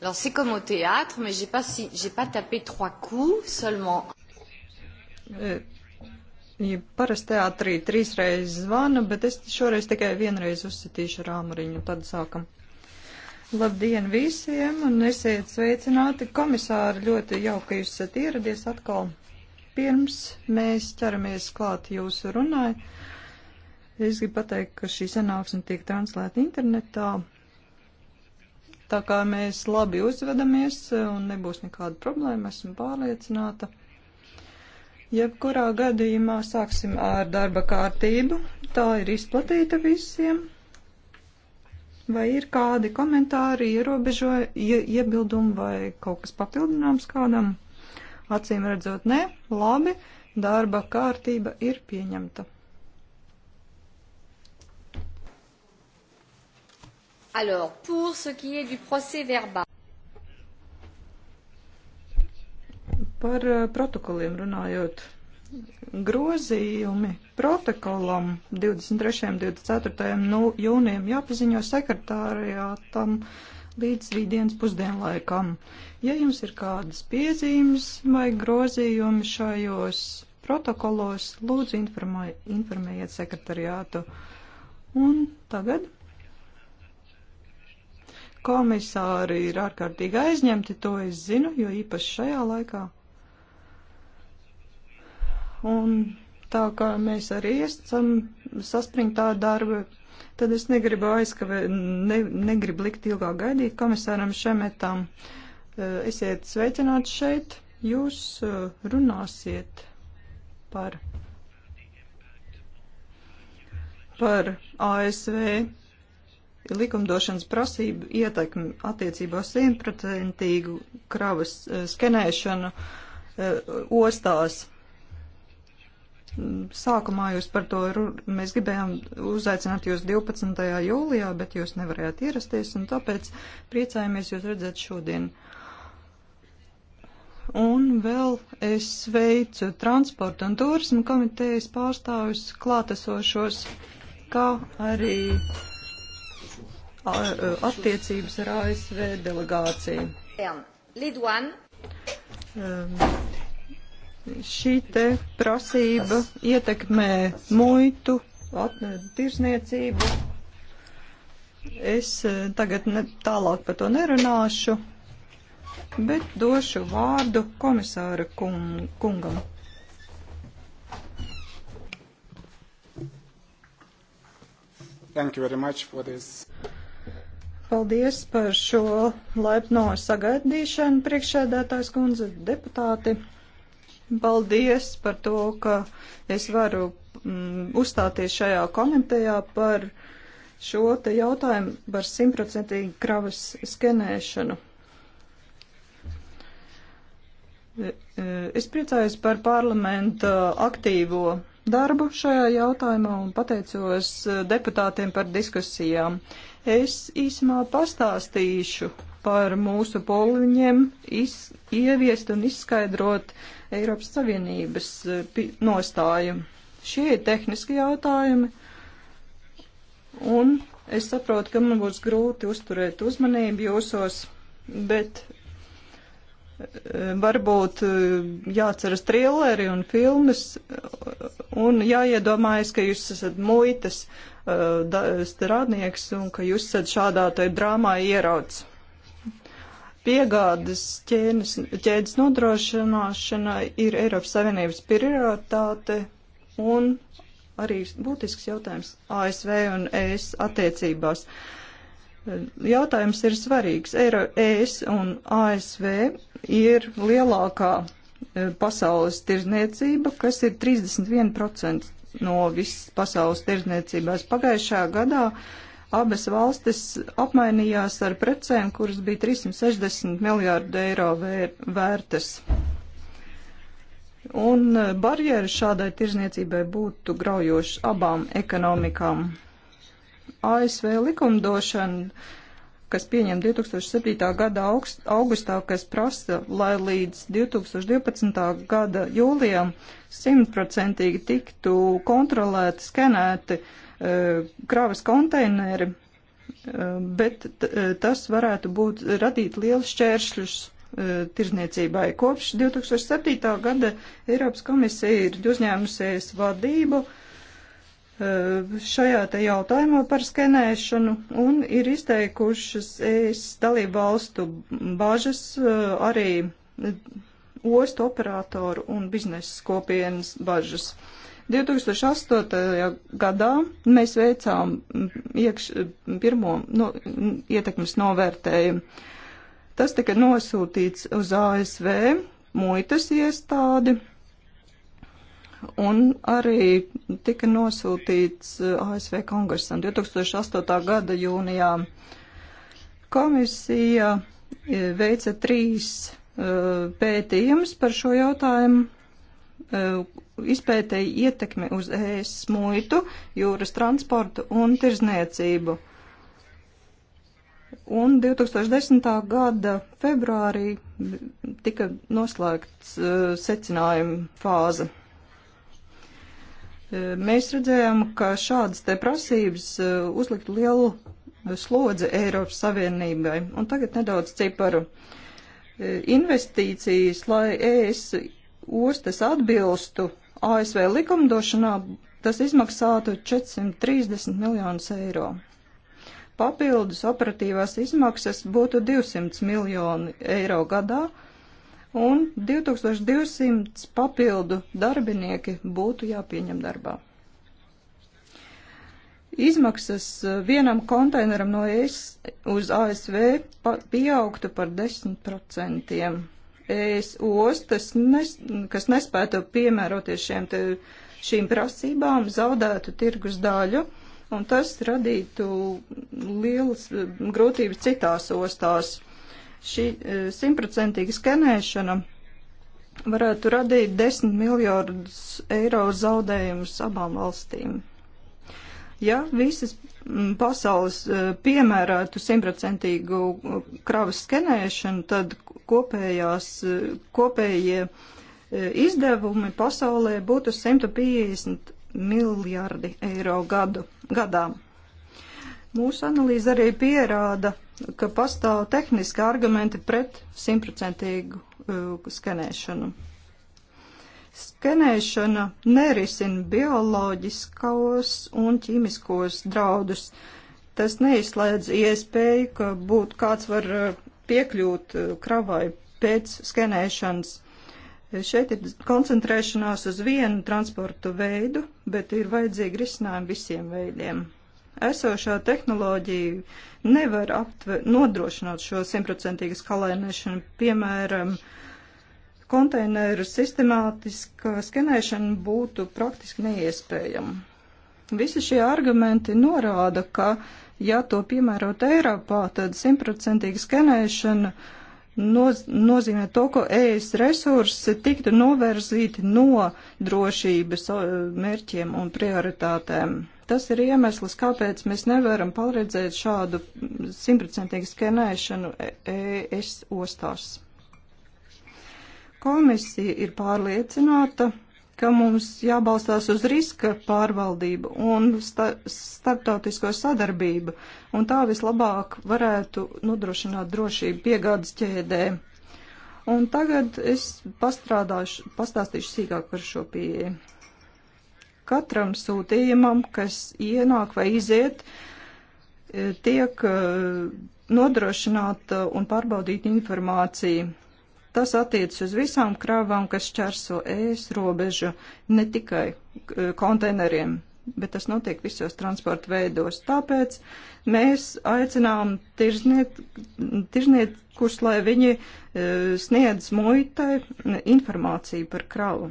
Alors c'est comme au théâtre, mais j'ai pas si j'ai pas tapé trois coups seulement. Euh, ja parasti teātrī trīsreiz zvana, bet es šoreiz tikai vienreiz uzsitīšu rāmuriņu, tad sākam. Labdien visiem un esiet sveicināti. Komisāri, ļoti jauka jūs esat ieradies atkal. Pirms mēs ķeramies klāt jūsu runai, es gribu pateikt, ka šī sanāksme tiek translēta internetā Tā kā mēs labi uzvedamies un nebūs nekāda problēma, esmu pārliecināta. Jebkurā gadījumā sāksim ar darba kārtību. Tā ir izplatīta visiem. Vai ir kādi komentāri, ierobežoja, ie, iebildumi vai kaut kas papildināms kādam? Acīm redzot, nē, labi, darba kārtība ir pieņemta. Alors, pour ce qui est du procès verbal. Par eh, protokoliem runājot, grozījumi protokolam 23. un 24. jūnijam jāpaziņo sekretārajātam līdz rītdienas pusdienlaikam. Ja jums ir kādas piezīmes vai grozījumi šajos protokolos, lūdzu informē, informējiet sekretariātu. Un tagad komisāri ir ārkārtīgi aizņemti, to es zinu, jo īpaši šajā laikā. Un tā kā mēs arī esam saspringtā darba, tad es negribu aizkavēt, ne, negribu likt ilgāk gaidīt komisāram Šemetam. Eh, esiet sveicināti šeit, jūs eh, runāsiet par, par ASV likumdošanas prasību ietekmi attiecībā uz simtprocentīgu kravas eh, skenēšanu eh, ostās. Sākumā jūs par to mēs gribējām uzaicināt jūs 12. jūlijā, bet jūs nevarējāt ierasties, un tāpēc priecājamies jūs redzēt šodien. Un vēl es sveicu transporta un turismu komitejas pārstāvis klātesošos, kā arī E, attiecības ar ASV delegāciju. Šī te prasība ietekmē muitu, tirsniecību. Es e, tagad ne, tālāk par to nerunāšu, bet došu vārdu komisāra kung, kungam. Thank you very much for this. Paldies par šo laipno sagaidīšanu, priekšēdētājs kundze, deputāti. Paldies par to, ka es varu mm, uzstāties šajā komitejā par šo te jautājumu par simtprocentīgu kravas skenēšanu. E, e, es priecājos par parlamenta aktīvo darbu šajā jautājumā un pateicos e, deputātiem par diskusijām. Uh, Es īsumā pastāstīšu par mūsu poliņiem iz, ieviest un izskaidrot Eiropas Savienības eh, nostāju. Šie ir tehniski jautājumi, un es saprotu, ka man būs grūti uzturēt uzmanību jūsos, bet eh, varbūt eh, jāceras trilleri un filmas, un jāiedomājas, ka jūs esat muitas Uh, strādnieks un ka jūs esat šādā te drāmā ierauts. Piegādes ķēnes, ķēdes nodrošināšana ir Eiropas Savienības prioritāte un arī būtisks jautājums ASV un ES attiecībās. Jautājums ir svarīgs. Eiro, ES un ASV ir lielākā e, pasaules tirzniecība, kas ir 31% no visas pasaules tirdzniecībās. Pagājušā gadā abas valstis apmainījās ar precēm, kuras bija 360 miljārdu eiro vēr vērtas. Un e, barjeras šādai tirzniecībai būtu graujošas abām ekonomikām. ASV likumdošana kas pieņem 2007. gada augst, augustā, kas prasa, lai līdz 2012. gada jūlijam simtprocentīgi tiktu kontrolēti, skenēti uh, kravas konteineri, uh, bet e, tas varētu būt radīt liels šķēršļus tirzniecībai. Kopš 2007. gada Eiropas komisija ir uzņēmusies vadību uh, Eh, šajā te jautājumā par skenēšanu un ir izteikušas es dalību valstu bažas eh, arī ostu operatoru un biznesa kopienas bažas. 2008. gadā mēs veicām iekš, pirmo no, nu, ietekmes novērtējumu. Tas tika nosūtīts uz ASV muitas iestādi un arī tika nosūtīts eh, ASV kongresam 2008. gada jūnijā. Komisija eh, veica trīs eh, pētījumus par šo jautājumu, izpētēja ietekmi uz ēs muitu, jūras transportu un tirzniecību. Un 2010. gada februārī tika noslēgts secinājumu fāze. Mēs redzējām, ka šādas te prasības e, uzlikt lielu slodzi Eiropas Savienībai. Un tagad nedaudz ciparu. E, investīcijas, lai ES ostas atbilstu ASV likumdošanā, tas izmaksātu 430 miljonus eiro. Papildus operatīvās izmaksas būtu 200 miljoni eiro gadā, un 2200 papildu darbinieki būtu jāpieņem darbā. Izmaksas e, vienam konteineram no ES uz ASV pieaugtu par 10%. ES ostas, nes, kas nespētu piemēroties šiem te, šīm prasībām, zaudētu tirgus daļu un tas radītu lielas grūtības citās ostās. Šī e, simtprocentīga skenēšana varētu radīt 10 miljardus eiro zaudējumus abām valstīm. Ja visas pasaules e, piemērētu simtprocentīgu e, kravas skenēšanu, tad kopējās, kopējie izdevumi pasaulē būtu 150 miljardi eiro gadu, gadā. Mūsu analīze arī pierāda, ka pastāv tehniski argumenti pret simtprocentīgu uh, skenēšanu. Skenēšana nerisina bioloģiskos un ķīmiskos draudus. Tas neizslēdz iespēju, ka būtu kāds var uh, piekļūt uh, kravai pēc skenēšanas. Šeit ir koncentrēšanās uz vienu transportu veidu, bet ir vajadzīgi risinājumi visiem veidiem esošā tehnoloģija nevar aptver, nodrošināt šo simtprocentīgu skalēnēšanu, piemēram, konteineru sistemātiska skenēšana būtu praktiski neiespējama. Visi šie argumenti norāda, ka, ja to piemērot Eiropā, tad simtprocentīga skenēšana noz nozīmē to, ka ES resursi tiktu noverzīti no drošības mērķiem un prioritātēm. Tas ir iemesls, kāpēc mēs nevaram paredzēt šādu simtprocentīgu skenēšanu ES e ostās. Komisija ir pārliecināta, ka mums jābalstās uz riska pārvaldību un sta starptautisko sadarbību, un tā vislabāk varētu nodrošināt drošību piegādes ķēdē. Un tagad es pastrādāšu, pastāstīšu sīkāk par šo pieeju. Katram sūtījumam, kas ienāk vai iziet, e, tiek e, nodrošināta un pārbaudīta informācija. Tas attiecas uz visām krāvām, kas čerso ēs robežu, ne tikai e, konteineriem bet tas notiek visos transporta veidos. Tāpēc mēs aicinām tirzniekus, lai viņi e, sniedz muitai informāciju par kravu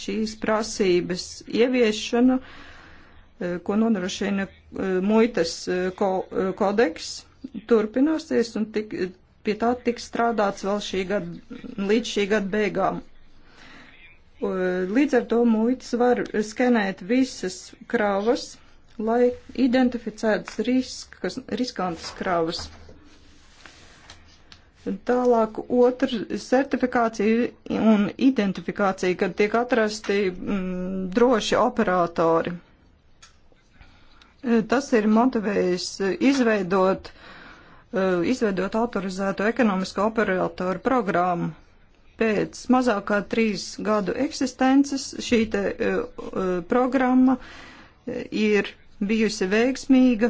šīs prasības ieviešanu, e, ko nodrošina e, muitas e, ko, kodeks, turpināsies un tik, pie tā tiks strādāts vēl šī gada, līdz šī gada beigām. Līdz ar to muitas var skenēt visas kravas, lai identificētas risk, riskantas kravas. Tālāk otra certifikācija un identifikācija, kad tiek atrasti mm, droši operatori. Tas ir motivējis izveidot, eh, izveidot autorizēto ekonomisko operatoru programmu. Pēc mazākā trīs gadu eksistences šī te, eh, programma eh, ir bijusi veiksmīga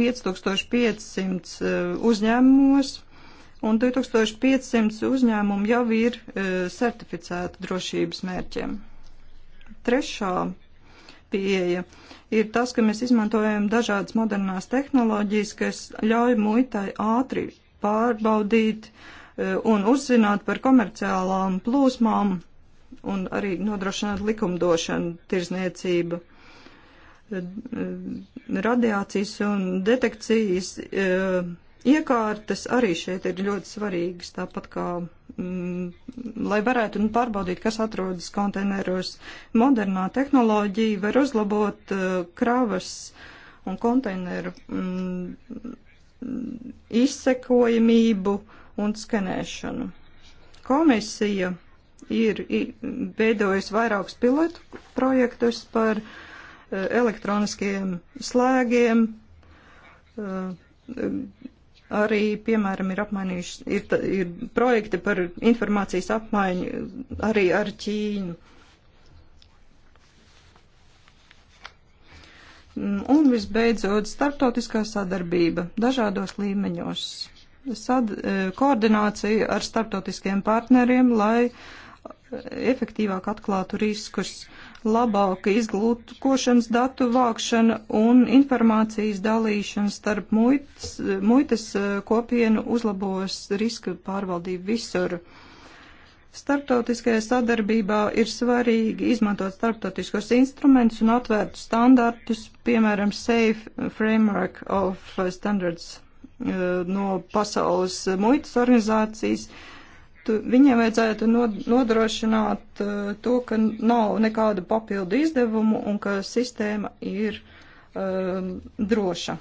5500 uzņēmumos un 2500 uzņēmumu jau ir e, certificēti drošības mērķiem. Trešā pieeja ir tas, ka mēs izmantojam dažādas modernās tehnoloģijas, kas ļauj muitai ātri pārbaudīt e, un uzzināt par komerciālām plūsmām un arī nodrošināt likumdošanu tirzniecību e, e, radiācijas un detekcijas e, Iekārtas arī šeit ir ļoti svarīgas, tāpat kā, mm, lai varētu nu, pārbaudīt, kas atrodas konteineros. Modernā tehnoloģija var uzlabot uh, kravas un konteineru mm, izsekojamību un skenēšanu. Komisija ir veidojusi vairākus pilotu projektus par eh, elektroniskiem slēgiem, eh, Arī, piemēram, ir apmainījuši, ir, ir projekti par informācijas apmaiņu arī ar Ķīnu. Un visbeidzot, starptautiskā sadarbība dažādos līmeņos. Sad, e, koordinācija ar starptautiskiem partneriem, lai efektīvāk atklātu riskus. Uh, labāka izglūtkošanas datu vākšana un informācijas dalīšana starp muitas, muitas eh, kopienu uzlabos riska pārvaldību visur. Startautiskajā sadarbībā ir svarīgi izmantot starptautiskos instrumentus un atvērtu standartus, piemēram, Safe Framework of Standards eh, no Pasaules muitas organizācijas, uh, viņiem vajadzētu nodrošināt uh, to, ka nav nekādu papildu izdevumu un ka sistēma ir um, droša.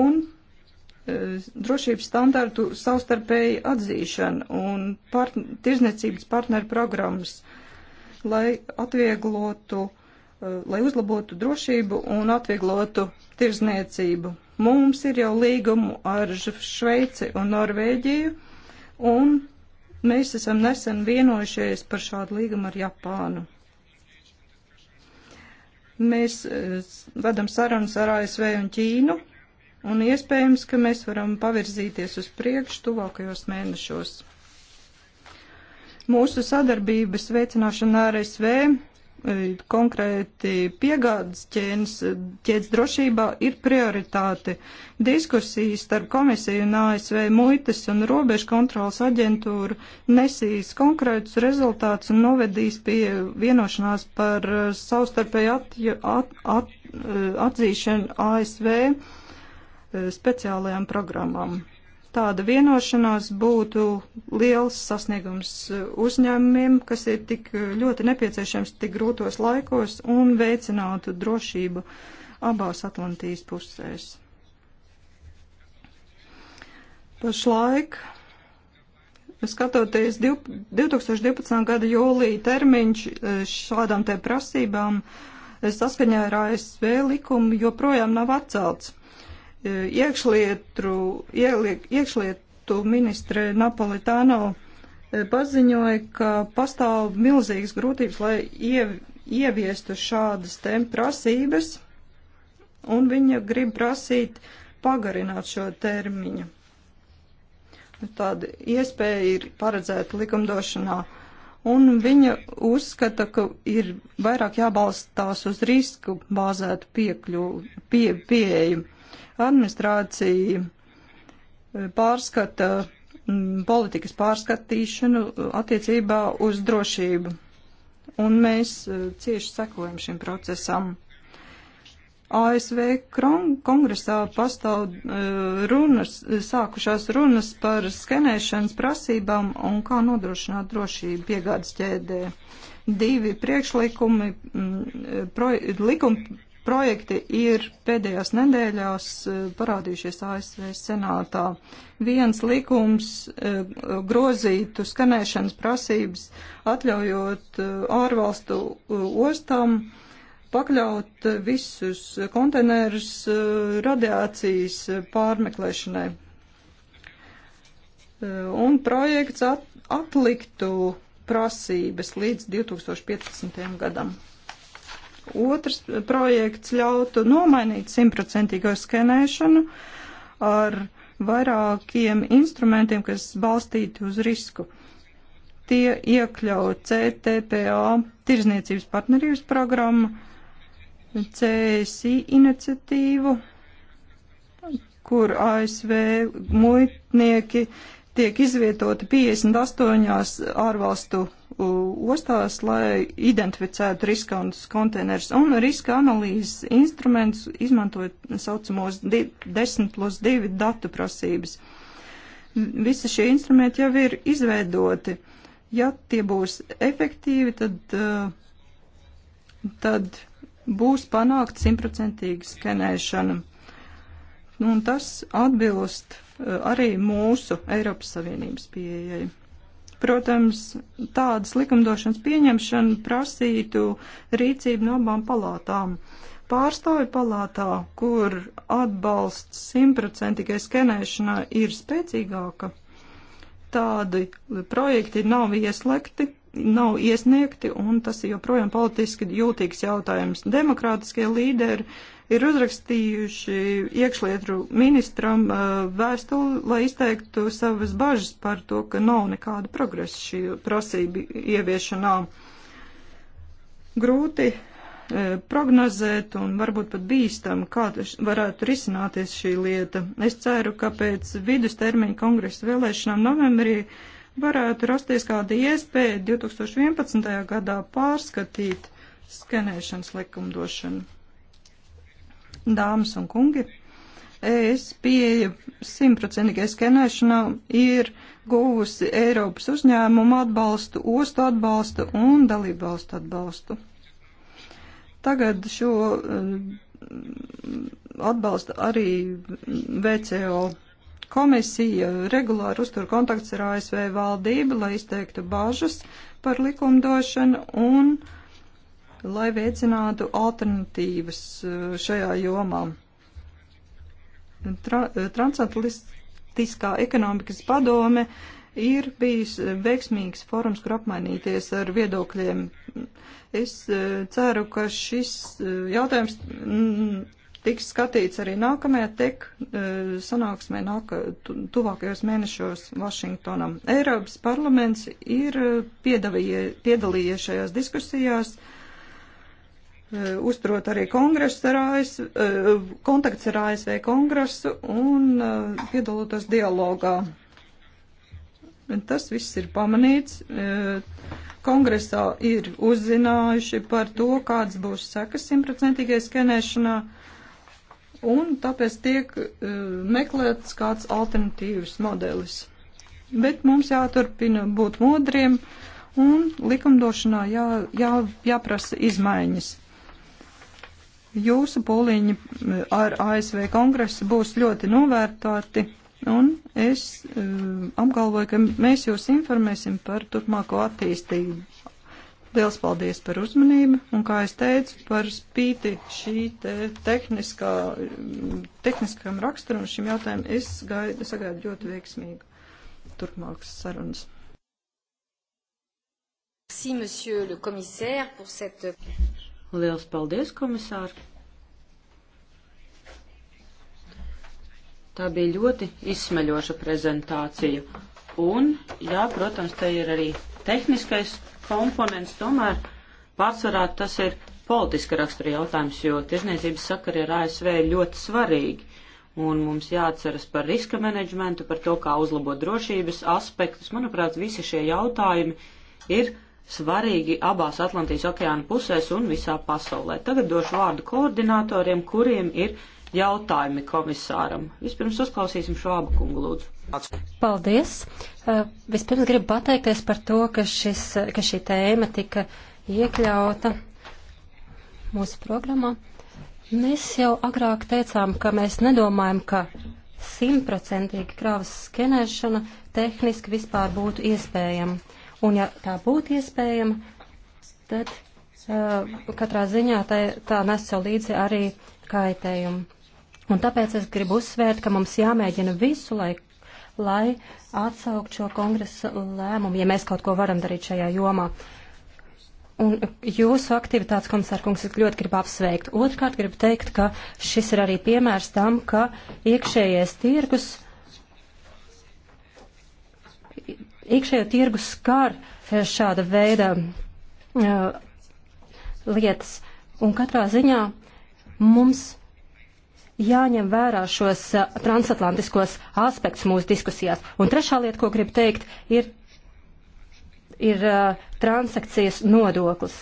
Un uh, drošības standartu savstarpēji atzīšana un part, tirzniecības partneru programmas, lai atvieglotu, uh, lai uzlabotu drošību un atvieglotu tirzniecību. Mums ir jau līgumu ar Šveici un Norvēģiju, un Mēs esam nesen vienojušies par šādu līgumu ar Japānu. Mēs eh, vedam sarunas ar ASV un Ķīnu, un iespējams, ka mēs varam pavirzīties uz priekšu tuvākajos mēnešos. Mūsu sadarbības veicināšana ar ASV konkrēti piegādes ķēnes, ķēdes drošībā ir prioritāte. Diskusijas starp komisiju un ASV muitas un robežu kontrolas aģentūru nesīs konkrētus rezultātus un novedīs pie vienošanās par savstarpēju at, at, at, atzīšanu ASV speciālajām programmām tāda vienošanās būtu liels sasniegums e, uzņēmumiem, kas ir tik e, ļoti nepieciešams tik grūtos laikos un veicinātu drošību abās Atlantijas pusēs. Pašlaik, skatoties 2012. gada jūlija termiņš e, šādām te prasībām, saskaņā ar ASV likumu joprojām nav atcelts iekšlietu, iekšlietu ministre Napolitāno e, paziņoja, ka pastāv milzīgas grūtības, lai iev, ieviestu šādas te prasības, un viņa grib prasīt pagarināt šo termiņu. Tāda iespēja ir paredzēta likumdošanā un viņa uzskata, ka ir vairāk jābalstās uz risku bāzētu piekļu, pie, pieeju. Administrācija eh, pārskata mm, politikas pārskatīšanu attiecībā uz drošību. Un mēs eh, cieši sekojam šim procesam. ASV kongresā pastāv eh, runas, sākušās runas par skenēšanas prasībām un kā nodrošināt drošību piegādes ķēdē. Divi priekšlikumi, mm, pro, likuma projekti ir pēdējās nedēļās eh, parādījušies ASV senātā. Viens likums eh, grozītu skanēšanas prasības, atļaujot eh, ārvalstu ostām pakļaut visus konteinerus radiācijas pārmeklēšanai. Un projekts atliktu prasības līdz 2015. gadam. Otrs projekts ļautu nomainīt simtprocentīgo skenēšanu ar vairākiem instrumentiem, kas balstīti uz risku. Tie iekļaut CTPA tirzniecības partnerības programmu, CSI iniciatīvu, kur ASV muitnieki tiek izvietoti 58 ārvalstu Uh, ostās, lai identificētu riskantus konteinerus un riska analīzes instrumentus, izmantojot saucamos 10 plus 2 datu prasības. Visi šie instrumenti jau ir izveidoti. Ja tie būs efektīvi, tad, uh, tad būs panākt simtprocentīga skenēšana. Nu, un tas atbilst uh, arī mūsu Eiropas Savienības pieejai. Protams, tādas likumdošanas pieņemšana prasītu rīcību no abām palātām. Pārstāvi palātā, kur atbalsts simtprocentīgai skenēšanā ir spēcīgāka, tādi projekti nav ieslēgti, nav iesniegti, un tas ir joprojām politiski jūtīgs jautājums. Demokrātiskie līderi ir uzrakstījuši iekšlietu ministram uh, vēstuli, lai izteiktu savas bažas par to, ka nav nekāda progresa šī prasība ieviešanā. Grūti uh, prognozēt un varbūt pat bīstam, kā varētu risināties šī lieta. Es ceru, ka pēc vidustermiņa kongresa vēlēšanām novembrī varētu rasties kāda iespēja 2011. gadā pārskatīt skenēšanas likumdošanu dāmas un kungi. Es pieeja simtprocentīgai skenēšanā ir guvusi Eiropas uzņēmumu atbalstu, ostu atbalstu un dalību valstu atbalstu. Tagad šo eh, atbalsta arī VCO komisija regulāri uztur kontakts ar ASV valdību, lai izteiktu bažas par likumdošanu un uh, lai veicinātu alternatīvas eh, šajā jomā. Tra eh, Transatlantiskā ekonomikas padome ir bijis eh, veiksmīgs forums, kur apmainīties ar viedokļiem. Es ceru, ka šis jautājums mm, tiks skatīts arī nākamajā tek sanāksmē nāk, tuvākajos mēnešos Vašingtonam. Eiropas parlaments ir piedalījies šajās diskusijās. Uh, Eh, uzturot arī kongresu ar ASV, eh, kontakts ar ASV kongresu un eh, piedaloties dialogā. Tas viss ir pamanīts. Kongresā ir uzzinājuši par to, kāds būs sekas simtprocentīgai skenēšanā, un tāpēc tiek meklēts kāds alternatīvs modelis. Bet mums jāturpina būt modriem un likumdošanā jā, jā, jāprasa izmaiņas Jūsu pūliņi eh, ar ASV kongresu būs ļoti novērtāti, un es eh, apgalvoju, ka mēs jūs informēsim par turpmāko attīstību. Liels paldies par uzmanību, un kā es teicu, par spīti šī te tehniskā, tehniskam raksturam šim jautājumam, es gaidu, sagaidu ļoti veiksmīgu turpmākas sarunas. Merci, monsieur le commissaire, pour cette. Liels paldies, komisār! Tā bija ļoti izsmeļoša prezentācija. Un, jā, protams, te ir arī tehniskais komponents, tomēr pārsvarā tas ir politiska rakstura jautājums, jo tirzniecības sakari ar ASV ir ļoti svarīgi. Un mums jāatceras par riska menedžmentu, par to, kā uzlabot drošības aspektus. Manuprāt, visi šie jautājumi ir svarīgi abās Atlantijas okeāna pusēs un visā pasaulē. Tagad došu vārdu koordinatoriem, kuriem ir jautājumi komisāram. Vispirms uzklausīsim šo abu kungu lūdzu. Paldies. Uh, vispirms gribu pateikties par to, ka, šis, ka šī tēma tika iekļauta mūsu programmā. Mēs jau agrāk teicām, ka mēs nedomājam, ka simtprocentīgi kravas skenēšana tehniski vispār būtu iespējama. Un ja tā būtu iespējama, tad uh, katrā ziņā tā, tā nes sev līdzi arī kaitējumu. Un tāpēc es gribu uzsvērt, ka mums jāmēģina visu, lai, lai atsaukt šo kongresa lēmumu, ja mēs kaut ko varam darīt šajā jomā. Un jūsu aktivitātes, komisārkungs, es ļoti gribu apsveikt. Otrkārt, gribu teikt, ka šis ir arī piemērs tam, ka iekšējais tirgus uh, Iekšējo tirgu skar e, šāda veida uh, lietas, un katrā ziņā mums jāņem vērā šos uh, transatlantiskos aspektus mūsu diskusijās. Un trešā lieta, ko gribu teikt, ir, ir uh, transakcijas nodoklis.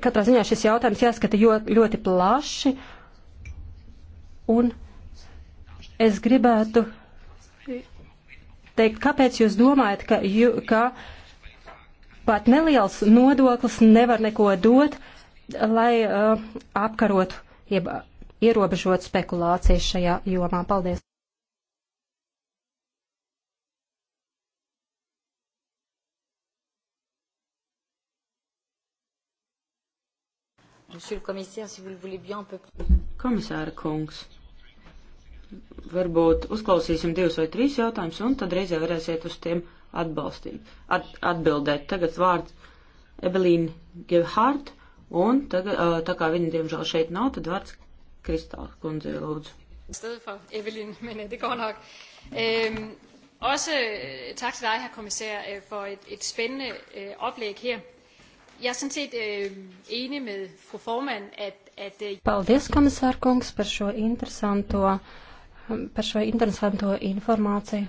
Katrā ziņā šis jautājums jāskata jo, ļoti plaši, un es gribētu teikt, kāpēc jūs domājat, ka, jū, ka pat neliels nodoklis nevar neko dot, lai uh, apkarotu, jeb uh, ierobežot spekulācijas šajā jomā. Paldies! Komisāra kungs, varbūt uzklausīsim divus vai trīs jautājumus, un tad reizē varēsiet uz tiem atbalstīt, at, atbildēt. Tagad vārds Ebelīna Gevhārt, un tagad, uh, tā kā viņa diemžēl šeit nav, tad vārds Kristāla kundzei lūdzu. Stedet for Evelyn, men uh, det går nok. Øhm, også øh, tak til dig, herr kommissær, øh, for et, et spændende øh, oplæg her. Jeg er sådan set øh, enig med fru formand, at... at øh... Paldies, kommissær Kungs, par šo interesanto uh, par šo interesanto informāciju.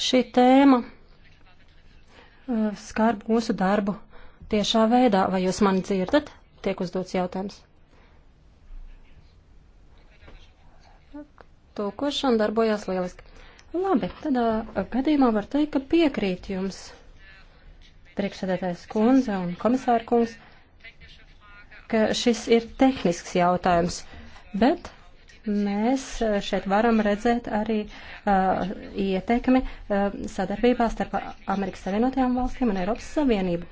Šī tēma uh, skar mūsu darbu tiešā veidā. Vai jūs mani dzirdat? Tiek uzdots jautājums. Tūkošana darbojas lieliski. Labi, tādā uh, gadījumā var teikt, ka piekrīt jums priekšsēdētājs kundze un komisāra kungs, ka šis ir tehnisks jautājums bet mēs šeit varam redzēt arī uh, ietekmi uh, sadarbībā starp Amerikas Savienotajām valstīm un Eiropas Savienību.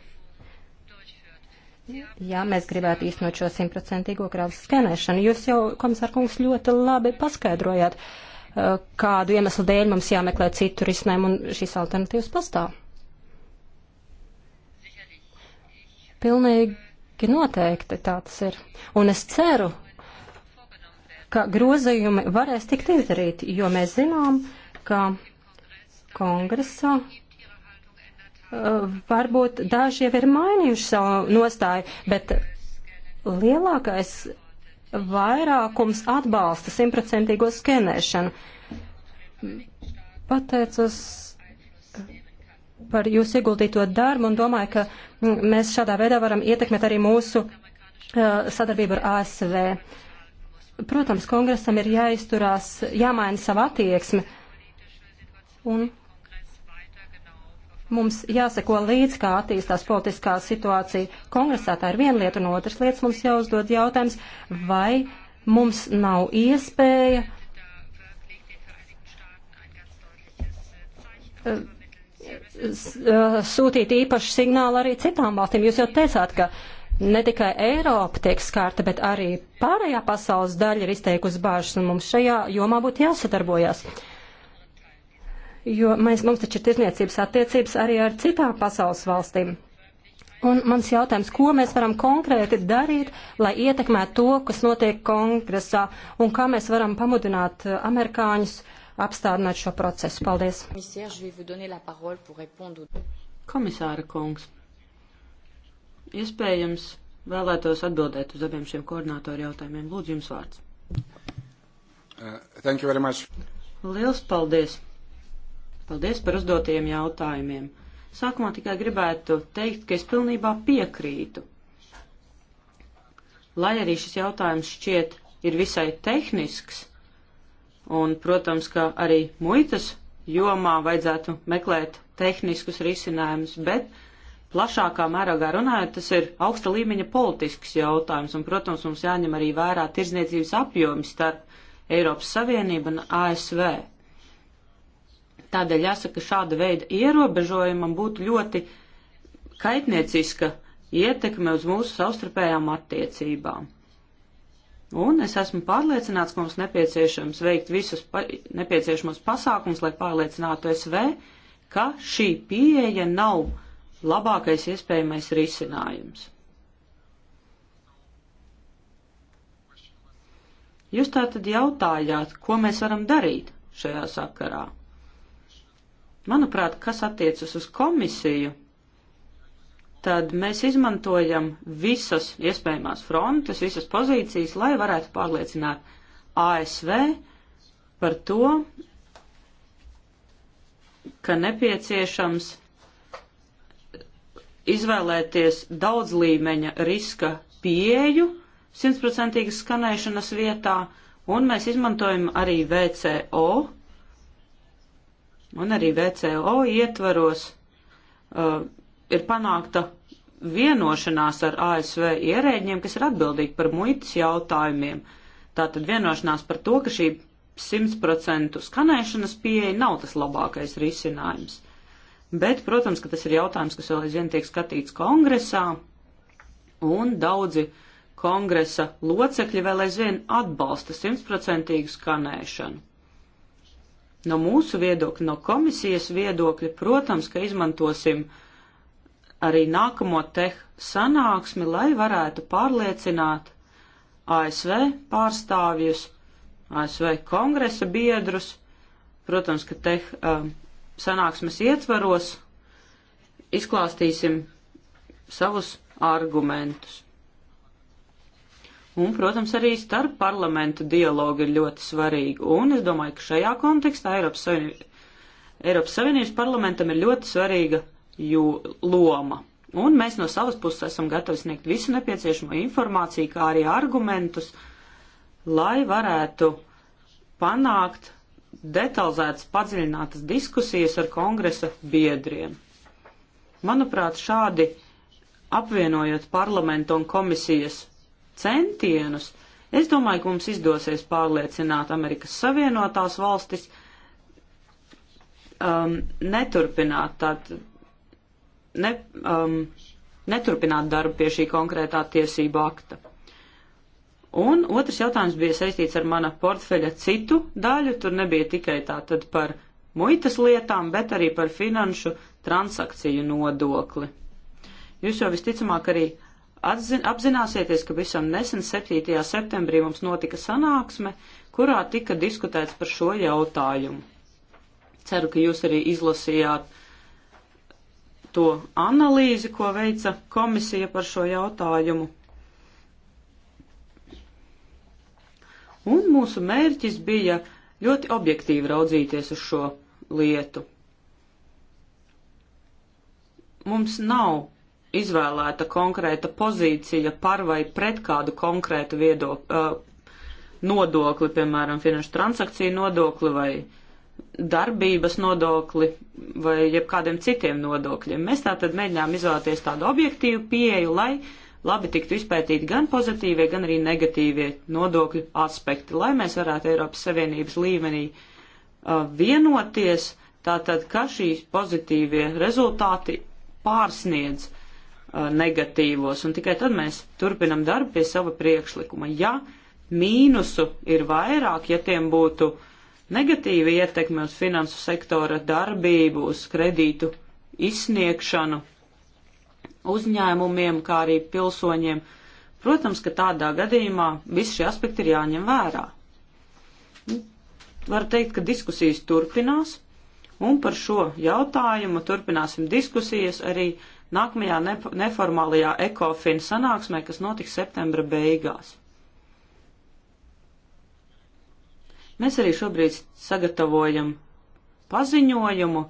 Jā, mēs gribētu īstenot šo simtprocentīgo kravu skenēšanu. Jūs jau, komisārkungs, ļoti labi paskaidrojāt, uh, kādu iemeslu dēļ mums jāmeklē citu risinājumu un šīs alternatīvas pastāv. Pilnīgi noteikti tāds ir. Un es ceru, ka grozījumi varēs tikt izdarīti, jo mēs zinām, ka kongresā uh, varbūt daži jau ir mainījuši savu nostāju, bet lielākais vairākums atbalsta simtprocentīgo skenēšanu. Pateicos par jūsu ieguldīto darbu un domāju, ka mm, mēs šādā veidā varam ietekmēt arī mūsu uh, sadarbību ar ASV. Protams, kongresam ir jāizturās, jāmaina sava attieksme. Un mums jāseko līdz, kā attīstās politiskā situācija. Kongresā tā ir viena lieta, un otras lietas mums jāuzdod jautājums, vai mums nav iespēja eh, eh, sūtīt īpašu signālu arī citām valstīm. Jūs jau teicāt, ka ne tikai Eiropa tiek skārta, bet arī pārējā pasaules daļa ir izteikusi bāžas, un mums šajā jomā būtu jāsadarbojas. Jo mēs, mums taču ir tirzniecības attiecības arī ar citām pasaules valstīm. Un mans jautājums, ko mēs varam konkrēti darīt, lai ietekmētu to, kas notiek kongresā, un kā mēs varam pamudināt eh, amerikāņus apstādināt šo procesu? Paldies. Komisāra kungs, Iespējams, vēlētos atbildēt uz abiem šiem koordinātoru jautājumiem. Lūdzu, jums vārds. Uh, thank you very much. Liels paldies. Paldies par uzdotajiem jautājumiem. Sākumā tikai gribētu teikt, ka es pilnībā piekrītu. Lai arī šis jautājums šķiet ir visai tehnisks, un, protams, ka arī muitas jomā vajadzētu meklēt tehniskus risinājumus, bet uh, plašākā mērogā runājot, tas ir augsta līmeņa politisks jautājums, un, protams, mums jāņem arī vērā tirzniecības apjoms starp Eiropas Savienību un ASV. Tādēļ jāsaka, šāda veida ierobežojumam būtu ļoti kaitnieciska ietekme uz mūsu savstarpējām attiecībām. Un es esmu pārliecināts, ka mums nepieciešams veikt visus pa nepieciešamos pasākums, lai pārliecinātu SV, ka šī pieeja nav labākais iespējamais risinājums. Jūs tā tad jautājāt, ko mēs varam darīt šajā sakarā. Manuprāt, kas attiecas uz komisiju, tad mēs izmantojam visas iespējamās frontes, visas pozīcijas, lai varētu pārliecināt ASV par to, ka nepieciešams izvēlēties daudz līmeņa riska pieeju simtprocentīgas skanēšanas vietā, un mēs izmantojam arī VCO, un arī VCO ietvaros uh, ir panākta vienošanās ar ASV ierēģiem, kas ir atbildīgi par muitas jautājumiem. Tātad vienošanās par to, ka šī 100% skanēšanas pieeja nav tas labākais risinājums. Bet, protams, ka tas ir jautājums, kas vēl aizvien tiek skatīts kongresā, un daudzi kongresa locekļi vēl aizvien atbalsta simtprocentīgu skanēšanu. No mūsu viedokļa, no komisijas viedokļa, protams, ka izmantosim arī nākamo teh sanāksmi, lai varētu pārliecināt ASV pārstāvjus, ASV kongresa biedrus, protams, ka teh um, sanāksmes ietvaros izklāstīsim savus argumentus. Un, protams, arī starp parlamentu dialogu ir ļoti svarīgi. Un es domāju, ka šajā kontekstā Eiropas, Savienība, Eiropas Savienības parlamentam ir ļoti svarīga jū, loma. Un mēs no savas puses esam gatavi sniegt visu nepieciešamo informāciju, kā arī argumentus, lai varētu panākt detalizētas, padziļinātas diskusijas ar kongresa biedriem. Manuprāt, šādi apvienojot parlamentu un komisijas centienus, es domāju, ka mums izdosies pārliecināt Amerikas Savienotās valstis um, neturpināt, tād, ne, um, neturpināt darbu pie šī konkrētā tiesība akta. Un otrs jautājums bija saistīts ar mana portfeļa citu daļu. Tur nebija tikai tā tad par muitas lietām, bet arī par finanšu transakciju nodokli. Jūs jau visticamāk arī atzin, apzināsieties, ka visam nesen 7. septembrī mums notika sanāksme, kurā tika diskutēts par šo jautājumu. Ceru, ka jūs arī izlasījāt to analīzi, ko veica komisija par šo jautājumu. Un mūsu mērķis bija ļoti objektīvi raudzīties uz šo lietu. Mums nav izvēlēta konkrēta pozīcija par vai pret kādu konkrētu viedokli, uh, nodokli, piemēram, finanšu transakciju nodokli vai darbības nodokli vai jebkādiem citiem nodokļiem. Mēs tātad mēģinām izvēlēties tādu objektīvu pieeju, lai labi tiktu izpētīti gan pozitīvie, gan arī negatīvie nodokļu aspekti, lai mēs varētu Eiropas Savienības līmenī uh, vienoties, tātad, ka šīs pozitīvie rezultāti pārsniedz uh, negatīvos, un tikai tad mēs turpinam darbu pie sava priekšlikuma. Ja mīnusu ir vairāk, ja tiem būtu negatīva ietekme uz finansu sektora darbību, uz kredītu izsniegšanu, uzņēmumiem, kā arī pilsoņiem. Protams, ka tādā gadījumā visi šie aspekti ir jāņem vērā. Nu, var teikt, ka diskusijas turpinās, un par šo jautājumu turpināsim diskusijas arī nākamajā neformālajā ekofina sanāksmē, kas notiks septembra beigās. Mēs arī šobrīd sagatavojam paziņojumu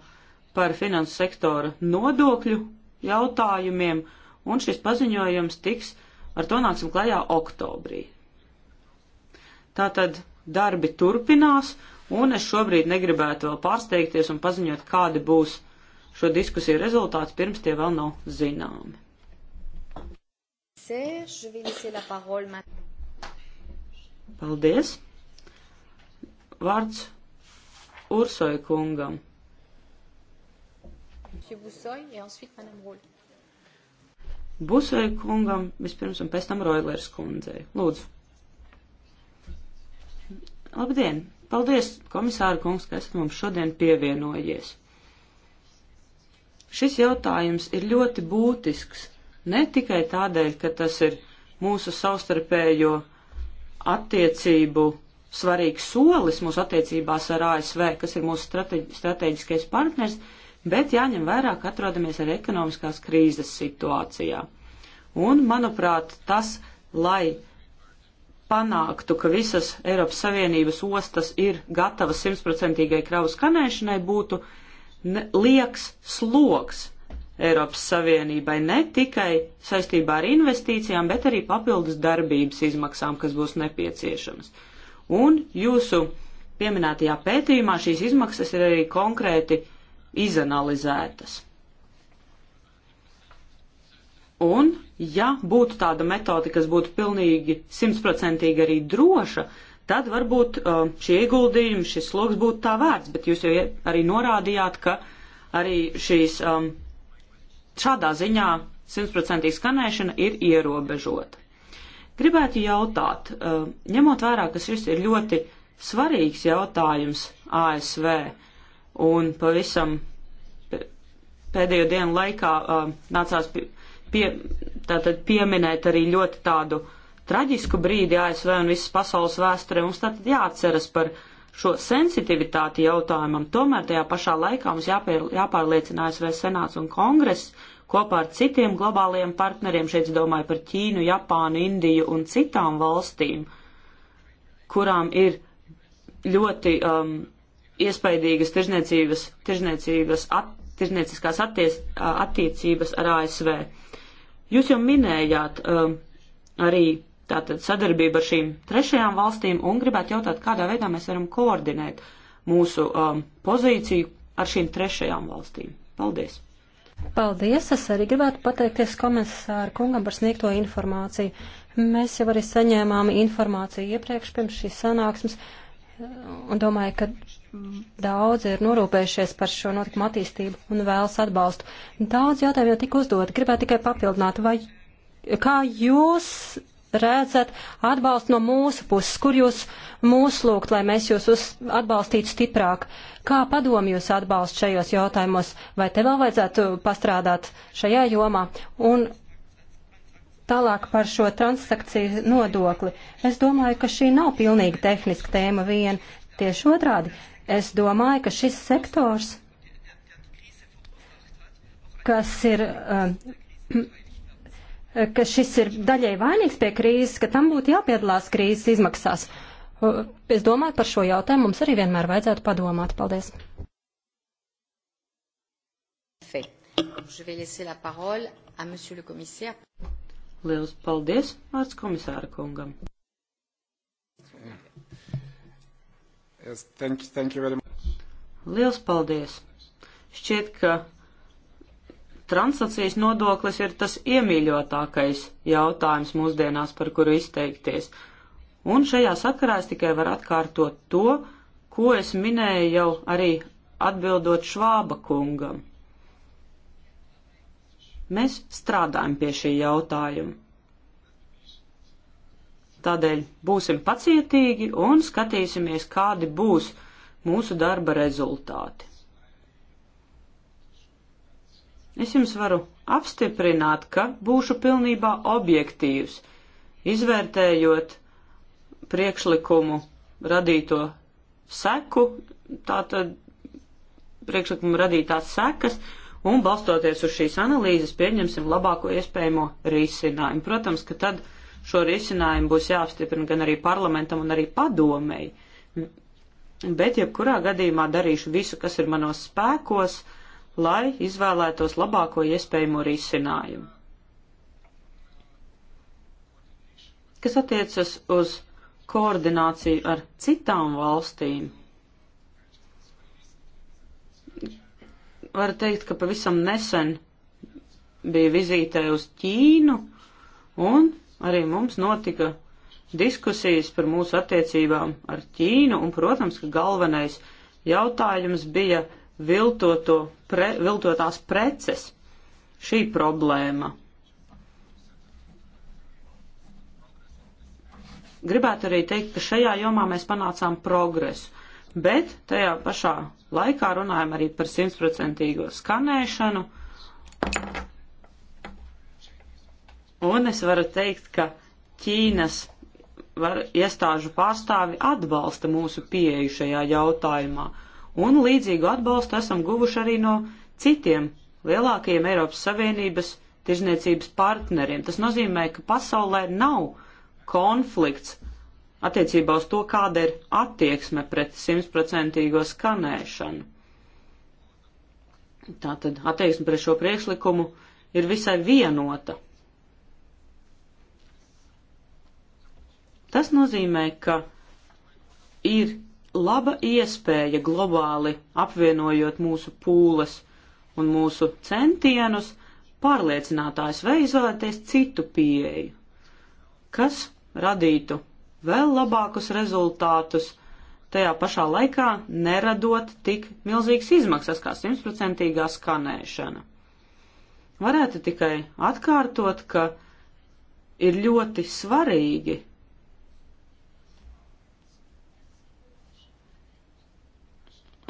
par finansu sektora nodokļu jautājumiem, un šis paziņojums tiks, ar to nāksim klajā oktobrī. Tātad darbi turpinās, un es šobrīd negribētu vēl pārsteigties un paziņot, kādi būs šo diskusiju rezultāti, pirms tie vēl nav zināmi. Paldies! Vārds Ursoja kungam. Busoja kungam vispirms un pēc tam Roilers kundzei. Lūdzu. Labdien! Paldies, komisāra kungs, ka esat mums šodien pievienojies. Šis jautājums ir ļoti būtisks, ne tikai tādēļ, ka tas ir mūsu savstarpējo attiecību svarīgs solis mūsu attiecībās ar ASV, kas ir mūsu strateģiskais partners, bet jāņem vērā, ka atrodamies arī ekonomiskās krīzes situācijā. Un, manuprāt, tas, lai panāktu, ka visas Eiropas Savienības ostas ir gatavas simtprocentīgai kravu skanēšanai, būtu lieks sloks Eiropas Savienībai ne tikai saistībā ar investīcijām, bet arī papildus darbības izmaksām, kas būs nepieciešamas. Un jūsu pieminētajā pētījumā šīs izmaksas ir arī konkrēti izanalizētas. Un, ja būtu tāda metode, kas būtu pilnīgi simtprocentīgi arī droša, tad varbūt uh, šie ieguldījumi, šis sloks būtu tā vērts, bet jūs jau arī norādījāt, ka arī šīs um, šādā ziņā simtprocentīgi skanēšana ir ierobežota. Gribētu jautāt, uh, ņemot vērā, ka šis ir ļoti svarīgs jautājums ASV un pavisam pēdējo dienu laikā uh, nācās pie, pie, tātad pieminēt arī ļoti tādu traģisku brīdi ASV un visas pasaules vēsturē. Mums tātad jāatceras par šo sensitivitāti jautājumam. Tomēr tajā pašā laikā mums jāpier, jāpārliecina ASV senāts un kongress kopā ar citiem globālajiem partneriem, šeit domāju par Ķīnu, Japānu, Indiju un citām valstīm, kurām ir ļoti um, iespaidīgas tirzniecības, tirzniecības at, tirzniecīskās attiec, attiecības ar ASV. Jūs jau minējāt um, arī tātad sadarbību ar šīm trešajām valstīm un gribētu jautāt, kādā veidā mēs varam koordinēt mūsu um, pozīciju ar šīm trešajām valstīm. Paldies! Paldies! Es arī gribētu pateikties komisāru kungam par sniegto informāciju. Mēs jau arī saņēmām informāciju iepriekš pirms šīs sanāksmes. Uh, un domāju, ka daudzi ir norūpējušies par šo notikumu attīstību un vēlas atbalstu. Daudz jautājumu jau tika uzdoti. Gribētu tikai papildināt, vai kā jūs redzat atbalstu no mūsu puses, kur jūs mūs lūgt, lai mēs jūs uz, atbalstītu stiprāk? Kā padomu jūs atbalst šajos jautājumos, vai te vēl vajadzētu pastrādāt šajā jomā? Un Tālāk par šo transakciju nodokli. Es domāju, ka šī nav pilnīgi tehniska tēma vien. Tieši otrādi, es domāju, ka šis sektors, kas ir, eh, ka šis ir daļai vainīgs pie krīzes, ka tam būtu jāpiedalās krīzes izmaksās. Es domāju, par šo jautājumu mums arī vienmēr vajadzētu padomāt. Paldies. Je vais laisser la parole à Monsieur le Commissaire. Liels paldies vārds komisāra kungam. Yes, thank you, thank you very much. Liels paldies. Šķiet, ka transakcijas nodoklis ir tas iemīļotākais jautājums mūsdienās, par kuru izteikties. Un šajā sakarā es tikai varu atkārtot to, ko es minēju jau arī atbildot Švāba kungam. Mēs strādājam pie šī jautājuma. Tādēļ būsim pacietīgi un skatīsimies, kādi būs mūsu darba rezultāti. Es jums varu apstiprināt, ka būšu pilnībā objektīvs, izvērtējot priekšlikumu radīto seku, tātad priekšlikumu radītās sekas, uh, un balstoties uz šīs analīzes pieņemsim labāko iespējamo risinājumu. Protams, ka tad šo risinājumu būs jāapstiprina gan arī parlamentam un arī padomēji. Bet jebkurā gadījumā darīšu visu, kas ir manos spēkos, lai izvēlētos labāko iespējamo risinājumu. Kas attiecas uz koordināciju ar citām valstīm, var teikt, ka pavisam nesen bija vizītē uz Ķīnu, un arī mums notika diskusijas par mūsu attiecībām ar Ķīnu, un, protams, ka galvenais jautājums bija viltoto, pre, viltotās preces šī problēma. Gribētu arī teikt, ka šajā jomā mēs panācām progresu, bet tajā pašā laikā runājam arī par simtprocentīgo skanēšanu. Un es varu teikt, ka Ķīnas var, iestāžu pārstāvi atbalsta mūsu pieeju šajā jautājumā, un līdzīgu atbalstu esam guvuši arī no citiem lielākajiem Eiropas Savienības tirzniecības partneriem. Tas nozīmē, ka pasaulē nav konflikts attiecībā uz to, kāda ir attieksme pret simtprocentīgo skanēšanu. Tātad attieksme pret šo priekšlikumu ir visai vienota. Tas nozīmē, ka ir laba iespēja globāli apvienojot mūsu pūles un mūsu centienus pārliecināt ASV izvēlēties citu pieeju, kas radītu vēl labākus rezultātus, tajā pašā laikā neradot tik milzīgas izmaksas kā simtprocentīgā skanēšana. Varētu tikai atkārtot, ka ir ļoti svarīgi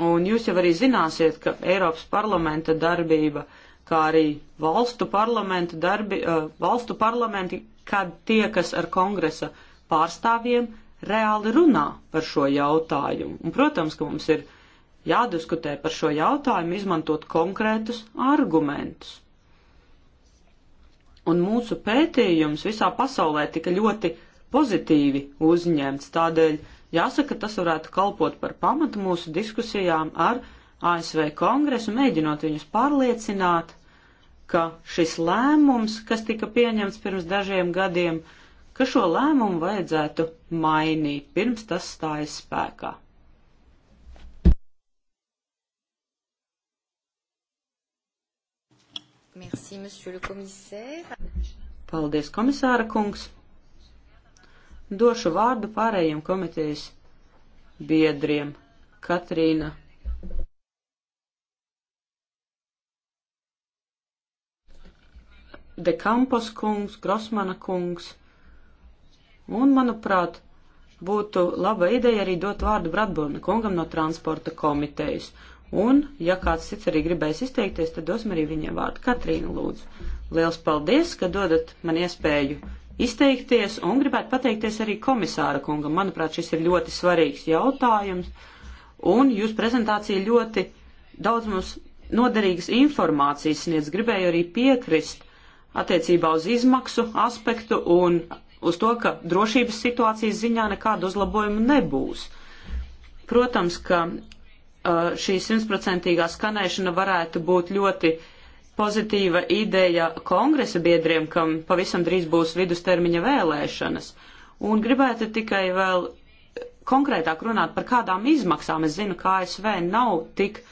Un jūs jau arī zināsiet, ka Eiropas parlamenta darbība, kā arī valstu parlamenta darbi, uh, valstu parlamenti, kad tie, kas ar kongresa pārstāvjiem reāli runā par šo jautājumu. Un, protams, ka mums ir jādiskutē par šo jautājumu, izmantot konkrētus argumentus. Un mūsu pētījums visā pasaulē tika ļoti pozitīvi uzņemts, tādēļ jāsaka, tas varētu kalpot par pamatu mūsu diskusijām ar ASV kongresu, mēģinot viņus pārliecināt, ka šis lēmums, kas tika pieņemts pirms dažiem gadiem, uh, ka šo lēmumu vajadzētu mainīt pirms tas stājas spēkā. Merci, monsieur le commissaire. Paldies, komisāra kungs. Došu vārdu pārējiem komitejas biedriem. Katrīna De Kampos kungs, Grosmana kungs, Un, manuprāt, būtu laba ideja arī dot vārdu Bratburna kungam no transporta komitejas. Un, ja kāds cits arī gribēs izteikties, tad dosim arī viņiem vārdu. Katrīna, lūdzu. Liels paldies, ka dodat man iespēju izteikties un gribētu pateikties arī komisāra kungam. Manuprāt, šis ir ļoti svarīgs jautājums un jūsu prezentācija ļoti daudz mums noderīgas informācijas sniedz. Gribēju arī piekrist attiecībā uz izmaksu aspektu un uz to, ka drošības situācijas ziņā nekādu uzlabojumu nebūs. Protams, ka uh, šī simtprocentīgā skanēšana varētu būt ļoti pozitīva ideja kongresa biedriem, kam pavisam drīz būs vidustermiņa vēlēšanas. Un gribētu tikai vēl konkrētāk runāt par kādām izmaksām. Es zinu, ka ASV nav tik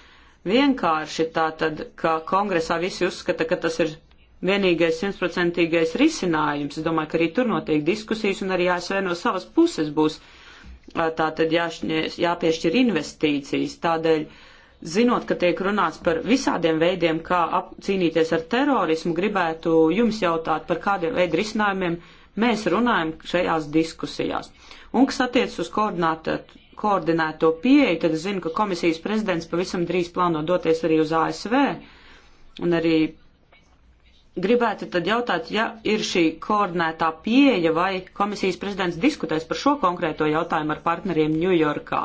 vienkārši tā tad, ka kongresā visi uzskata, ka tas ir vienīgais simtprocentīgais risinājums. Es domāju, ka arī tur notiek diskusijas un arī ASV no savas puses būs tātad jāšņies, jāpiešķir investīcijas. Tādēļ, zinot, ka tiek runāts par visādiem veidiem, kā ap, cīnīties ar terorismu, gribētu jums jautāt, par kādiem veidu risinājumiem mēs runājam šajās diskusijās. Un kas attiec uz koordinēto pieeju, tad es zinu, ka komisijas prezidents pavisam drīz plāno doties arī uz ASV un arī gribētu tad jautāt, ja ir šī koordinētā pieeja vai komisijas prezidents diskutēs par šo konkrēto jautājumu ar partneriem Ņujorkā,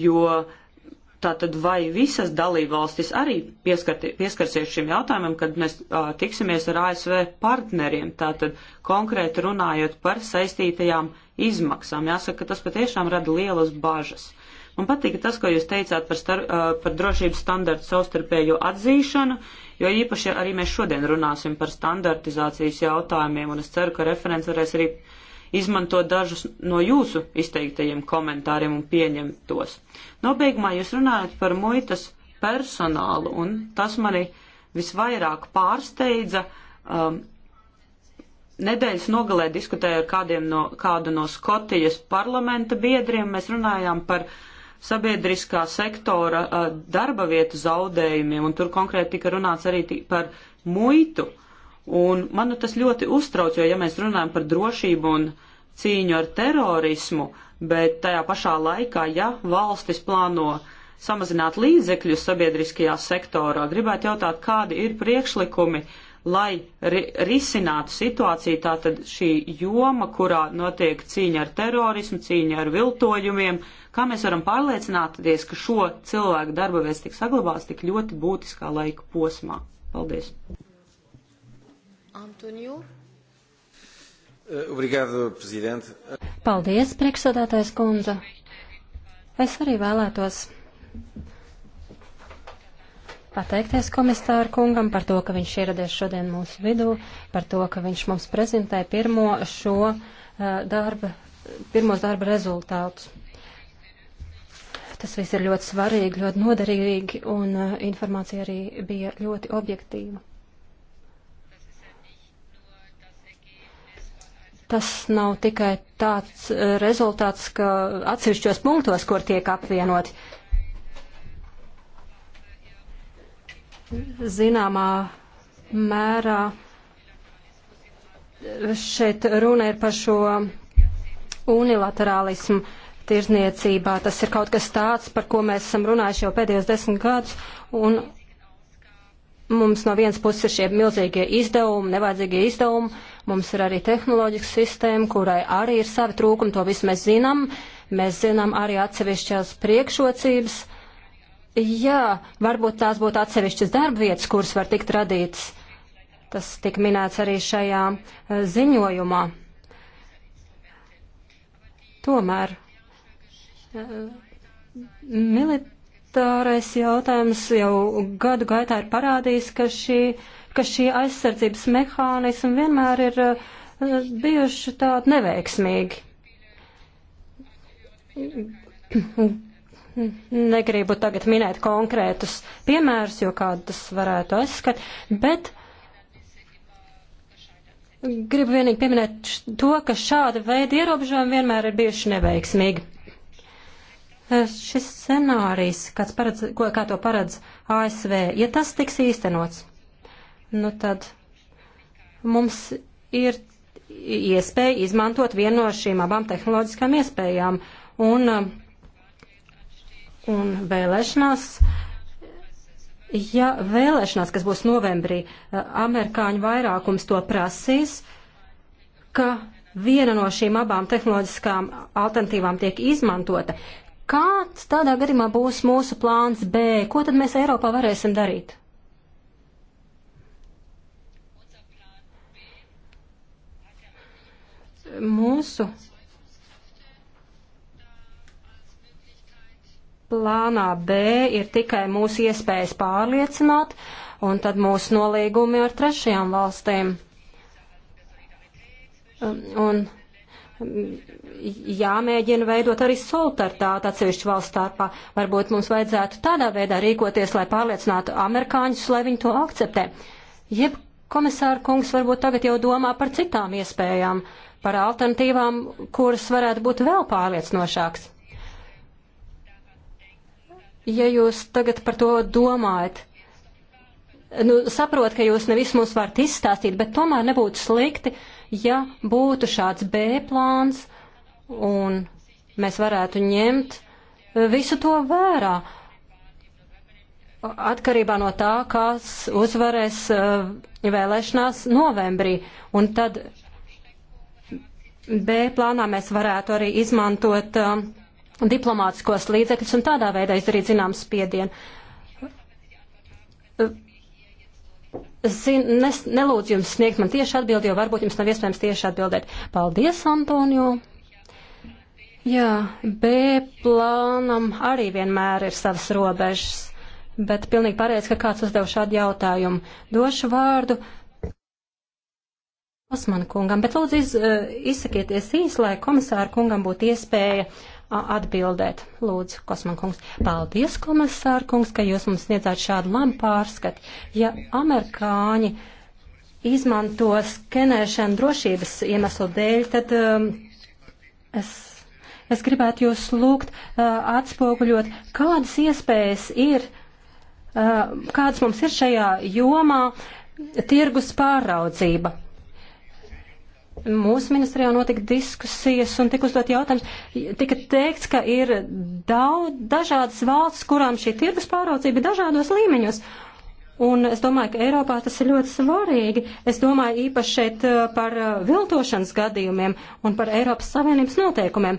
jo tātad vai visas dalībvalstis arī pieskarti, pieskarsies šim jautājumam, kad mēs a, tiksimies ar ASV partneriem, tātad konkrēti runājot par saistītajām izmaksām. Jāsaka, tas patiešām rada lielas bažas. Man patīk tas, ko jūs teicāt par, star, a, par drošības standartu savstarpējo atzīšanu. A, jo īpaši arī mēs šodien runāsim par standartizācijas jautājumiem, un es ceru, ka referents varēs arī izmantot dažus no jūsu izteiktajiem komentāriem un pieņemt tos. Nobeigumā jūs runājat par muitas personālu, un tas mani visvairāk pārsteidza. Um, nedēļas nogalē diskutēju ar kādiem no, kādu no Skotijas parlamenta biedriem, mēs runājām par uh, sabiedriskā sektora darba vietu zaudējumiem, un tur konkrēti tika runāts arī par muitu. Un man nu, tas ļoti uztrauc, jo ja mēs runājam par drošību un cīņu ar terorismu, bet tajā pašā laikā, ja valstis plāno samazināt līdzekļus sabiedriskajā sektorā, gribētu jautāt, kādi ir priekšlikumi uh, lai ri risinātu situāciju, tātad šī joma, kurā notiek cīņa ar terorismu, cīņa ar viltojumiem, kā mēs varam pārliecināties, ka šo cilvēku darba veids tik saglabās tik ļoti būtiskā laika posmā. Paldies. Antoniju. Eh, obrigado, prezident. Paldies, priekšsādātais kundze. Es arī vēlētos pateikties komisāru kungam par to, ka viņš ieradies šodien mūsu vidū, par to, ka viņš mums prezentē pirmo šo eh, darba, pirmos darba rezultātus. Tas viss ir ļoti svarīgi, ļoti noderīgi, un eh, informācija arī bija ļoti objektīva. tas nav tikai tāds eh, rezultāts, ka atsevišķos punktos, kur tiek apvienoti zināmā mērā šeit runa ir par šo unilaterālismu tirzniecībā. Tas ir kaut kas tāds, par ko mēs esam runājuši jau pēdējos desmit gadus, un mums no vienas puses ir šie milzīgie izdevumi, nevajadzīgie izdevumi, mums ir arī tehnoloģikas sistēma, kurai arī ir savi trūkumi, to visu mēs zinām. Mēs zinām arī atsevišķās priekšrocības, uh, Jā, varbūt tās būtu atsevišķas darba vietas, kuras var tikt radītas. Tas tika minēts arī šajā eh, ziņojumā. Tomēr eh, militārais jautājums jau gadu gaitā ir parādījis, ka šī, ka šī aizsardzības mehānismi vienmēr ir eh, bijuši tādi neveiksmīgi Negribu tagad minēt konkrētus piemērus, jo kādus varētu aizskat, bet gribu vienīgi pieminēt to, ka šāda veida ierobežojumi vienmēr ir bijuši neveiksmīgi. Šis scenārijs, paredz, ko, kā to paredz ASV, ja tas tiks īstenots, nu tad mums ir iespēja izmantot vienu no šīm abām tehnoloģiskām iespējām. Un um, un vēlēšanās. Ja vēlēšanās, kas būs novembrī, eh, amerikāņu vairākums to prasīs, ka viena no šīm abām tehnoloģiskām alternatīvām tiek izmantota, kāds tādā gadījumā būs mūsu plāns B? Ko tad mēs Eiropā varēsim darīt? Mūsu plānā B ir tikai mūsu iespējas pārliecināt, un tad mūsu nolīgumi ar trešajām valstīm. Um, un um, jāmēģina veidot arī solidaritāti atsevišķu valstu starpā. Varbūt mums vajadzētu tādā veidā rīkoties, lai pārliecinātu amerikāņus, lai viņi to akceptē. Jeb komisāra kungs varbūt tagad jau domā par citām iespējām, par alternatīvām, kuras varētu būt vēl pārliecinošākas ja jūs tagad par to domājat, nu, saprot, ka jūs nevis mums varat izstāstīt, bet tomēr nebūtu slikti, ja būtu šāds B plāns un mēs varētu ņemt e, visu to vērā. Atkarībā no tā, kas uzvarēs uh, vēlēšanās novembrī. Un tad B plānā mēs varētu arī izmantot uh, diplomātiskos līdzekļus un tādā veidā izdarīt zināms spiedienu. Zin, nes, nelūdzu jums sniegt man tieši atbildi, jo varbūt jums nav iespējams tieši atbildēt. Paldies, Antonio! Jā, B plānam arī vienmēr ir savas robežas, bet pilnīgi pareizi, ka kāds uzdev šādu jautājumu. Došu vārdu Osmanu kungam, bet lūdzu iz, eh, izsakieties īsi, lai komisāru kungam būtu iespēja uh, atbildēt. Lūdzu, Kosmankungs, paldies, komisārkungs, ka jūs mums sniedzāt šādu labu pārskatu. Ja amerikāņi izmanto skenēšanu drošības iemeslu dēļ, tad um, es, es gribētu jūs lūgt uh, atspoguļot, kādas iespējas ir, uh, kādas mums ir šajā jomā tirgus pāraudzība mūsu ministrijā notika diskusijas un tika uzdot jautājums, tika teikts, ka ir daudz dažādas valsts, kurām šī tirgus pāraudzība ir dažādos līmeņos. Un es domāju, ka Eiropā tas ir ļoti svarīgi. Es domāju īpaši šeit uh, par uh, viltošanas gadījumiem un par Eiropas Savienības noteikumiem.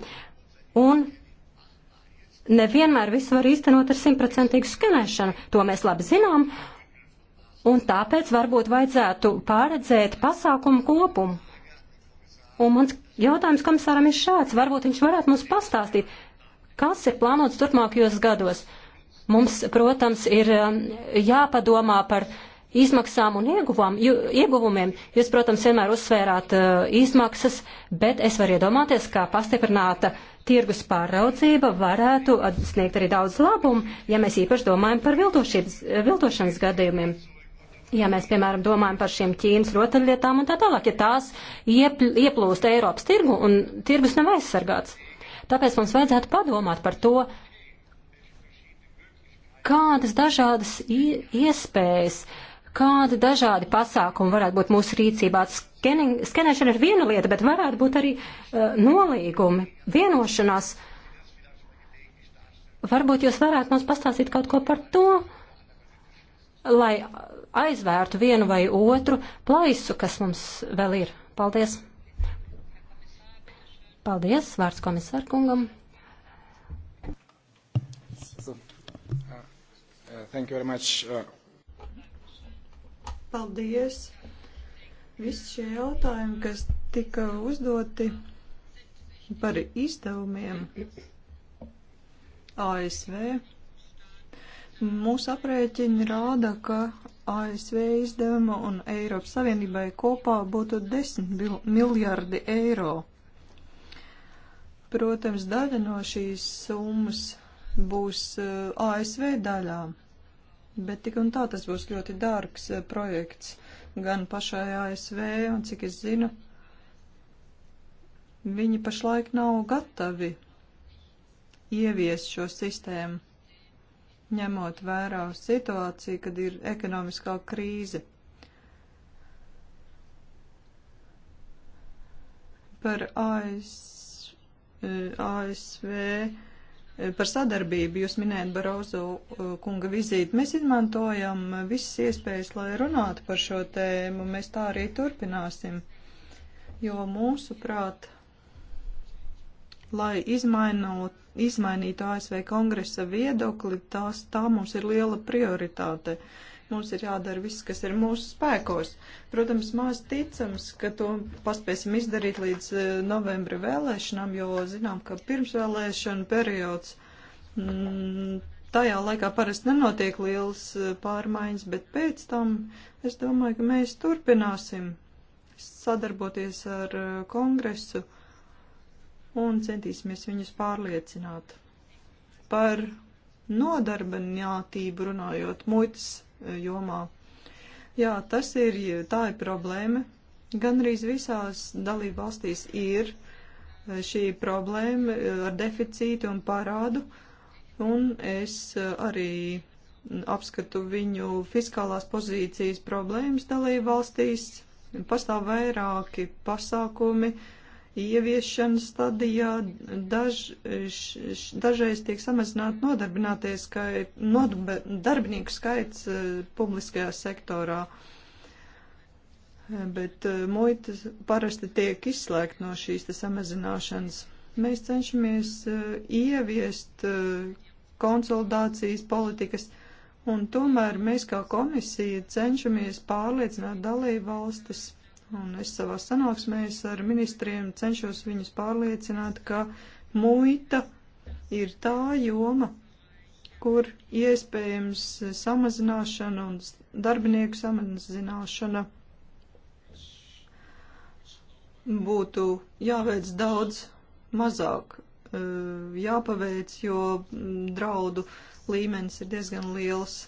Un nevienmēr viss var īstenot ar simtprocentīgu skanēšanu. To mēs labi zinām. Un tāpēc varbūt vajadzētu pārredzēt pasākumu kopumu. Un mans jautājums komisāram ir šāds. Varbūt viņš varētu mums pastāstīt, kas ir plānots turpmākajos gados. Mums, protams, ir um, jāpadomā par izmaksām un ieguvām, jū, ieguvumiem. Jūs, protams, vienmēr uzsvērāt uh, izmaksas, bet es varu iedomāties, kā pastiprināta tirgus pāraudzība varētu sniegt arī daudz labumu, ja mēs īpaši domājam par viltošanas gadījumiem ja mēs, piemēram, domājam par šiem Ķīnas rotaļlietām un tā tālāk, ja tās iepl ieplūst Eiropas tirgu un tirgus nav aizsargāts. Tāpēc mums vajadzētu padomāt par to, kādas dažādas iespējas, kādi dažādi pasākumi varētu būt mūsu rīcībā. Skening, skenēšana ir viena lieta, bet varētu būt arī uh, nolīgumi, vienošanās. Varbūt jūs varētu mums pastāstīt kaut ko par to, lai aizvērtu vienu vai otru plaisu, kas mums vēl ir. Paldies! Paldies! Vārds komisārkungam! Thank you very much. Paldies! Visi šie jautājumi, kas tika uzdoti par izdevumiem ASV, mūsu aprēķini rāda, ka ASV izdevuma un Eiropas Savienībai kopā būtu 10 miljardi eiro. Protams, daļa no šīs summas būs eh, ASV daļā, bet tik un tā tas būs ļoti dārgs eh, projekts gan pašai ASV, un cik es zinu, viņi pašlaik nav gatavi ieviest šo sistēmu ņemot vērā situāciju, kad ir ekonomiskā krīze. Par AS, eh, ASV, eh, par sadarbību jūs minējat Barozo eh, kunga vizīti. Mēs izmantojam visas iespējas, lai runātu par šo tēmu. Mēs tā arī turpināsim, jo mūsuprāt, lai izmainot, izmainītu ASV kongresa viedokli, tās, tā mums ir liela prioritāte. Mums ir jādara viss, kas ir mūsu spēkos. Protams, maz ticams, ka to paspēsim izdarīt līdz eh, novembra vēlēšanām, jo zinām, ka pirmsvēlēšana periods m, mm, tajā laikā parasti nenotiek liels eh, pārmaiņas, bet pēc tam es domāju, ka mēs turpināsim sadarboties ar eh, kongresu un centīsimies viņus pārliecināt. Par nodarbinātību runājot muitas e, jomā. Jā, tas ir, tā ir problēma. Gan arī visās dalību valstīs ir e, šī problēma e, ar deficītu un parādu, un es arī apskatu viņu fiskālās pozīcijas problēmas dalību valstīs. Pastāv vairāki pasākumi, uh, ieviešanas stadijā daž, š, š, dažreiz tiek samazināta nodarbināties skait, nodarbe, darbinieku skaits eh, publiskajā sektorā, bet eh, muitas parasti tiek izslēgt no šīs te samazināšanas. Mēs cenšamies eh, ieviest konsolidācijas politikas, un tomēr mēs kā komisija cenšamies pārliecināt dalību valstis un es savā sanāksmēs ar ministriem cenšos viņus pārliecināt, ka muita ir tā joma, kur iespējams samazināšana un darbinieku samazināšana būtu jāveic daudz mazāk, eh, jāpaveic, jo draudu līmenis ir diezgan liels.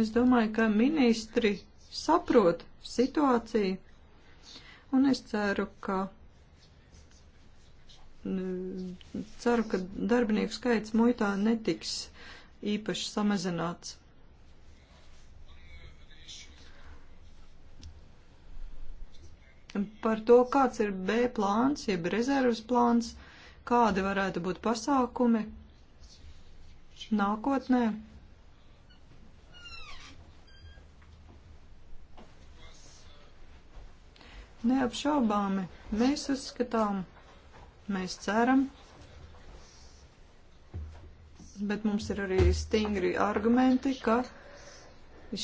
Es domāju, ka ministri saprot situāciju, un es ceru, ka ceru, ka darbinieku skaits muitā netiks īpaši samazināts. Par to, kāds ir B plāns, jeb rezervas plāns, kādi varētu būt pasākumi nākotnē. Neapšaubāmi mēs uzskatām, mēs ceram, bet mums ir arī stingri argumenti, ka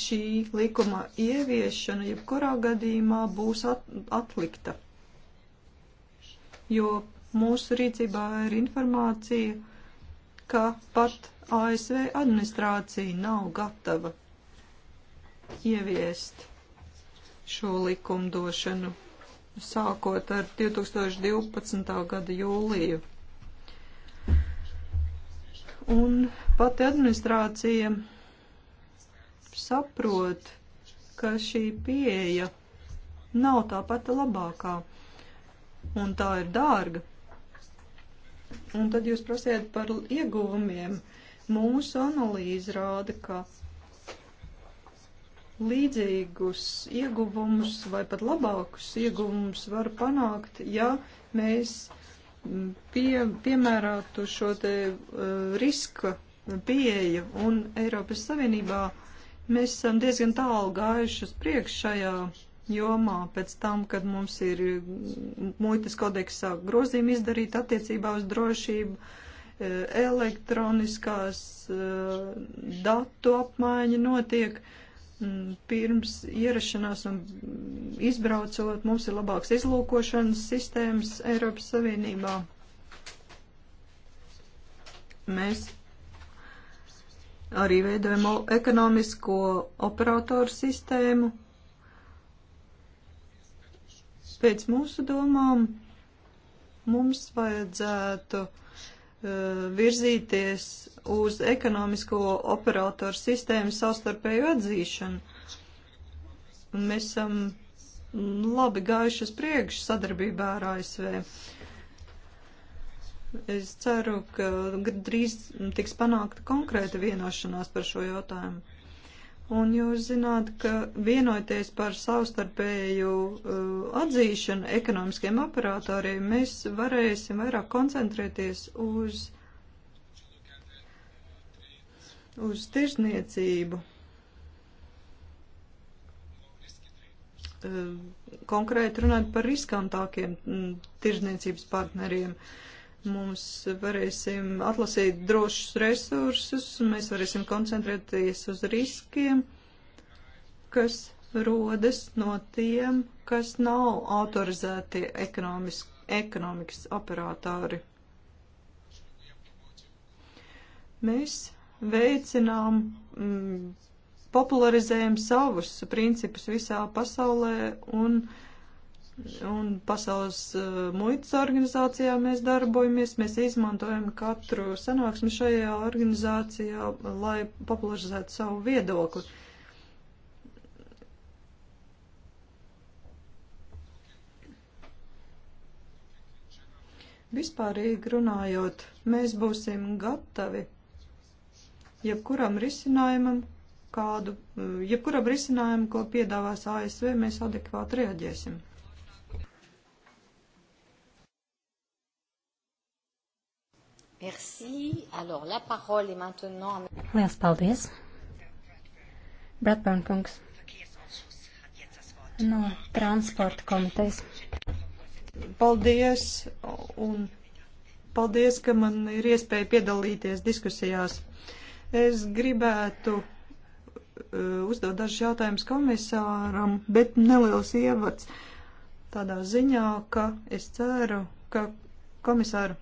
šī likuma ieviešana jebkurā gadījumā būs at atlikta. Jo mūsu rīcībā ir informācija, ka pat ASV administrācija nav gatava ieviest šo likumdošanu sākot ar 2012. gada jūliju. Un pati administrācija saprot, ka šī pieeja nav tā pati labākā, un tā ir dārga. Un tad jūs prasiet par ieguvumiem. Mūsu analīze rāda, ka līdzīgus ieguvumus vai pat labākus ieguvumus var panākt, ja mēs mm, pie, piemērātu šo te uh, riska pieeju un Eiropas Savienībā mēs esam diezgan tālu gājuši uz priekšu šajā jomā pēc tam, kad mums ir mm, muitas kodeksā grozījumi izdarīt attiecībā uz drošību, e, elektroniskās e, datu apmaiņa notiek, Mm, pirms ierašanās un izbraucot, mums ir labāks izlūkošanas sistēmas Eiropas Savienībā. Mēs arī veidojam ekonomisko operatoru sistēmu. Pēc mūsu domām mums vajadzētu uh, Uh, virzīties uz ekonomisko operatoru sistēmu savstarpēju atzīšanu. Un mēs esam mm, labi gājuši uz priekšu sadarbībā ar ASV. Es ceru, ka drīz tiks panākta konkrēta vienošanās par šo jautājumu. Un jūs zināt, ka vienoties par savstarpēju uh, atzīšanu ekonomiskiem operatoriem, mēs varēsim vairāk koncentrēties uz, uz tirzniecību. Uh, konkrēti runāt par riskantākiem mm, tirzniecības partneriem. Uh, Mums varēsim atlasīt drošus resursus, mēs varēsim koncentrēties uz riskiem, kas rodas no tiem, kas nav autorizēti ekonomis, ekonomikas operatori. Mēs veicinām, m, mm, popularizējam savus principus visā pasaulē un uh, un Pasaules eh, muitas organizācijā mēs darbojamies. Mēs izmantojam katru sanāksmi šajā organizācijā, lai popularizētu savu viedokli. Vispārīgi runājot, mēs būsim gatavi jebkuram risinājumam, kādu, eh, jebkuram risinājumu, ko piedāvās ASV, mēs adekvāti reaģēsim. Merci. Alors, la parole est maintenant... Liels paldies. Bratburn kungs. No transporta komitejas. Paldies, un paldies, ka man ir iespēja piedalīties diskusijās. Es gribētu eh, uzdot dažus jautājumus komisāram, bet neliels ievads tādā ziņā, ka es ceru, ka komisāra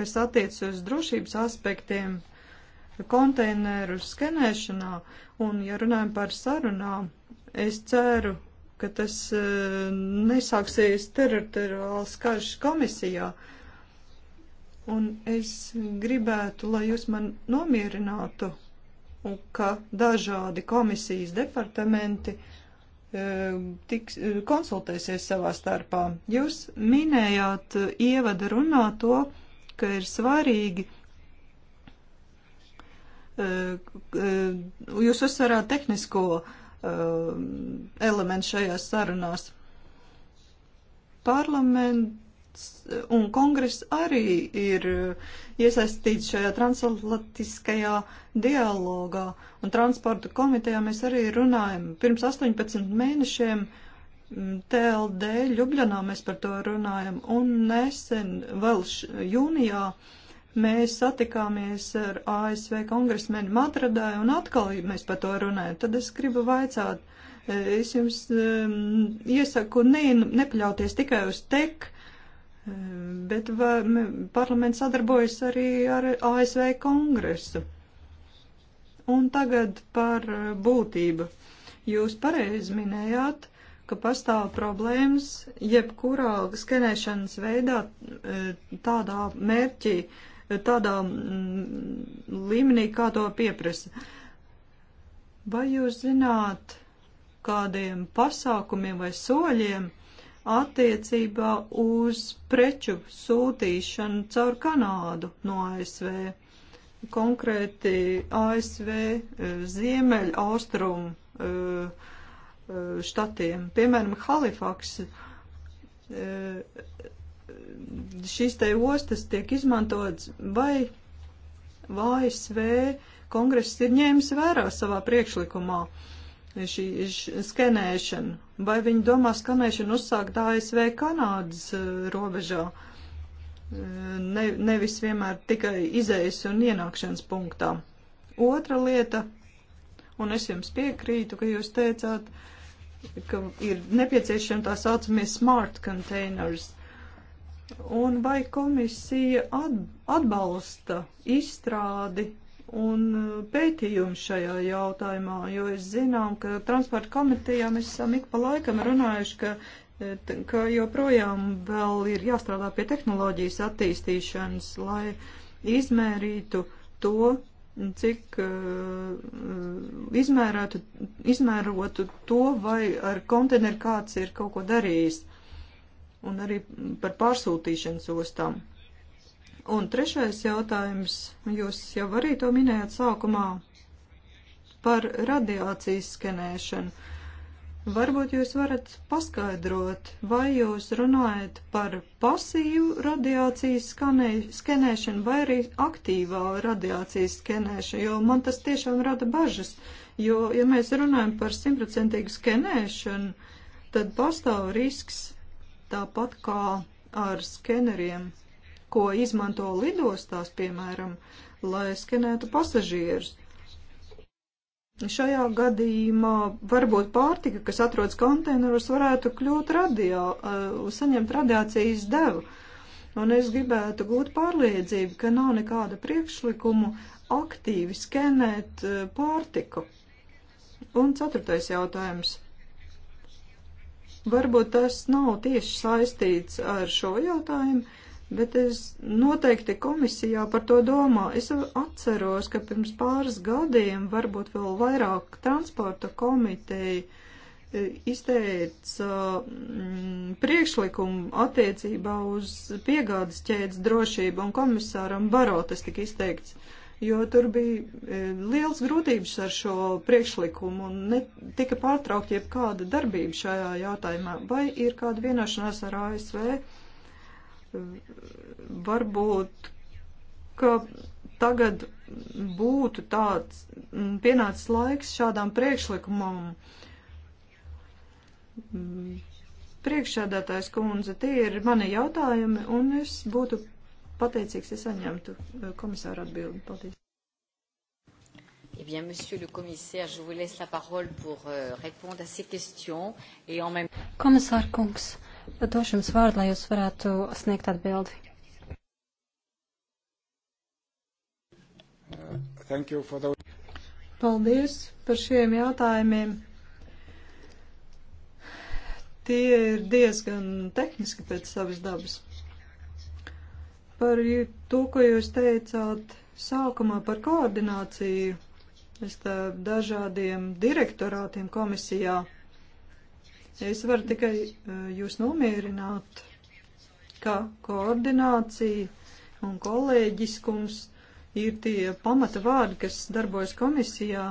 kas attiec uz drošības aspektiem konteineru skenēšanā, un ja runājam par sarunām, es ceru, ka tas e, nesāksies teritoriāls karš komisijā. Un es gribētu, lai jūs man nomierinātu, ka dažādi komisijas departamenti e, tiks, e, konsultēsies savā starpā. Jūs minējāt ievada runā to, ka ir svarīgi. Eh, eh, jūs uzsverāt tehnisko eh, elementu šajās sarunās. Parlaments un kongress arī ir iesaistīts šajā transatlantiskajā dialogā, un transporta komitejā mēs arī runājam. Pirms 18 mēnešiem uh, TLD Ljubljanā mēs par to runājam, un nesen vēl š, jūnijā mēs satikāmies ar ASV kongresmeni Matradē un atkal mēs par to runājam. Tad es gribu vaicāt, e, es jums um, iesaku ne, nepaļauties tikai uz tek, e, bet vai, parlaments sadarbojas arī ar ASV kongresu. Un tagad par būtību. Jūs pareizi minējāt, ka pastāv problēmas jebkurā skenēšanas veidā e, tādā mērķī, e, tādā mm, līmenī, kā to pieprasa. Vai jūs zināt, kādiem pasākumiem vai soļiem attiecībā uz preču sūtīšanu caur Kanādu no ASV? Konkrēti ASV e, ziemeļ austrumu Eh, štatiem. Piemēram, Halifax eh, šīs te ostas tiek izmantotas vai ASV kongress ir ņēmis vērā savā priekšlikumā šī skenēšana, vai viņi domā skenēšanu uzsākt ASV Kanādas eh, robežā, ne, nevis vienmēr tikai izējas un ienākšanas punktā. Otra lieta, un es jums piekrītu, ka jūs teicāt, uh, ka ir nepieciešami tā saucamie smart containers. Un vai komisija atbalsta izstrādi un uh, pētījumu šajā jautājumā, jo es zinām, ka transporta komitejā mēs esam ik pa laikam runājuši, ka, eh, ka joprojām vēl ir jāstrādā pie tehnoloģijas attīstīšanas, lai izmērītu to, cik uh, uh, izmērētu, izmērotu to, vai ar konteineru kāds ir kaut ko darījis, un arī par pārsūtīšanas ostām. Un trešais jautājums, jūs jau arī to minējāt sākumā, par radiācijas skenēšanu. Varbūt jūs varat paskaidrot, vai jūs runājat par pasīvu radiācijas skenēšanu vai arī aktīvā radiācijas skenēšanu, jo man tas tiešām rada bažas, jo, ja mēs runājam par simtprocentīgu skenēšanu, tad pastāv risks tāpat kā ar skeneriem, ko izmanto lidostās, piemēram, lai skenētu pasažierus. Šajā gadījumā varbūt pārtika, kas atrodas konteineros, varētu kļūt radio, eh, saņemt radiācijas devu. Un es gribētu gūt pārliecību, ka nav nekāda priekšlikumu aktīvi skenēt eh, pārtiku. Un ceturtais jautājums. Varbūt tas nav tieši saistīts ar šo jautājumu, bet es noteikti komisijā par to domā. Es atceros, ka pirms pāris gadiem, varbūt vēl vairāk transporta komiteja e, izteica mm, priekšlikumu attiecībā uz piegādes ķēdes drošību un komisāram Barotas tika izteikts, jo tur bija e, liels grūtības ar šo priekšlikumu un ne, tika pārtraukta jebkāda darbība šajā jautājumā. Vai ir kāda vienošanās ar ASV? varbūt, ka tagad būtu tāds pienācis laiks šādām priekšlikumam. Priekšsēdētājs kundze, tie ir mani jautājumi, un es būtu pateicīgs, ja saņemtu eh, komisāru atbildi. Paldies. Eh bien, monsieur le commissaire, je vous laisse la parole pour euh, répondre à ces questions et en même temps. Komisār kungs, došu jums vārdu, lai jūs varētu sniegt atbildi. The... Paldies par šiem jautājumiem. Tie ir diezgan tehniski pēc savas dabas. Par to, ko jūs teicāt sākumā par koordināciju starp dažādiem direktorātiem komisijā. Es varu tikai eh, jūs nomierināt, ka koordinācija un kolēģiskums ir tie pamata vārdi, kas darbojas komisijā.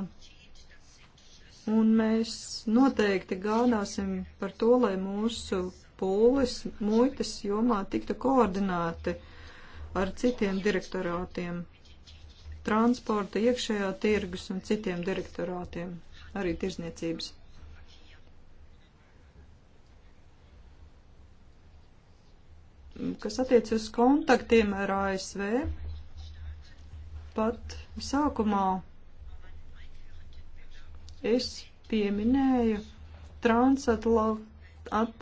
Un mēs noteikti gādāsim par to, lai mūsu pūles muitas jomā tiktu koordināti ar citiem direktorātiem - transporta, iekšējā tirgus un citiem direktorātiem, arī tirzniecības. kas attiec uz kontaktiem ar ASV, pat sākumā es pieminēju transatla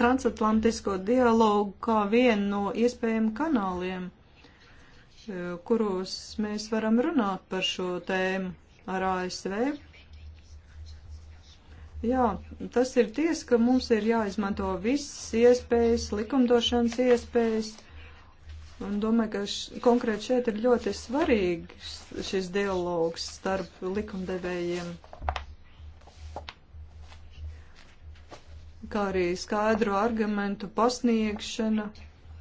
transatlantisko dialogu kā vienu no iespējām kanāliem, eh, kuros mēs varam runāt par šo tēmu ar ASV, Jā, tas ir ties, ka mums ir jāizmanto visas iespējas, likumdošanas iespējas. Un domāju, ka š, konkrēti šeit ir ļoti svarīgs šis dialogs starp likumdevējiem. Kā arī skaidru argumentu pasniegšana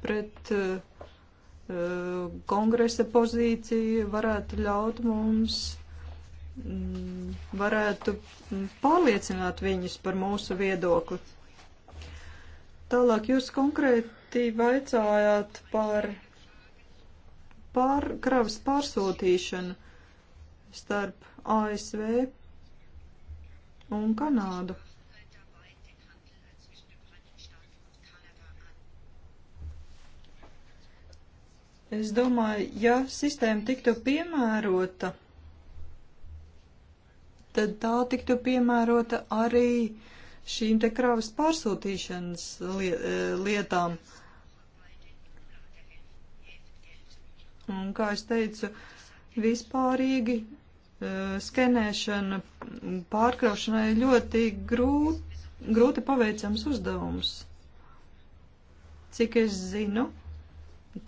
pret uh, kongresa pozīciju varētu ļaut mums Mm, varētu mm, pārliecināt viņus par mūsu viedokli. Tālāk jūs konkrēti vaicājāt par pār, kravas pārsūtīšanu starp ASV un Kanādu. Es domāju, ja sistēma tiktu piemērota tad tā tiktu piemērota arī šīm te kravas pārsūtīšanas e, lietām. Un, kā es teicu, vispārīgi e, skenēšana pārkraušanai ļoti grūti, grūti paveicams uzdevums. Cik es zinu,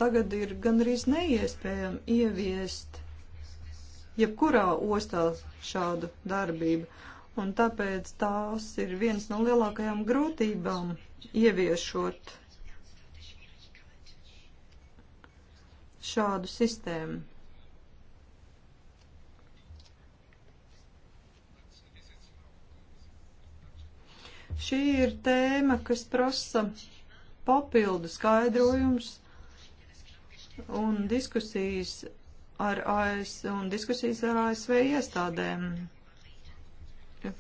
tagad ir gandrīz neiespējami ieviest jebkurā ostā šādu darbību. Un tāpēc tās ir viens no lielākajām grūtībām ieviešot šādu sistēmu. Šī ir tēma, kas prasa papildu skaidrojums un diskusijas ar ASV un diskusijas ar ASV iestādēm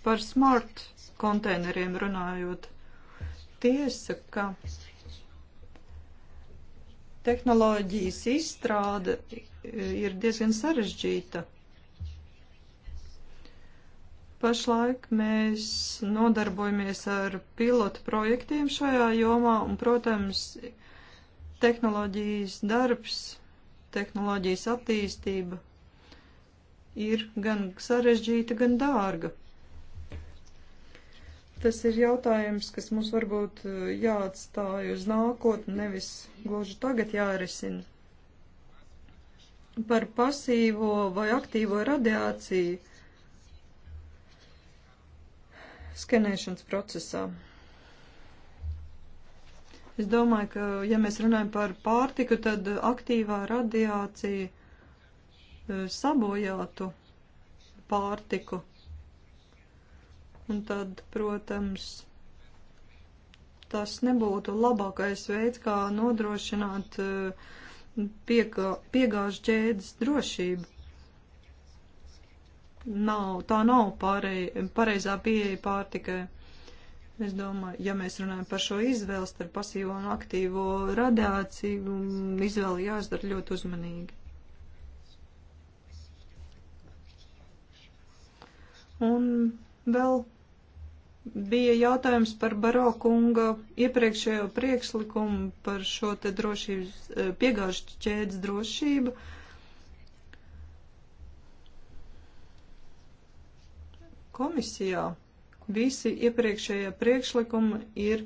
par smart konteineriem runājot. Tiesa, ka tehnoloģijas izstrāde ir diezgan sarežģīta. Pašlaik mēs nodarbojamies ar pilotu projektiem šajā jomā, un, protams, tehnoloģijas darbs tehnoloģijas attīstība ir gan sarežģīta, gan dārga. Tas ir jautājums, kas mums varbūt eh, jāatstāj uz nākotni, nevis gluži tagad jārisina. Par pasīvo vai aktīvo radiāciju skenēšanas procesā. Es domāju, ka, ja mēs runājam par pārtiku, tad aktīvā radiācija e, sabojātu pārtiku. Un tad, protams, tas nebūtu labākais veids, kā nodrošināt e, piegā, piegāžu ķēdes drošību. Nav, tā nav pārēj, pareizā pieeja pārtikai. Es domāju, ja mēs runājam par šo izvēli starp pasīvo un aktīvo radiāciju, izvēle jāizdara ļoti uzmanīgi. Un vēl bija jautājums par Barokunga iepriekšējo priekšlikumu par šo te drošības, eh, piegāžu ķēdes drošību. Komisijā visi iepriekšējie priekšlikumi ir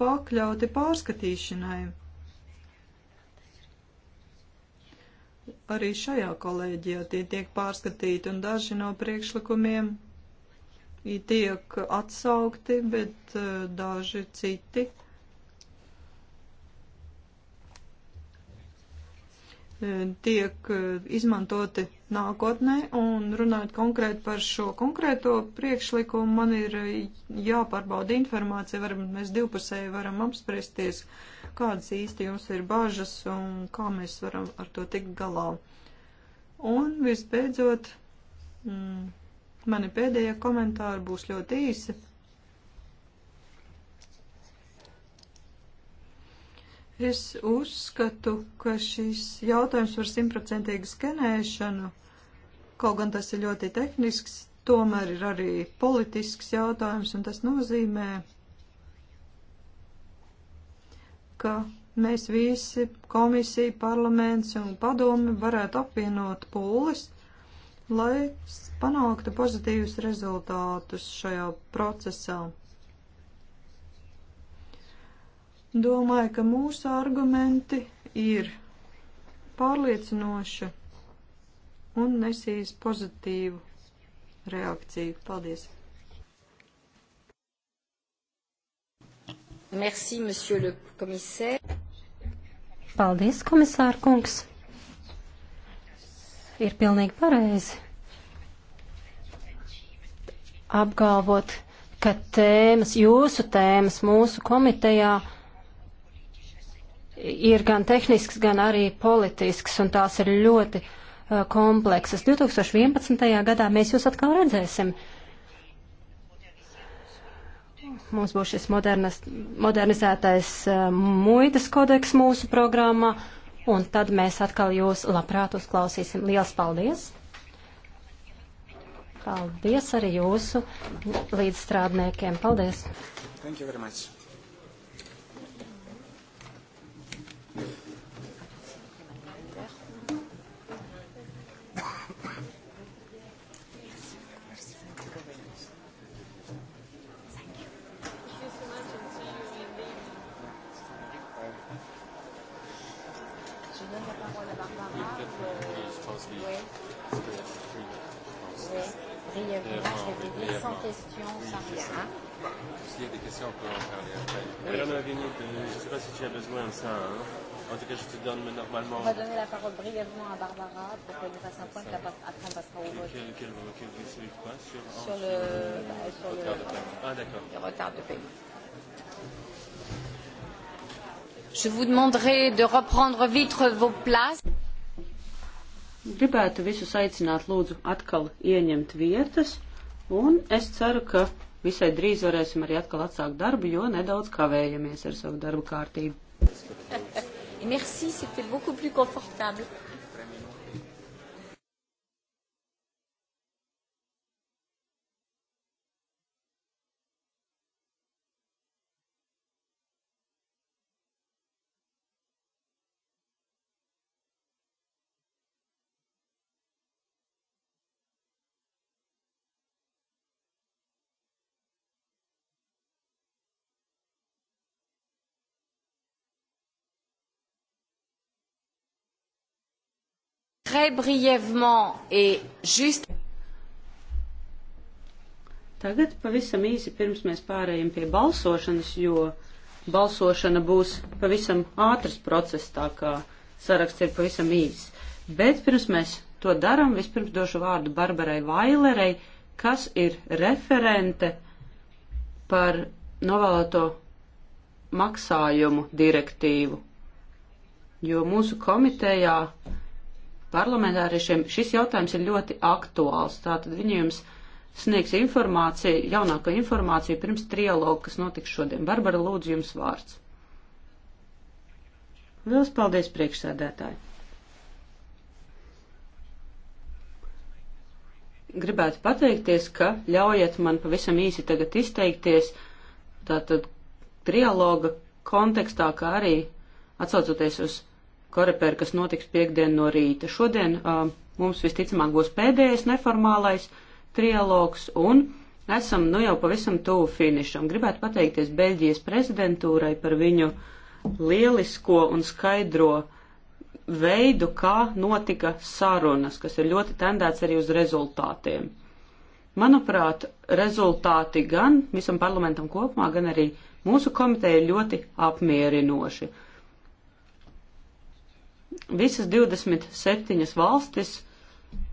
pakļauti pārskatīšanai. Arī šajā kolēģijā tie tiek pārskatīti, un daži no priekšlikumiem tiek atsaukti, bet eh, daži citi tiek eh, izmantoti nākotnē, un runājot konkrēti par šo konkrēto priekšlikumu, man ir eh, jāpārbauda informācija, varam, mēs divpusēji varam apspriesties, kādas īsti jums ir bažas un kā mēs varam ar to tikt galā. Un visbeidzot, mm, mani pēdējie komentāri būs ļoti īsi. Es uzskatu, ka šis jautājums par simtprocentīgu skenēšanu, kaut gan tas ir ļoti tehnisks, tomēr ir arī politisks jautājums, un tas nozīmē, ka mēs visi, komisija, parlaments un padomi, varētu apvienot pūles, lai panāktu pozitīvus rezultātus šajā procesā. Domāju, ka mūsu argumenti ir pārliecinoši un nesīs pozitīvu reakciju. Paldies! Merci, monsieur le commissaire. Paldies, komisāra kungs. Ir pilnīgi pareizi apgalvot, ka tēmas, jūsu tēmas mūsu komitejā ir gan tehnisks, gan arī politisks, un tās ir ļoti uh, kompleksas. 2011. gadā mēs jūs atkal redzēsim. Mums būs šis modernas, modernizētais uh, muitas kodeks mūsu programmā, un tad mēs atkal jūs labprāt uzklausīsim. Liels paldies! Paldies arī jūsu līdzstrādniekiem. Paldies! Thank you very much. si on peut en parler après. Oui. Alors, Marguerite, euh, je ne sais pas si tu as besoin de ça. Hein. En tout cas, je te donne normalement. On va donner la parole brièvement à Barbara pour qu'elle nous fasse un point, qu'après on passera au vote. Quel, quel, quel, quel, celui de quoi sur, sur, le, bah, sur le retard de paiement. Ah, d'accord. Le retard de paiement. Je vous demanderai de reprendre vite vos places. Gribētu visus aicināt, lūdzu, atkal ieņemt vietas, un es ceru, ka visai drīz varēsim arī atkal atsākt darbu, jo nedaudz kavējamies ar savu darbu kārtību. Merci, c'était beaucoup plus confortable. très brièvement et juste. Tagad pavisam īsi pirms mēs pārējām pie balsošanas, jo balsošana būs pavisam ātrs process, tā kā saraksts ir pavisam īss. Bet pirms mēs to darām, vispirms došu vārdu Barbarai Vailerei, kas ir referente par novēlēto maksājumu direktīvu. Jo mūsu komitejā uh, parlamentāriešiem šis jautājums ir ļoti aktuāls. Tātad viņi jums sniegs informāciju, jaunāko informāciju pirms trialoga, kas notiks šodien. Barbara, lūdzu, jums vārds. Lielas paldies, priekšsēdētāji! Gribētu pateikties, ka ļaujiet man pavisam īsi tagad izteikties tātad trialoga kontekstā, kā arī atsaucoties uz Koreper, kas notiks piekdien no rīta. Šodien uh, mums visticamāk būs pēdējais neformālais trialogs un esam nu jau pavisam tuvu finišam. Gribētu pateikties Beļģijas prezidentūrai par viņu lielisko un skaidro veidu, kā notika sarunas, kas ir ļoti tendēts arī uz rezultātiem. Manuprāt, rezultāti gan visam parlamentam kopumā, gan arī mūsu komiteja ir ļoti apmierinoši visas 27 valstis,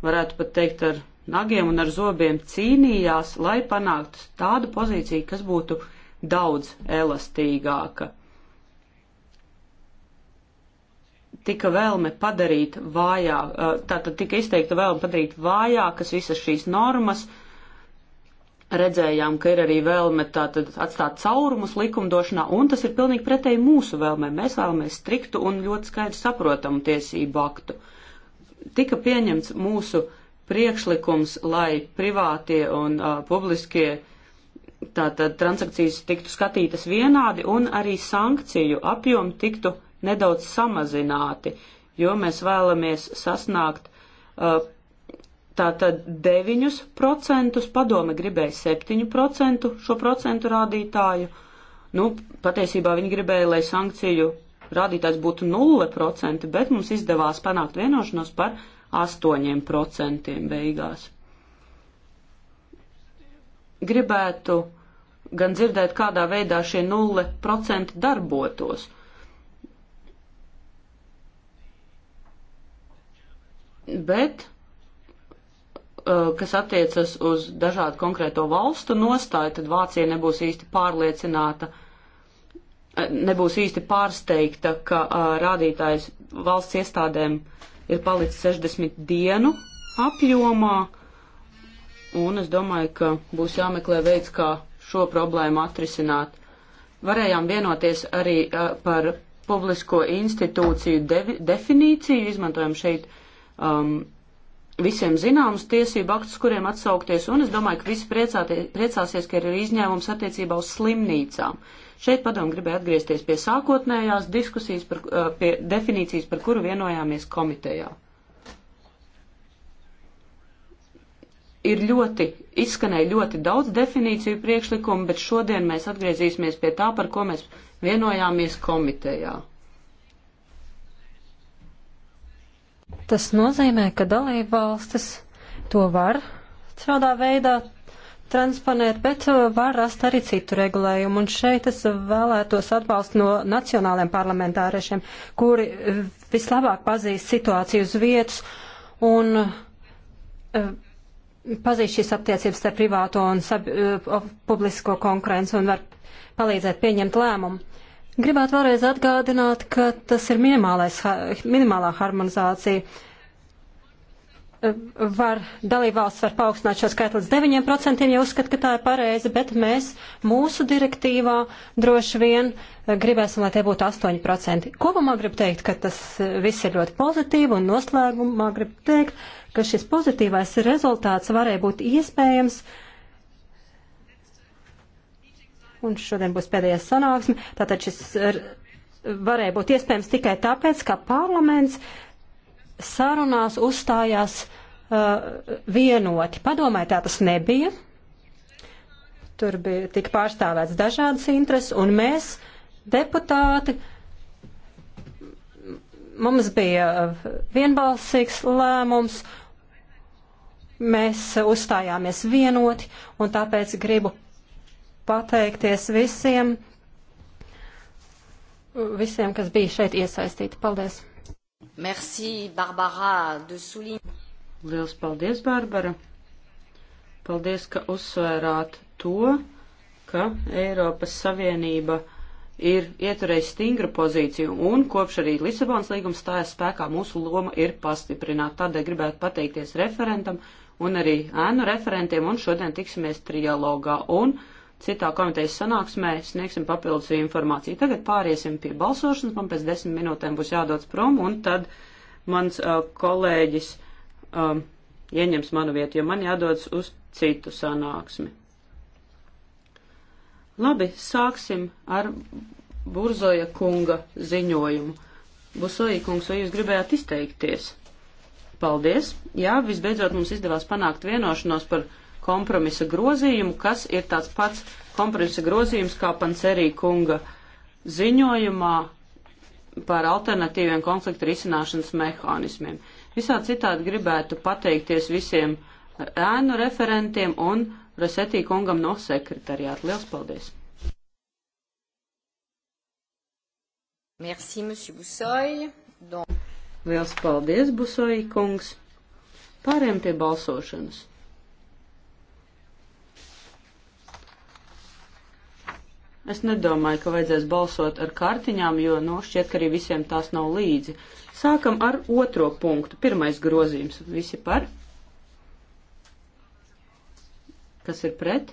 varētu pat teikt ar nagiem un ar zobiem, cīnījās, lai panāktu tādu pozīciju, kas būtu daudz elastīgāka. Tika vēlme padarīt vājāk, tātad tika izteikta vēlme padarīt vājākas visas šīs normas, uh, redzējām, ka ir arī vēlme tātad atstāt caurumus likumdošanā, un tas ir pilnīgi pretēji mūsu vēlmē. Mēs vēlamies striktu un ļoti skaidru saprotamu tiesību aktu. Tika pieņemts mūsu priekšlikums, lai privātie un uh, publiskie tātad transakcijas tiktu skatītas vienādi un arī sankciju apjomi tiktu nedaudz samazināti, jo mēs vēlamies sasniegt uh, Tātad 9% padome gribēja 7% šo procentu rādītāju. Nu, patiesībā viņi gribēja, lai sankciju rādītājs būtu 0%, bet mums izdevās panākt vienošanos par 8% beigās. Gribētu gan dzirdēt, kādā veidā šie 0% darbotos. Bet Uh, kas attiecas uz dažādu konkrēto valstu nostāju, tad Vācija nebūs īsti pārliecināta, uh, nebūs īsti pārsteigta, ka uh, rādītājs valsts iestādēm ir palicis 60 dienu apjomā, un es domāju, ka būs jāmeklē veids, kā šo problēmu atrisināt. Varējām vienoties arī par publisko institūciju definīciju, izmantojam šeit um, visiem zināmus tiesību aktus, kuriem atsaukties, un es domāju, ka visi priecāsies, ka ir arī izņēmums attiecībā uz slimnīcām. Šeit padomu gribēju atgriezties pie sākotnējās diskusijas, par, pie definīcijas, par kuru vienojāmies komitejā. Ir ļoti, izskanēja ļoti daudz definīciju priekšlikumu, bet šodien mēs atgriezīsimies pie tā, par ko mēs vienojāmies komitejā. Tas nozīmē, ka dalība valstis to var šādā veidā transponēt, bet uh, var rast arī citu regulējumu. Un šeit es vēlētos atbalstu no nacionāliem parlamentāriešiem, kuri uh, vislabāk pazīst situāciju uz vietas un uh, pazīst šīs attiecības starp privāto un sab, publisko konkurenci un var palīdzēt pieņemt lēmumu. Gribētu vēlreiz atgādināt, ka tas ir minimālā harmonizācija. Var, dalībvalsts var paaugstināt šo skaitu līdz 9%, ja uzskata, ka tā ir pareizi, bet mēs mūsu direktīvā droši vien gribēsim, lai tie būtu 8%. Kopumā gribu teikt, ka tas viss ir ļoti pozitīvi un noslēgumā gribu teikt, ka šis pozitīvais rezultāts varēja būt iespējams uh, un šodien būs pēdējā sanāksme. Tātad šis varēja būt iespējams tikai tāpēc, ka parlaments sarunās uzstājās uh, vienoti. Padomē, tā tas nebija. Tur bija tik pārstāvēts dažādas intereses, un mēs, deputāti, mums bija vienbalsīgs lēmums, mēs uzstājāmies vienoti, un tāpēc gribu pateikties visiem, visiem, kas bija šeit iesaistīti. Paldies! Merci, Barbara, de Sulīna. Liels paldies, Barbara! Paldies, ka uzsvērāt to, ka Eiropas Savienība ir ieturējis stingru pozīciju, un kopš arī Lisabonas līgums stājas spēkā, mūsu loma ir pastiprināta. Tādēļ gribētu pateikties referentam un arī ēnu referentiem, un šodien tiksimies trialogā. Un citā komitejas sanāksmē sniegsim papildus informāciju. Tagad pāriesim pie balsošanas, man pēc desmit minūtēm būs jādodas prom, un tad mans uh, kolēģis um, ieņems manu vietu, jo man jādodas uz citu sanāksmi. Labi, sāksim ar Burzoja kunga ziņojumu. Busoja kungs, vai jūs gribējāt izteikties? Paldies! Jā, visbeidzot mums izdevās panākt vienošanos par kompromisa grozījumu, kas ir tāds pats kompromisa grozījums kā Pancerī kunga ziņojumā par alternatīviem konfliktu risināšanas mehānismiem. Visā citādi gribētu pateikties visiem ēnu referentiem un Resetī kungam no sekretariāta. Liels paldies! Merci, monsieur Busoy. Don... Liels paldies, Busoy kungs! Pāriem pie balsošanas. Es nedomāju, ka vajadzēs balsot ar kartiņām, jo, nu, šķiet, ka arī visiem tās nav līdzi. Sākam ar otro punktu. Pirmais grozījums. Visi par? Kas ir pret?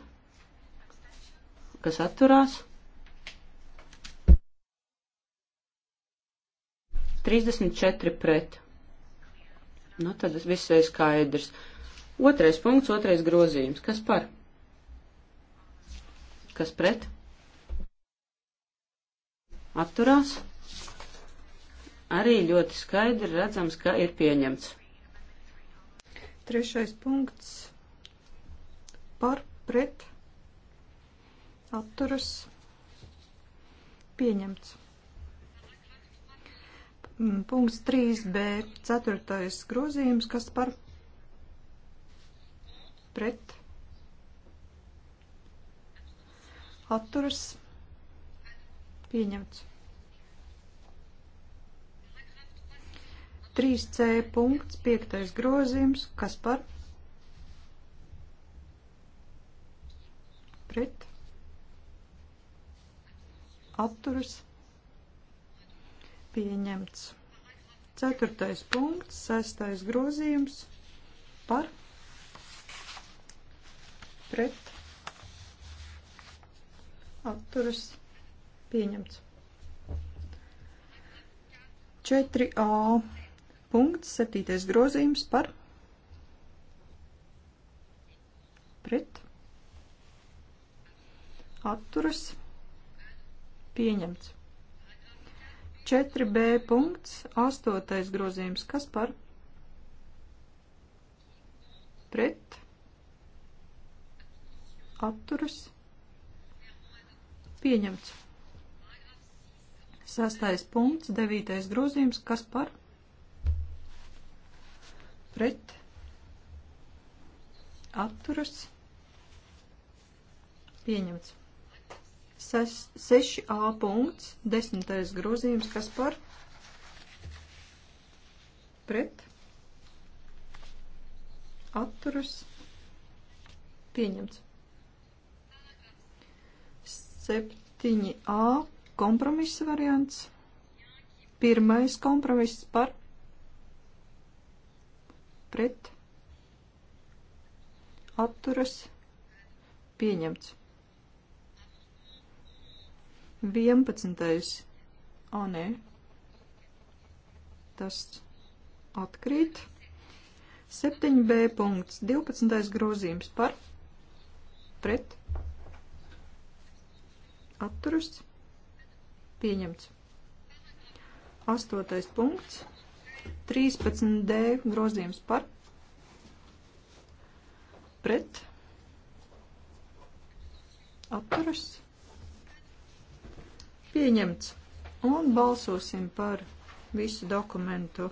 Kas atturās? 34 pret. Nu, tad viss ir skaidrs. Otrais punkts, otrais grozījums. Kas par? Kas pret? atturās, arī ļoti skaidri redzams, ka ir pieņemts. Trešais punkts par pret atturas pieņemts. Mm, punkts 3b, ceturtais grozījums, kas par pret atturas pieņemts Pieņemts. 3C punkts, 5. grozījums, kas par? Pret. Atturas. Pieņemts. 4. punkts, 6. grozījums, par? Pret. Atturas. Pieņemts Pieņemts. 4a punkts, 7. grozījums par pret atturas pieņemts. 4b punkts, 8. grozījums, kas par pret atturas pieņemts. Sastais punkts, devītais grozījums, kas par? Pret. Atturas. Pieņemts. 6a punkts, desmitais grozījums, kas par? Pret. Atturas. Pieņemts. 7a kompromisa variants. Pirmais kompromiss par pret atturas pieņemts. 11. O, nē. Tas atkrīt. 7b punkts. 12. grozījums par pret atturas pieņemts Pieņemts. Astotais punkts. 13D grozījums par. Pret. Atturas. Pieņemts. Un balsosim par visu dokumentu.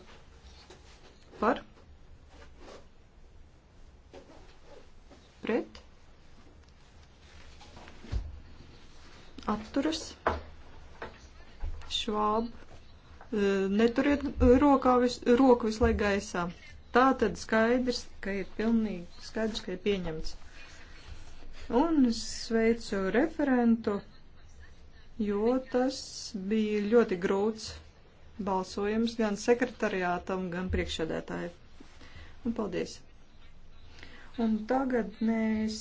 Par. Pret. Atturas. Atturas Švāb, eh, neturiet rokā vis, roku visu laiku gaisā. Tā tad skaidrs, ka ir pilnīgi skaidrs, ka ir pieņemts. Un sveicu referentu, jo tas bija ļoti grūts balsojums gan sekretariātam, gan priekšsēdētāji. Un paldies. Un tagad mēs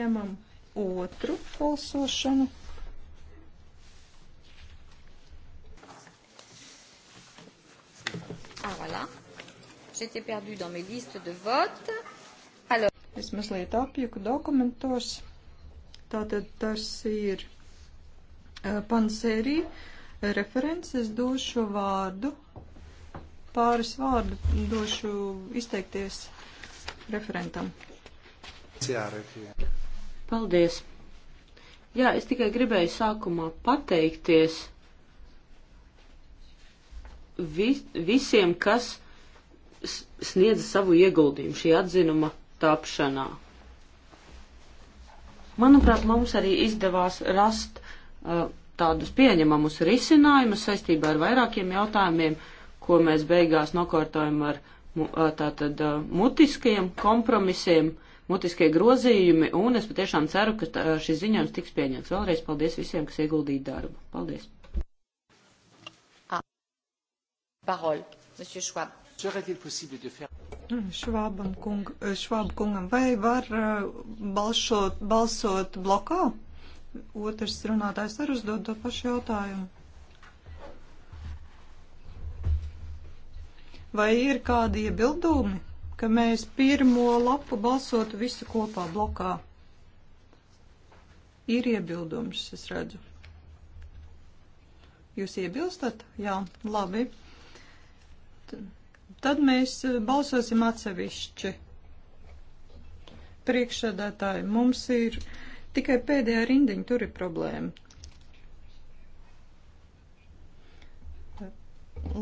ņemam otru balsošanu. Ah, voilà. J'étais perdue dans mes listes de vote. Alors... Es mazliet apjuku dokumentos. Tātad tas ir uh, eh, pansērī eh, referents. Es došu vārdu, pāris vārdu došu izteikties referentam. Paldies. Jā, es tikai gribēju sākumā pateikties vis, visiem, kas sniedza savu ieguldījumu šī atzinuma tapšanā. Manuprāt, mums arī izdevās rast uh, tādus pieņemamus risinājumus saistībā ar vairākiem jautājumiem, ko mēs beigās nokārtojam ar uh, tātad uh, mutiskajiem kompromisiem, mutiskie grozījumi, un es patiešām ceru, ka tā, uh, šis ziņojums tiks pieņemts. Vēlreiz paldies visiem, kas ieguldīja darbu. Paldies! parole. Monsieur Schwab. Švābam kung, švāb euh, kungam, vai var uh, balsot, balsot blokā? Otrs runātājs var uzdot to pašu jautājumu. Vai ir kādi iebildumi, ka mēs pirmo lapu balsotu visu kopā blokā? Ir iebildums, es redzu. Jūs iebilstat? Jā, labi tad mēs eh, balsosim atsevišķi. Priekšsēdētāji, mums ir tikai pēdējā rindiņa, tur ir problēma.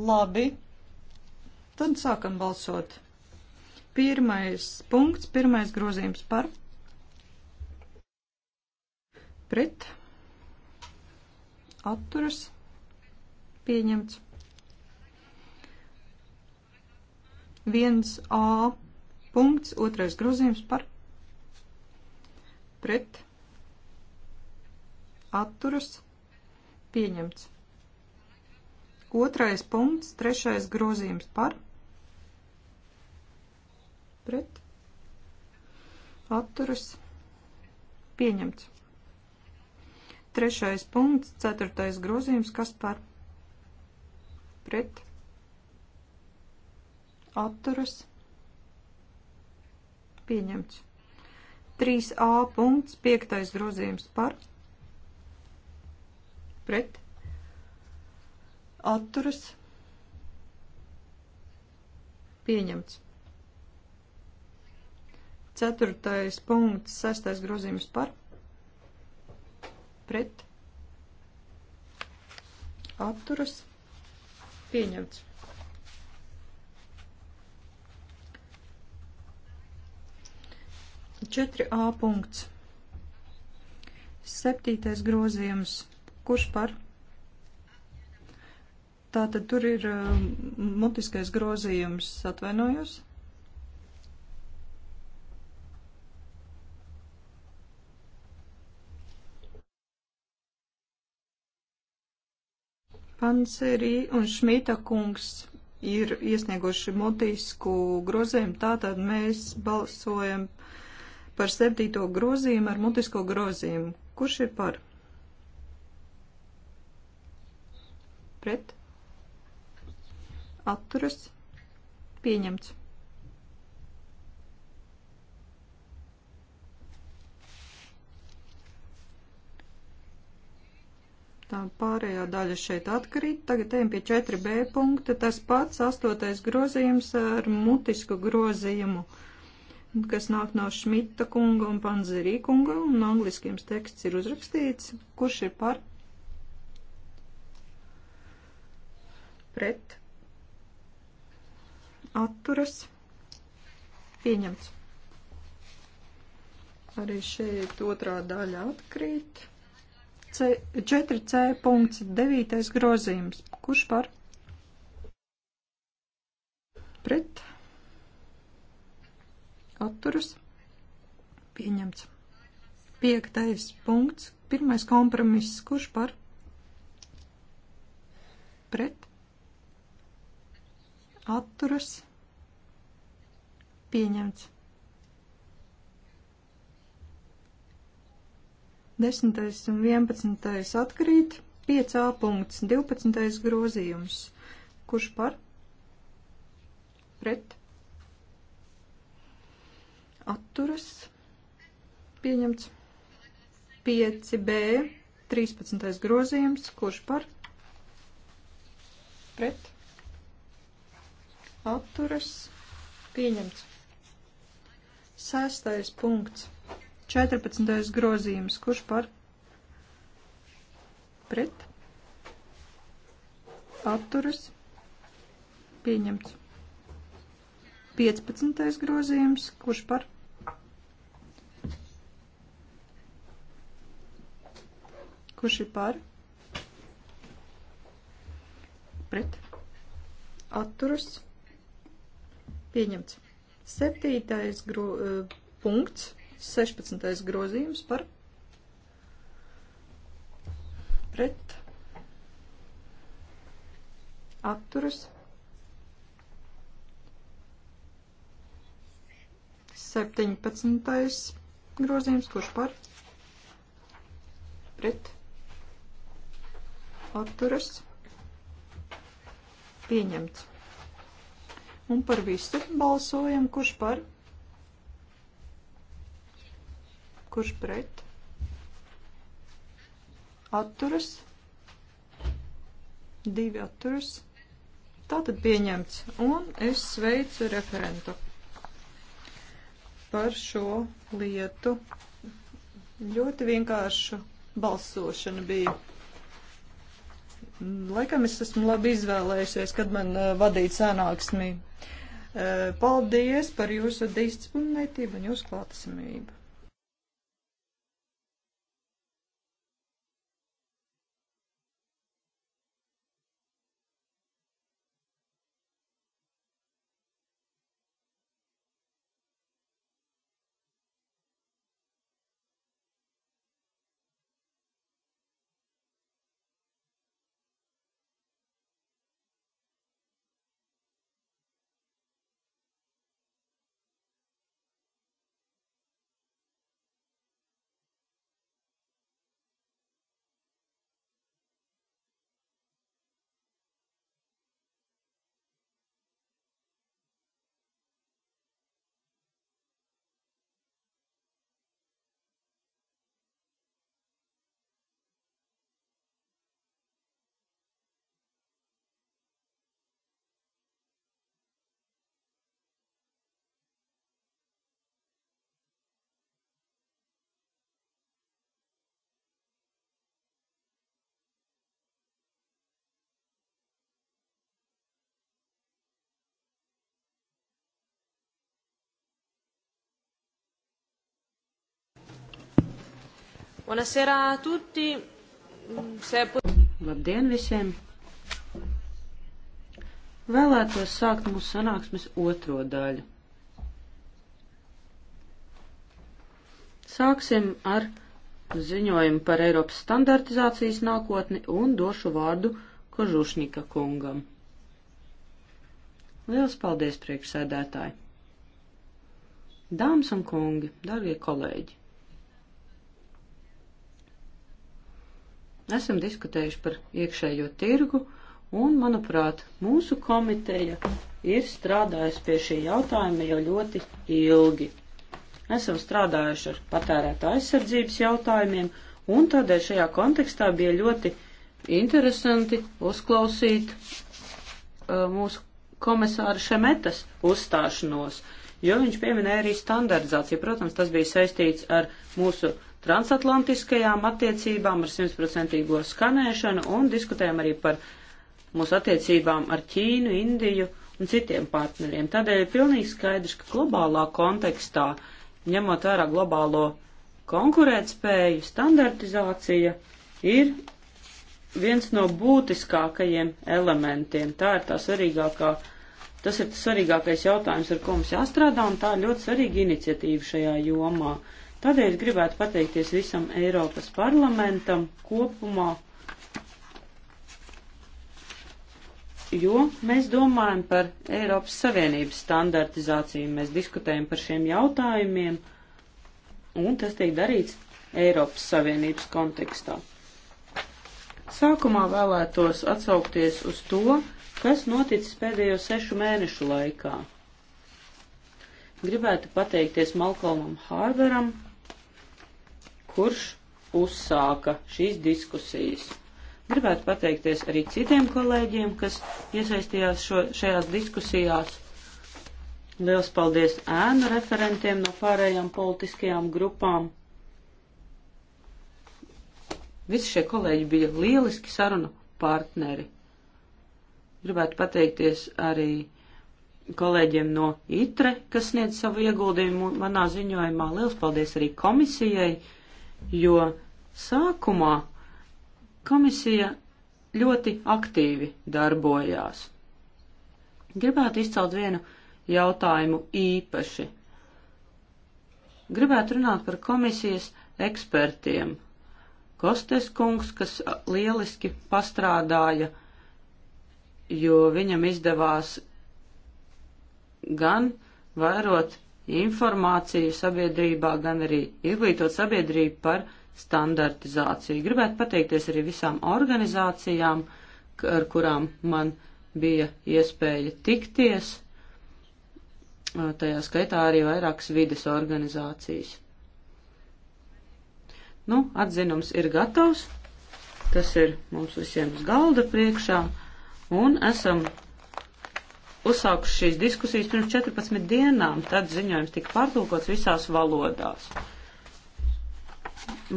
Labi, tad sākam balsot. Pirmais punkts, pirmais grozījums par. Pret. Atturas. Pieņemts. 1A punkts, otrais grozījums par pret atturas pieņemts. Otrais punkts, trešais grozījums par pret atturas pieņemts. Trešais punkts, ceturtais grozījums, kas par pret atturas pieņemts. 3a punkts, 5. grozījums par pret atturas pieņemts. 4. punkts, 6. grozījums par pret atturas pieņemts. 4a punkts. Septītais grozījums. Kurš par? Tātad tur ir uh, mutiskais grozījums. Atvainojos. Pancerī un Šmita kungs ir iesnieguši mutisku grozījumu, tātad mēs balsojam uh, par septīto grozījumu ar mutisko grozījumu. Kurš ir par? Pret? Atturas? Pieņemts. Tā pārējā daļa šeit atkarīt. Tagad ejam pie 4b punkta. Tas pats astotais grozījums ar mutisku grozījumu. Uh, kas nāk no Šmita kunga un Panzerī kunga, un angliskiem teksts ir uzrakstīts, kurš ir par, pret, atturas, pieņemts. Arī šeit otrā daļa atkrīt. C, 4C punkts 9. grozījums. Kurš par? Pret atturas pieņemts. Piektais punkts, pirmais kompromiss, kurš par pret atturas pieņemts. Desmitais un vienpadsmitais atkrīt, 5a punkts, 12. grozījums, kurš par pret atturas pieņemts. 5b 13. grozījums, kurš par pret atturas pieņemts. Sestais punkts. 14. grozījums, kurš par pret atturas pieņemts. 15. grozījums, kurš par pret Kurš ir par? Pret. Atturas. Pieņemts. Septītais gro, eh, punkts, 16. grozījums par pret atturas septiņpadsmitais grozījums, kurš par pret atturas pieņemts. Un par visu balsojam, kurš par, kurš pret, atturas, divi atturas. Tātad pieņemts. Un es sveicu referentu par šo lietu. Ļoti vienkāršu balsošana bija. Laikam es esmu labi izvēlējusies, kad man uh, vadīt sanāksmī. Uh, eh, paldies par jūsu disciplinētību un jūsu klātesamību. Buonasera a tutti. Mm, Labdien visiem! Vēlētos sākt mūsu sanāksmes otro daļu. Sāksim ar ziņojumu par Eiropas standartizācijas nākotni un došu vārdu Kožušņika kungam. Lielas paldies, priekšsēdētāji! Dāmas un kungi, darbie kolēģi! Esam diskutējuši par iekšējo tirgu, un, manuprāt, mūsu komiteja ir strādājusi pie šī jautājuma jau ļoti ilgi. Esam strādājuši ar patērēta aizsardzības jautājumiem, un tādēļ šajā kontekstā bija ļoti interesanti uzklausīt uh, mūsu komisāra Šemetas uzstāšanos, jo viņš pieminēja arī standardizāciju. Protams, tas bija saistīts ar mūsu transatlantiskajām attiecībām ar 100% skanēšanu un diskutējam arī par mūsu attiecībām ar Ķīnu, Indiju un citiem partneriem. Tādēļ ir pilnīgi skaidrs, ka globālā kontekstā, ņemot vērā globālo konkurētspēju, standartizācija ir viens no būtiskākajiem elementiem. Tā ir tā svarīgākā, tas ir tas svarīgākais jautājums, ar ko mums jāstrādā, un tā ir ļoti svarīga iniciatīva šajā jomā. Tādēļ gribētu pateikties visam Eiropas parlamentam kopumā, jo mēs domājam par Eiropas Savienības standartizāciju, mēs diskutējam par šiem jautājumiem, un tas tiek darīts Eiropas Savienības kontekstā. Sākumā vēlētos atsaukties uz to, kas noticis pēdējo sešu mēnešu laikā. Gribētu pateikties Malkolmam Hārveram kurš uzsāka šīs diskusijas. Gribētu pateikties arī citiem kolēģiem, kas iesaistījās šo, šajās diskusijās. Liels paldies ēnu referentiem no pārējām politiskajām grupām. Visi šie kolēģi bija lieliski sarunu partneri. Gribētu pateikties arī kolēģiem no ITRE, kas sniedz savu ieguldījumu manā ziņojumā. Liels paldies arī komisijai jo sākumā komisija ļoti aktīvi darbojās. Gribētu izcelt vienu jautājumu īpaši. Gribētu runāt par komisijas ekspertiem. Kostes kungs, kas lieliski pastrādāja, jo viņam izdevās gan vērot informāciju sabiedrībā, gan arī izglītot sabiedrību par standartizāciju. Gribētu pateikties arī visām organizācijām, ar kurām man bija iespēja tikties, tajā skaitā arī vairākas vides organizācijas. Nu, atzinums ir gatavs, tas ir mums visiem uz galda priekšā, un esam uzsākuši šīs diskusijas pirms 14 dienām, tad ziņojums tika pārtulkots visās valodās.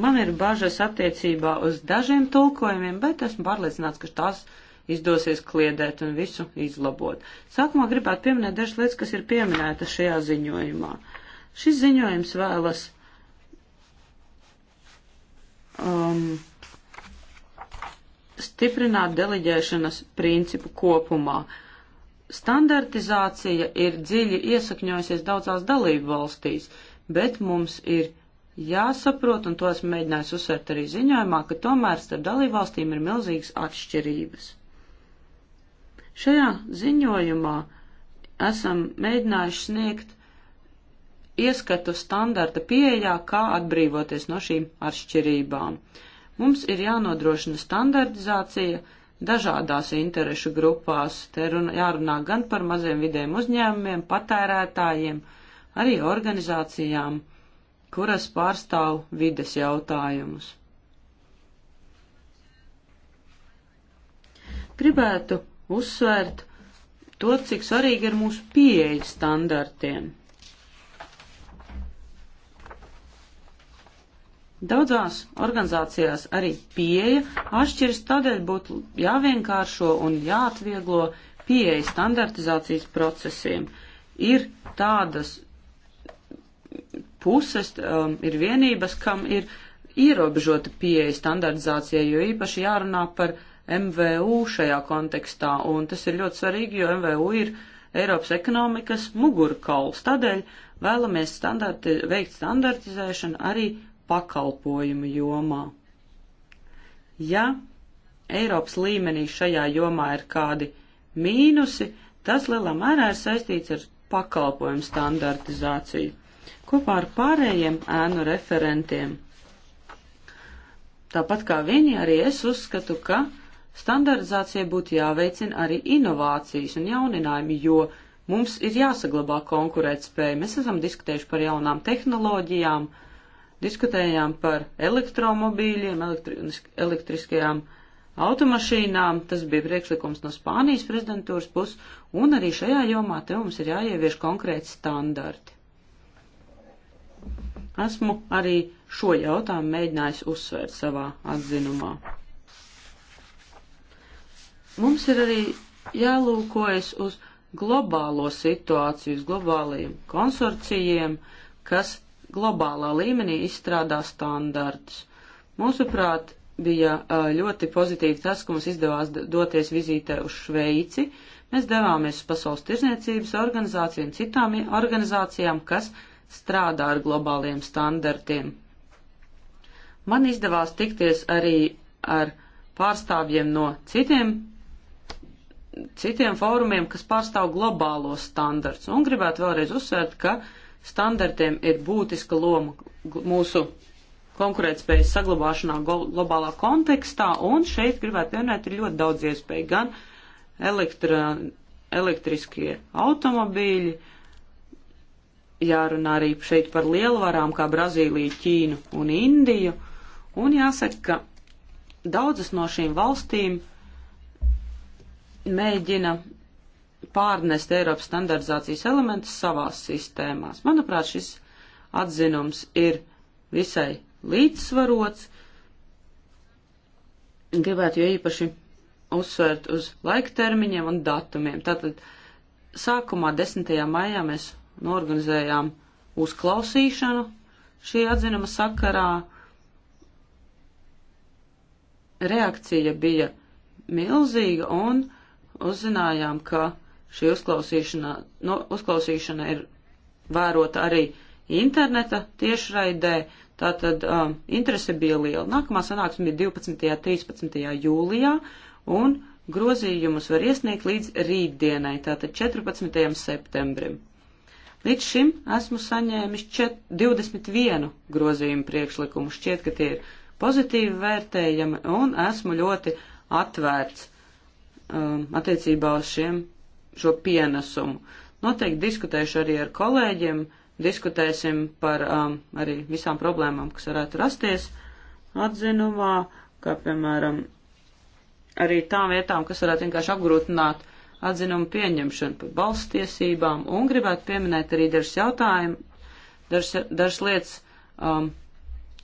Man ir bažas attiecībā uz dažiem tulkojumiem, bet esmu pārliecināts, ka tās izdosies kliedēt un visu izlabot. Sākumā gribētu pieminēt dažas lietas, kas ir pieminētas šajā ziņojumā. Šis ziņojums vēlas um, stiprināt deleģēšanas principu kopumā. Uh, Standartizācija ir dziļi iesakņojusies daudzās dalību valstīs, bet mums ir jāsaprot, un to esmu mēģinājis uzsvērt arī ziņojumā, ka tomēr starp dalību valstīm ir milzīgas atšķirības. Šajā ziņojumā esam mēģinājuši sniegt ieskatu standarta pieejā, kā atbrīvoties no šīm atšķirībām. Mums ir jānodrošina standartizācija, dažādās interešu grupās. Te runa, jārunā gan par maziem vidiem uzņēmumiem, patērētājiem, arī organizācijām, kuras pārstāv vides jautājumus. Gribētu uzsvērt to, cik svarīgi ir mūsu pieeja standartiem. Daudzās organizācijās arī pieeja atšķiras, tādēļ būtu jāvienkāršo un jāatvieglo pieeja standartizācijas procesiem. Ir tādas puses, um, ir vienības, kam ir ierobežota pieeja standartizācijai, jo īpaši jārunā par MVU šajā kontekstā, un tas ir ļoti svarīgi, jo MVU ir Eiropas ekonomikas mugurkauls. Tādēļ vēlamies standarti, veikt standartizēšanu arī pakalpojumu jomā. Ja Eiropas līmenī šajā jomā ir kādi mīnusi, tas lielā mērā ir saistīts ar pakalpojumu standartizāciju kopā ar pārējiem ēnu referentiem. Tāpat kā viņi, arī es uzskatu, ka standartizācija būtu jāveicina arī inovācijas un jauninājumi, jo mums ir jāsaglabā konkurētspēja. Mēs esam diskutējuši par jaunām tehnoloģijām, uh, Diskutējām par elektromobīļiem, elektri, elektriskajām automašīnām, tas bija priekšlikums no Spānijas prezidentūras puses, un arī šajā jomā te mums ir jāievieš konkrēti standarti. Esmu arī šo jautājumu mēģinājis uzsvērt savā atzinumā. Mums ir arī jālūkojas uz globālo situāciju, uz globālajiem konsorcijiem, kas globālā līmenī izstrādā standartus. Mūsuprāt, bija ļoti pozitīvi tas, ka mums izdevās doties vizītē uz Šveici. Mēs devāmies uz Pasaules tirzniecības organizāciju un citām organizācijām, kas strādā ar globāliem standartiem. Man izdevās tikties arī ar pārstāvjiem no citiem, citiem fórumiem, kas pārstāv globālos standarts. Un gribētu vēlreiz uzsvērt, ka uh, standartiem ir būtiska loma mūsu konkurētspējas saglabāšanā globālā kontekstā, un šeit gribētu pieminēt ir ļoti daudz iespēju, gan elektra, elektriskie automobīļi, jārunā arī šeit par lielvarām kā Brazīliju, Ķīnu un Indiju, un jāsaka, ka daudzas no šīm valstīm mēģina pārnest Eiropas standardizācijas elementus savās sistēmās. Manuprāt, šis atzinums ir visai līdzsvarots. Gribētu jo īpaši uzsvērt uz laika termiņiem un datumiem. Tātad sākumā 10. maijā mēs norganizējām uzklausīšanu šī atzinuma sakarā. Reakcija bija milzīga un uzzinājām, ka Šī uzklausīšana, no, nu, uzklausīšana ir vērota arī interneta tiešraidē, tātad um, interese bija liela. Nākamā sanāksme bija 12. un 13. jūlijā, un grozījumus var iesniegt līdz rītdienai, tātad 14. septembrim. Līdz šim esmu saņēmis 21 grozījumu priekšlikumu. Šķiet, ka tie ir pozitīvi vērtējami un esmu ļoti atvērts um, attiecībā uz šiem šo pienesumu. Noteikti diskutēšu arī ar kolēģiem, diskutēsim par um, arī visām problēmām, kas varētu rasties atzinumā, kā piemēram arī tām vietām, kas varētu vienkārši apgrūtināt atzinumu pieņemšanu par balsts tiesībām, un gribētu pieminēt arī dažas jautājumu, dažas, dažas lietas, um,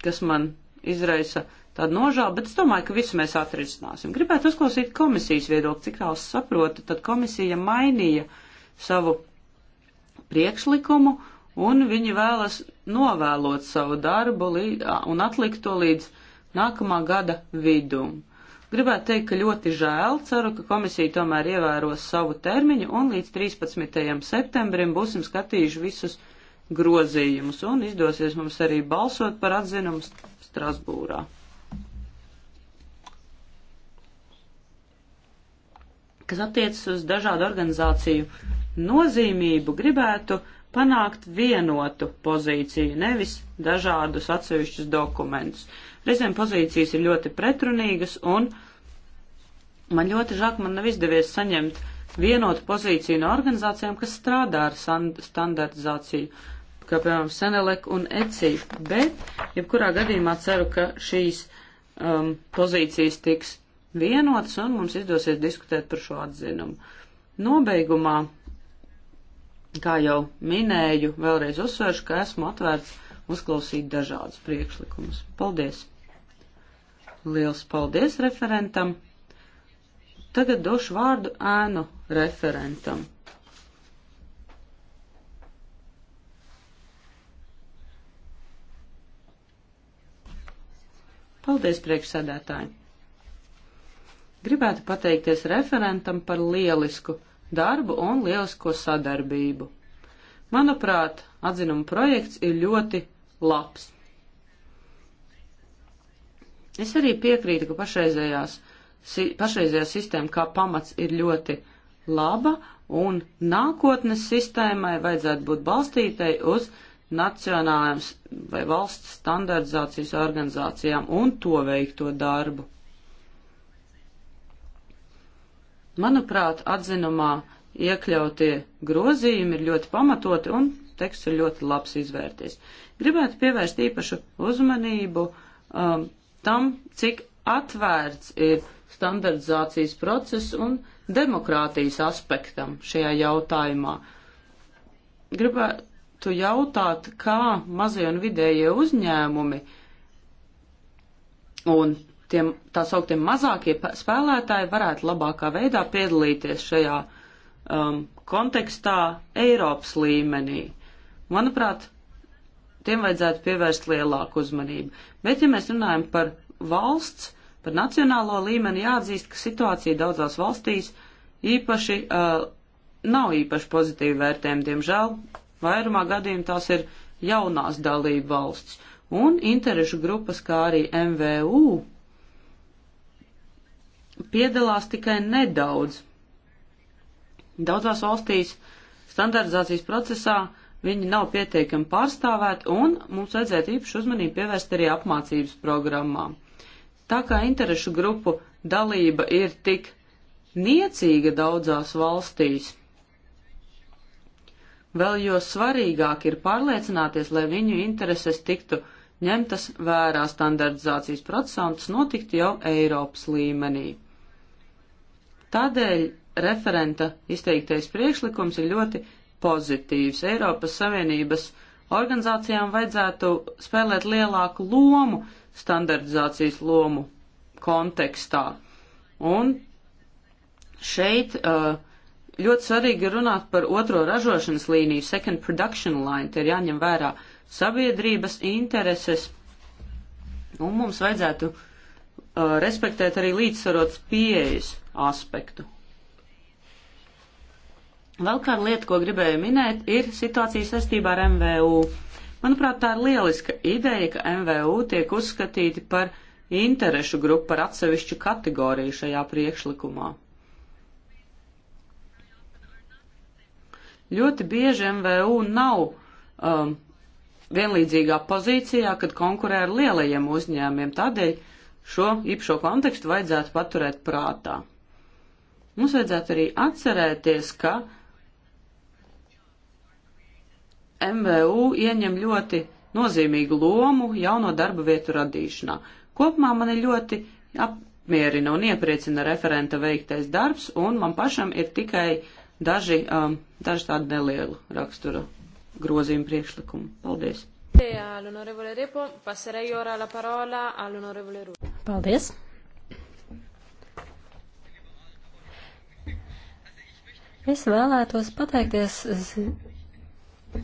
kas man izraisa tāda nožēla, bet es domāju, ka visu mēs atrisināsim. Gribētu uzklausīt komisijas viedokli, cik tālu saprotu, tad komisija mainīja savu priekšlikumu un viņi vēlas novēlot savu darbu līd, un atlikt to līdz nākamā gada vidum. Gribētu teikt, ka ļoti žēl, ceru, ka komisija tomēr ievēros savu termiņu un līdz 13. septembrim būsim skatījuši visus grozījumus un izdosies mums arī balsot par atzinumu Strasbūrā. kas attiecas uz dažādu organizāciju nozīmību, gribētu panākt vienotu pozīciju, nevis dažādus atsevišķus dokumentus. Reizēm pozīcijas ir ļoti pretrunīgas, un man ļoti žāk, man nav izdevies saņemt vienotu pozīciju no organizācijām, kas strādā ar standartizāciju, kā piemēram Senelek un ECI, bet jebkurā gadījumā ceru, ka šīs um, pozīcijas tiks vienots un mums izdosies diskutēt par šo atzinumu. Nobeigumā, kā jau minēju, vēlreiz uzsveršu, ka esmu atvērts uzklausīt dažādus priekšlikumus. Paldies! Liels paldies referentam! Tagad došu vārdu ēnu referentam. Paldies, priekšsēdētāji! Gribētu pateikties referentam par lielisku darbu un lielisko sadarbību. Manuprāt, atzinuma projekts ir ļoti labs. Es arī piekrītu, ka pašreizējās, si, pašreizējā sistēma kā pamats ir ļoti laba, un nākotnes sistēmai vajadzētu būt balstītai uz nacionālajām vai valsts standardizācijas organizācijām un to veikto darbu. Manuprāt, atzinumā iekļautie grozījumi ir ļoti pamatoti un teksts ir ļoti labs izvērties. Gribētu pievērst īpašu uzmanību um, tam, cik atvērts ir standardizācijas process un demokrātijas aspektam šajā jautājumā. Gribētu jautāt, kā mazie un vidējie uzņēmumi un tiem tā sauktiem mazākie spēlētāji varētu labākā veidā piedalīties šajā um, kontekstā Eiropas līmenī. Manuprāt, tiem vajadzētu pievērst lielāku uzmanību. Bet, ja mēs runājam par valsts, par nacionālo līmeni, jāatzīst, ka situācija daudzās valstīs īpaši uh, nav īpaši pozitīvi vērtējama, diemžēl. Vairumā gadījumā tās ir jaunās dalība valsts. Un interešu grupas, kā arī MVU, piedalās tikai nedaudz. Daudzās valstīs standartizācijas procesā viņi nav pietiekami pārstāvēti, un mums vajadzētu īpašu uzmanību pievērst arī apmācības programmām. Tā kā interešu grupu dalība ir tik niecīga daudzās valstīs, vēl jo svarīgāk ir pārliecināties, lai viņu intereses tiktu ņemtas vērā standartizācijas procesā, un tas notiktu jau Eiropas līmenī. Tādēļ referenta izteiktais priekšlikums ir ļoti pozitīvs. Eiropas Savienības organizācijām vajadzētu spēlēt lielāku lomu standartizācijas lomu kontekstā. Un šeit uh, ļoti svarīgi runāt par otro ražošanas līniju, second production line, te ir jāņem vērā sabiedrības intereses, un mums vajadzētu uh, respektēt arī līdzsvarots pieejas aspektu. Vēl kāda lieta, ko gribēju minēt, ir situācija saistībā ar MVU. Manuprāt, tā ir lieliska ideja, ka MVU tiek uzskatīti par interešu grupu, par atsevišķu kategoriju šajā priekšlikumā. Ļoti bieži MVU nav um, vienlīdzīgā pozīcijā, kad konkurē ar lielajiem uzņēmiem, tādēļ šo īpašo kontekstu vajadzētu paturēt prātā. Mums vajadzētu arī atcerēties, ka MVU ieņem ļoti nozīmīgu lomu jauno darba vietu radīšanā. Kopumā man ir ļoti apmierina un iepriecina referenta veiktais darbs, un man pašam ir tikai daži, um, daži tādi nelielu raksturu grozījumu priekšlikumu. Paldies! Paldies! Es vēlētos pateikties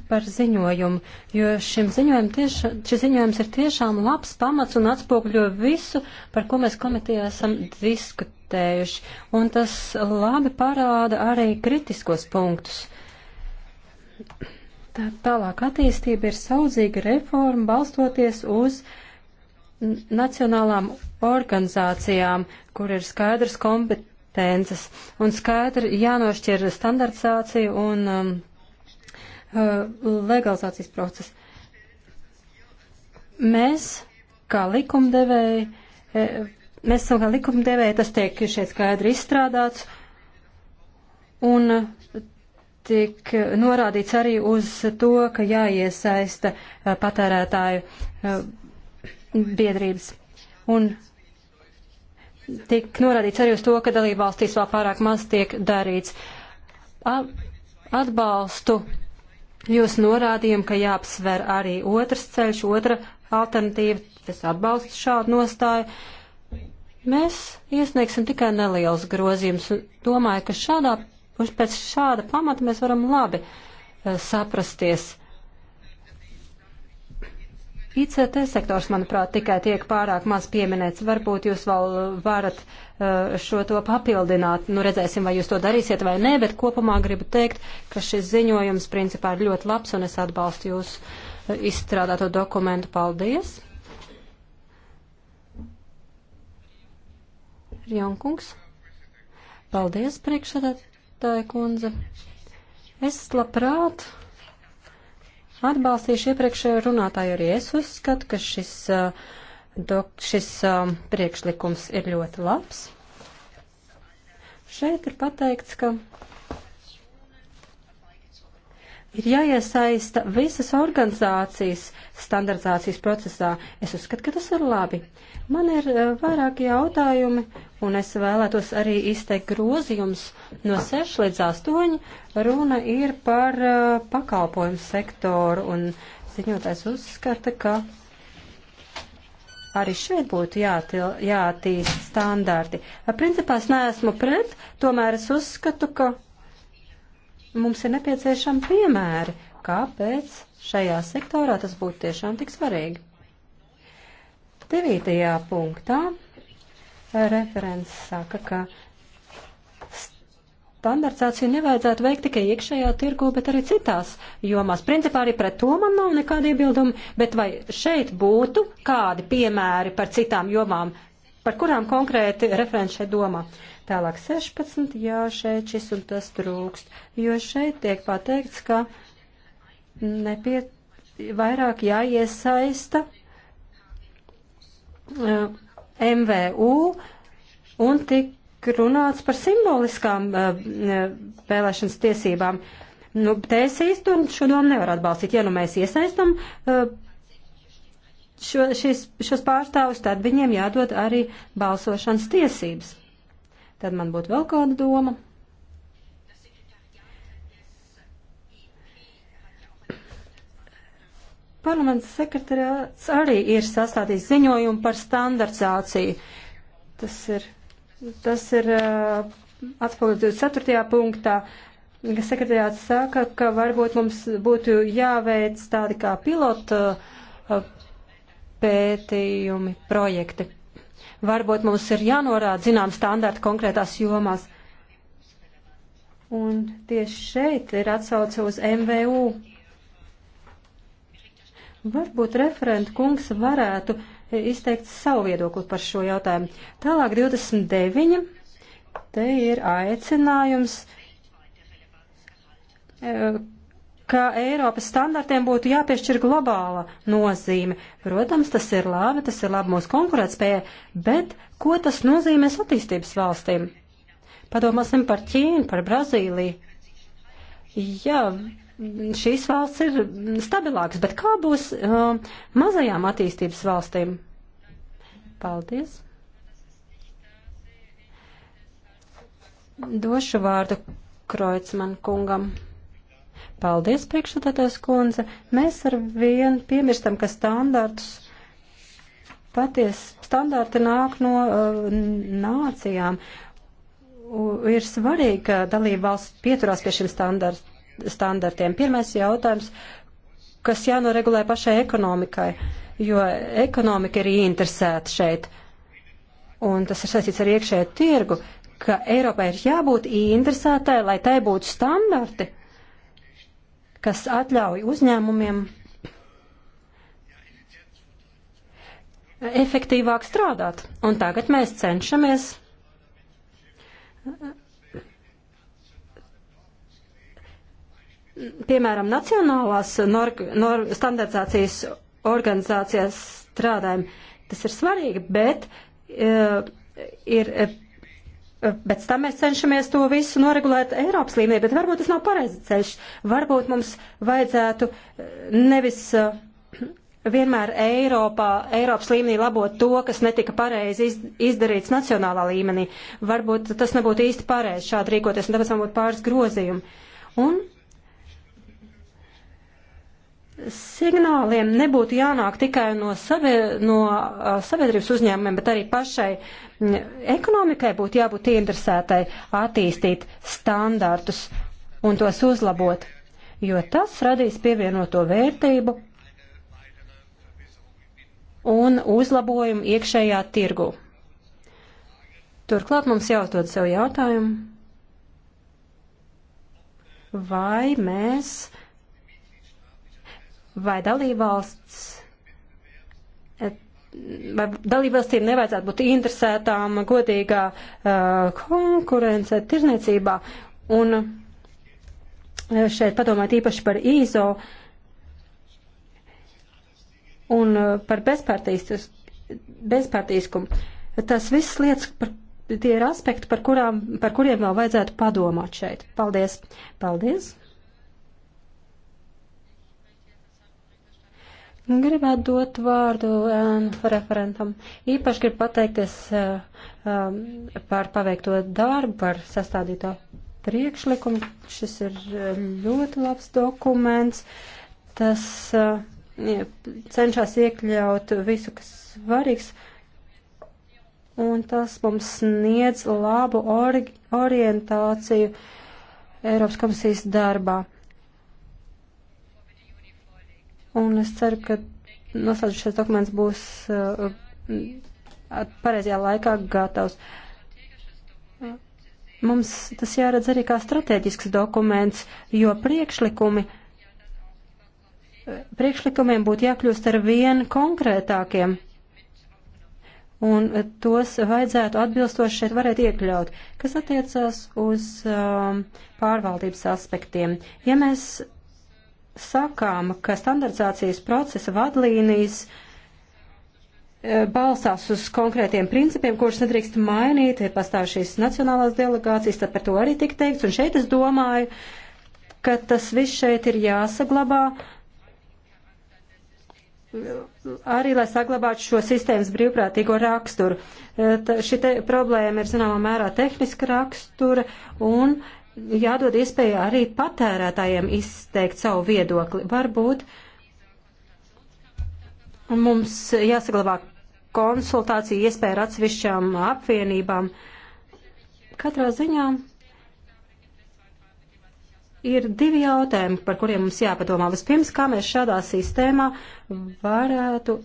par ziņojumu, jo šim ziņojumam tieši, šis ziņojums ir tiešām labs pamats un atspūgļo visu, par ko mēs komitejā esam diskutējuši. Un tas labi parāda arī kritiskos punktus. Tā tālāk attīstība ir saudzīga reforma balstoties uz nacionālām organizācijām, kur ir skaidrs kompet tendences. Un skaidri jānošķir standartizācija un um, uh, legalizācijas process. Mēs, kā likumdevēji, e, mēs esam kā likumdevēji, tas tiek šeit skaidri izstrādāts un tiek norādīts arī uz to, ka jāiesaista uh, patērētāju uh, biedrības. Un Tik norādīts arī uz to, ka dalībvalstīs vēl pārāk maz tiek darīts. Atbalstu jūs norādījumu, ka jāapsver arī otrs ceļš, otra alternatīva. Es atbalstu šādu nostāju. Mēs iesniegsim tikai nelielus grozījumus un domāju, ka šādā, pēc šāda pamata mēs varam labi uh, saprasties. ICT sektors, manuprāt, tikai tiek pārāk maz pieminēts. Varbūt jūs vēl varat uh, šo to papildināt. Nu, redzēsim, vai jūs to darīsiet vai nē, bet kopumā gribu teikt, ka šis ziņojums principā ir ļoti labs un es atbalstu jūs uh, izstrādāto dokumentu. Paldies! Rionkungs. Paldies, priekšsēdētāja kundze. Es labprāt Atbalstīšu iepriekšējo runātāju arī es uzskatu, ka šis, eh, dok, šis eh, priekšlikums ir ļoti labs. Šeit ir pateikts, ka ir jāiesaista visas organizācijas standartizācijas procesā. Es uzskatu, ka tas ir labi. Man ir eh, vairāki jautājumi, un es vēlētos arī izteikt grozījums no 6 līdz 8. Runa ir par eh, pakalpojumu sektoru, un ziņotājs uzskata, ka arī šeit būtu jātīst standarti. Principā es neesmu pret, tomēr es uzskatu, ka Mums ir nepieciešami piemēri, kāpēc šajā sektorā tas būtu tiešām tik svarīgi. Devītajā punktā referents saka, ka standartizāciju nevajadzētu veikt tikai iekšējā tirgu, bet arī citās jomās. Principā arī pret to man nav nekāda iebilduma, bet vai šeit būtu kādi piemēri par citām jomām, par kurām konkrēti referents šeit domā? Uh, Tālāk 16, jā, šeit šis un tas trūkst, jo šeit tiek pateikts, ka nepiet, vairāk jāiesaista uh, MVU un tik runāts par simboliskām uh, uh vēlēšanas tiesībām. Nu, te es īstu un šo domu nevaru atbalstīt. Ja nu mēs iesaistam uh, šo, šis, šos pārstāvus, tad viņiem jādod arī balsošanas tiesības. Tad man būtu vēl kāda doma. Parlaments sekretariāts arī ir sastādījis ziņojumu par standartizāciju. Tas ir, tas ir uh, atspoguļots 24. punktā. Sekretariāts saka, ka varbūt mums būtu jāveic tādi kā pilota uh, pētījumi, projekti varbūt mums ir jānorāda zinām standarti konkrētās jomās. Un tieši šeit ir atsauce uz MVU. Varbūt referenta kungs varētu izteikt savu viedokli par šo jautājumu. Tālāk 29. Te ir aicinājums eh, ka Eiropas standartiem būtu jāpiešķir globāla nozīme. Protams, tas ir labi, tas ir labi mūsu konkurētspējai, bet ko tas nozīmēs attīstības valstīm? Padomāsim par Ķīnu, par Brazīliju. Jā, šīs valsts ir stabilākas, bet kā būs uh, mazajām attīstības valstīm? Paldies! Došu vārdu Kreutzmann kungam. Paldies, priekšsēdētājs kundze. Mēs ar vienu piemirstam, ka standartus patiesi standarti nāk no uh, nācijām. U, ir svarīgi, ka dalība valsts pieturās pie šiem standart, standartiem. Pirmais jautājums, kas jānoregulē pašai ekonomikai, jo ekonomika ir ieinteresēta šeit. Un tas ir saistīts ar iekšēju tirgu, ka Eiropai ir jābūt ieinteresētai, lai tai būtu standarti kas atļauj uzņēmumiem efektīvāk strādāt. Un tagad mēs cenšamies piemēram, nacionālās nor, nor, standartizācijas organizācijās strādājam. Tas ir svarīgi, bet uh, ir bet tam mēs cenšamies to visu noregulēt Eiropas līmenī, bet varbūt tas nav pareizi ceļš. Varbūt mums vajadzētu eh, nevis eh, vienmēr Eiropā, Eiropas līmenī labot to, kas netika pareizi izdarīts nacionālā līmenī. Varbūt tas nebūtu īsti pareizi šādi rīkoties, un tāpēc man būtu pāris grozījumi. Un signāliem nebūtu jānāk tikai no, savie, no eh, sabiedrības uzņēmumiem, bet arī pašai Ekonomikai būtu jābūt interesētai attīstīt standartus un tos uzlabot, jo tas radīs pievienoto vērtību un uzlabojumu iekšējā tirgu. Turklāt mums jāuzdod sev jautājumu, vai mēs, vai dalībvalsts vai dalībvalstīm nevajadzētu būt interesētām godīgā uh, konkurence tirzniecībā. Un uh, šeit padomāt īpaši par īzo un uh, par bezpartīskumu. Tas viss lietas, par, tie ir aspekti, par, kurām, par kuriem vēl vajadzētu padomāt šeit. Paldies! Paldies! Gribētu dot vārdu ēnu referentam. Īpaši gribu pateikties um, par paveikto darbu, par sastādīto priekšlikumu. Šis ir ļoti labs dokuments. Tas uh, cenšas iekļaut visu, kas svarīgs. Un tas mums sniedz labu ori orientāciju Eiropas komisijas darbā. Un es ceru, ka noslēdzošais dokuments būs uh, pareizajā laikā gatavs. Mums tas jāredz arī kā strateģisks dokuments, jo priekšlikumi, priekšlikumiem būtu jākļūst ar vien konkrētākiem. Un tos vajadzētu atbilstoši šeit varēt iekļaut, kas attiecas uz um, uh, pārvaldības aspektiem. Ja mēs sakām, ka standartizācijas procesa vadlīnijas e, balstās uz konkrētiem principiem, kurus nedrīkst mainīt, ir pastāv šīs nacionālās delegācijas, tad par to arī tik teikts, un šeit es domāju, ka tas viss šeit ir jāsaglabā, arī lai saglabātu šo sistēmas brīvprātīgo raksturu. E, šī problēma ir zināmā mērā tehniska rakstura, un uh, jādod iespēja arī patērētājiem izteikt savu viedokli. Varbūt mums jāsaglabā konsultācija iespēja ar atsevišķām apvienībām. Katrā ziņā ir divi jautājumi, par kuriem mums jāpadomā. Vispirms, kā mēs šādā sistēmā varētu,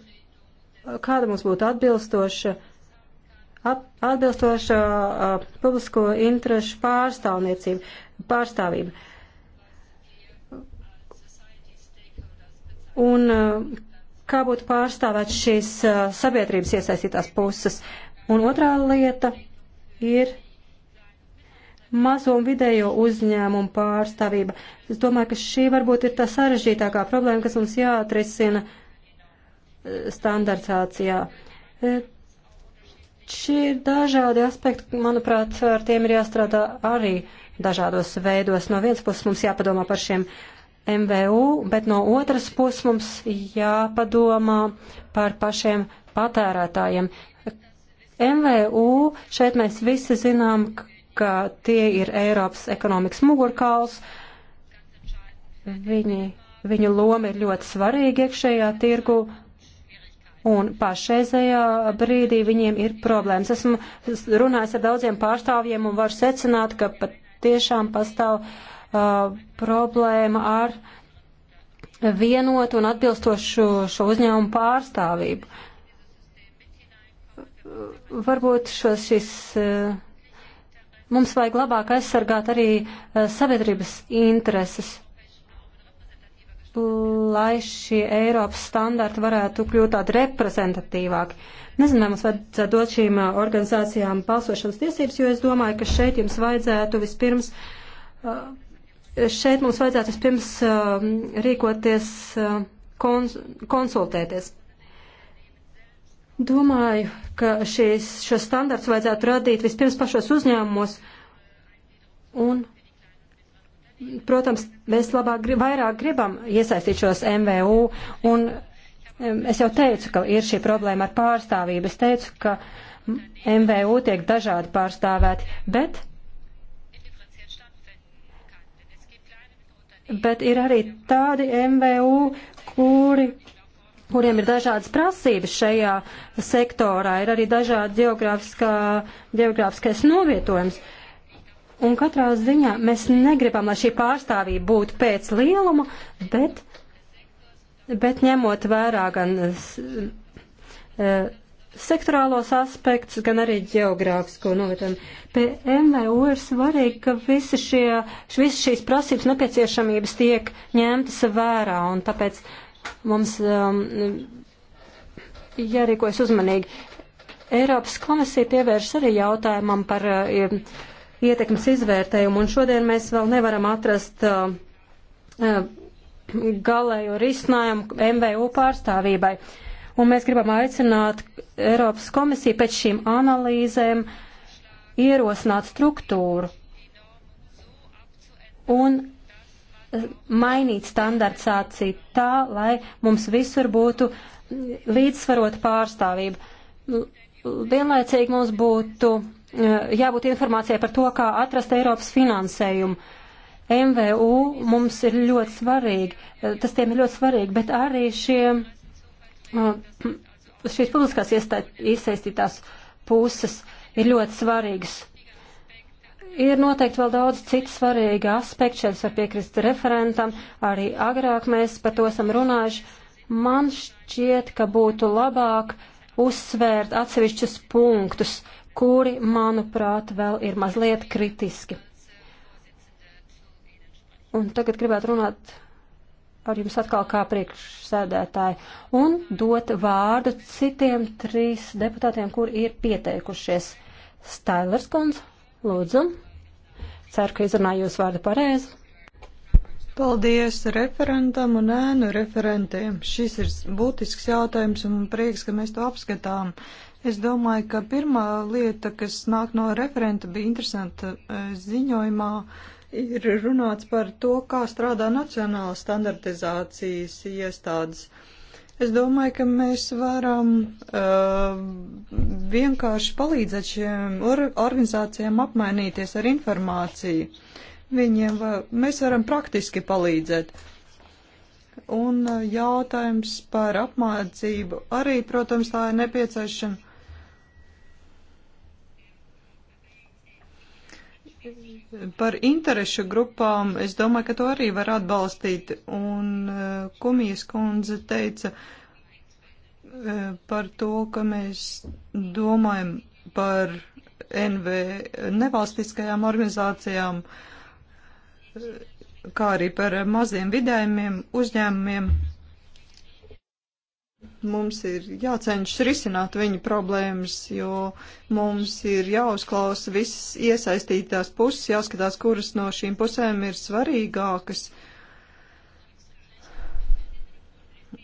kāda mums būtu atbilstoša atbilstoša uh, publisko interešu pārstāvniecība, pārstāvība. Un uh, kā būtu pārstāvēt šīs uh, sabiedrības iesaistītās puses. Un otrā lieta ir mazo un vidējo uzņēmumu pārstāvība. Es domāju, ka šī varbūt ir tā sarežģītākā problēma, kas mums jāatrisina standartizācijā. Uh, Šie ir dažādi aspekti, manuprāt, ar tiem ir jāstrādā arī dažādos veidos. No vienas puses mums jāpadomā par šiem MVU, bet no otras puses mums jāpadomā par pašiem patērētājiem. MVU, šeit mēs visi zinām, ka tie ir Eiropas ekonomikas mugurkauls. Viņi, viņu loma ir ļoti svarīga iekšējā tirgu un pašreizējā brīdī viņiem ir problēmas. Esmu runājis ar daudziem pārstāvjiem un varu secināt, ka pat tiešām pastāv uh, problēma ar vienotu un atbilstošu šo uzņēmumu pārstāvību. Varbūt šos šis. Uh, mums vajag labāk aizsargāt arī uh, sabiedrības intereses lai šie Eiropas standarti varētu kļūt tādi reprezentatīvāki. Nezinu, vai mums vajadzētu dot šīm organizācijām balsošanas tiesības, jo es domāju, ka šeit jums vajadzētu vispirms, šeit mums vajadzētu vispirms rīkoties, konsultēties. Domāju, ka šīs, šos standarts vajadzētu radīt vispirms pašos uzņēmumos un Protams, mēs labāk, vairāk gribam iesaistīt šos MVU, un es jau teicu, ka ir šī problēma ar pārstāvību. Es teicu, ka MVU tiek dažādi pārstāvēti, bet, bet ir arī tādi MVU, kuri kuriem ir dažādas prasības šajā sektorā, ir arī dažādi geogrāfiskais novietojums. Uh, Un katrā ziņā mēs negribam, lai šī pārstāvība būtu pēc lieluma, bet, bet ņemot vērā gan eh, sektorālos aspektus, gan arī geogrāfisko novietojumu. Pie MVU ir svarīgi, ka visi šie, visi šīs prasības nepieciešamības tiek ņemtas vērā, un tāpēc mums um, jārīkojas uzmanīgi. Eiropas komisija pievērš arī jautājumam par uh, ietekmes izvērtējumu, un šodien mēs vēl nevaram atrast uh, uh galējo risinājumu MVU pārstāvībai. Un mēs gribam aicināt Eiropas komisiju pēc šīm analīzēm ierosināt struktūru un mainīt standartsāciju tā, lai mums visur būtu līdzsvarota pārstāvība. Vienlaicīgi mums būtu Eh, jābūt informācijai par to, kā atrast Eiropas finansējumu. MVU mums ir ļoti svarīgi, eh, tas tiem ir ļoti svarīgi, bet arī šie, eh, šīs publiskās iesaistītās puses ir ļoti svarīgas. Ir noteikti vēl daudz citu svarīgu aspektu, šeit var piekrist referentam, arī agrāk mēs par to esam runājuši. Man šķiet, ka būtu labāk uzsvērt atsevišķus punktus. Uh, kuri, manuprāt, vēl ir mazliet kritiski. Un tagad gribētu runāt ar jums atkal kā priekšsēdētāji un dot vārdu citiem trīs deputātiem, kuri ir pieteikušies. Stailers kundz, lūdzu. Ceru, ka izrunāju jūsu vārdu pareizi. Paldies referentam un ēnu referentiem. Šis ir būtisks jautājums un prieks, ka mēs to apskatām. Uh, Es domāju, ka pirmā lieta, kas nāk no referenta, bija interesanta e, ziņojumā, ir runāts par to, kā strādā nacionāla standartizācijas iestādes. Es domāju, ka mēs varam uh, vienkārši palīdzēt šiem or organizācijām apmainīties ar informāciju. Viņiem va mēs varam praktiski palīdzēt. Un uh, jautājums par apmācību arī, protams, tā ir nepieciešama. Par interešu grupām es domāju, ka to arī var atbalstīt. Un eh, Kumijas kundze teica eh, par to, ka mēs domājam par NV nevalstiskajām organizācijām, eh, kā arī par maziem vidējumiem uzņēmumiem mums ir jācenšas risināt viņu problēmas, jo mums ir jāuzklausa visas iesaistītās puses, jāskatās, kuras no šīm pusēm ir svarīgākas.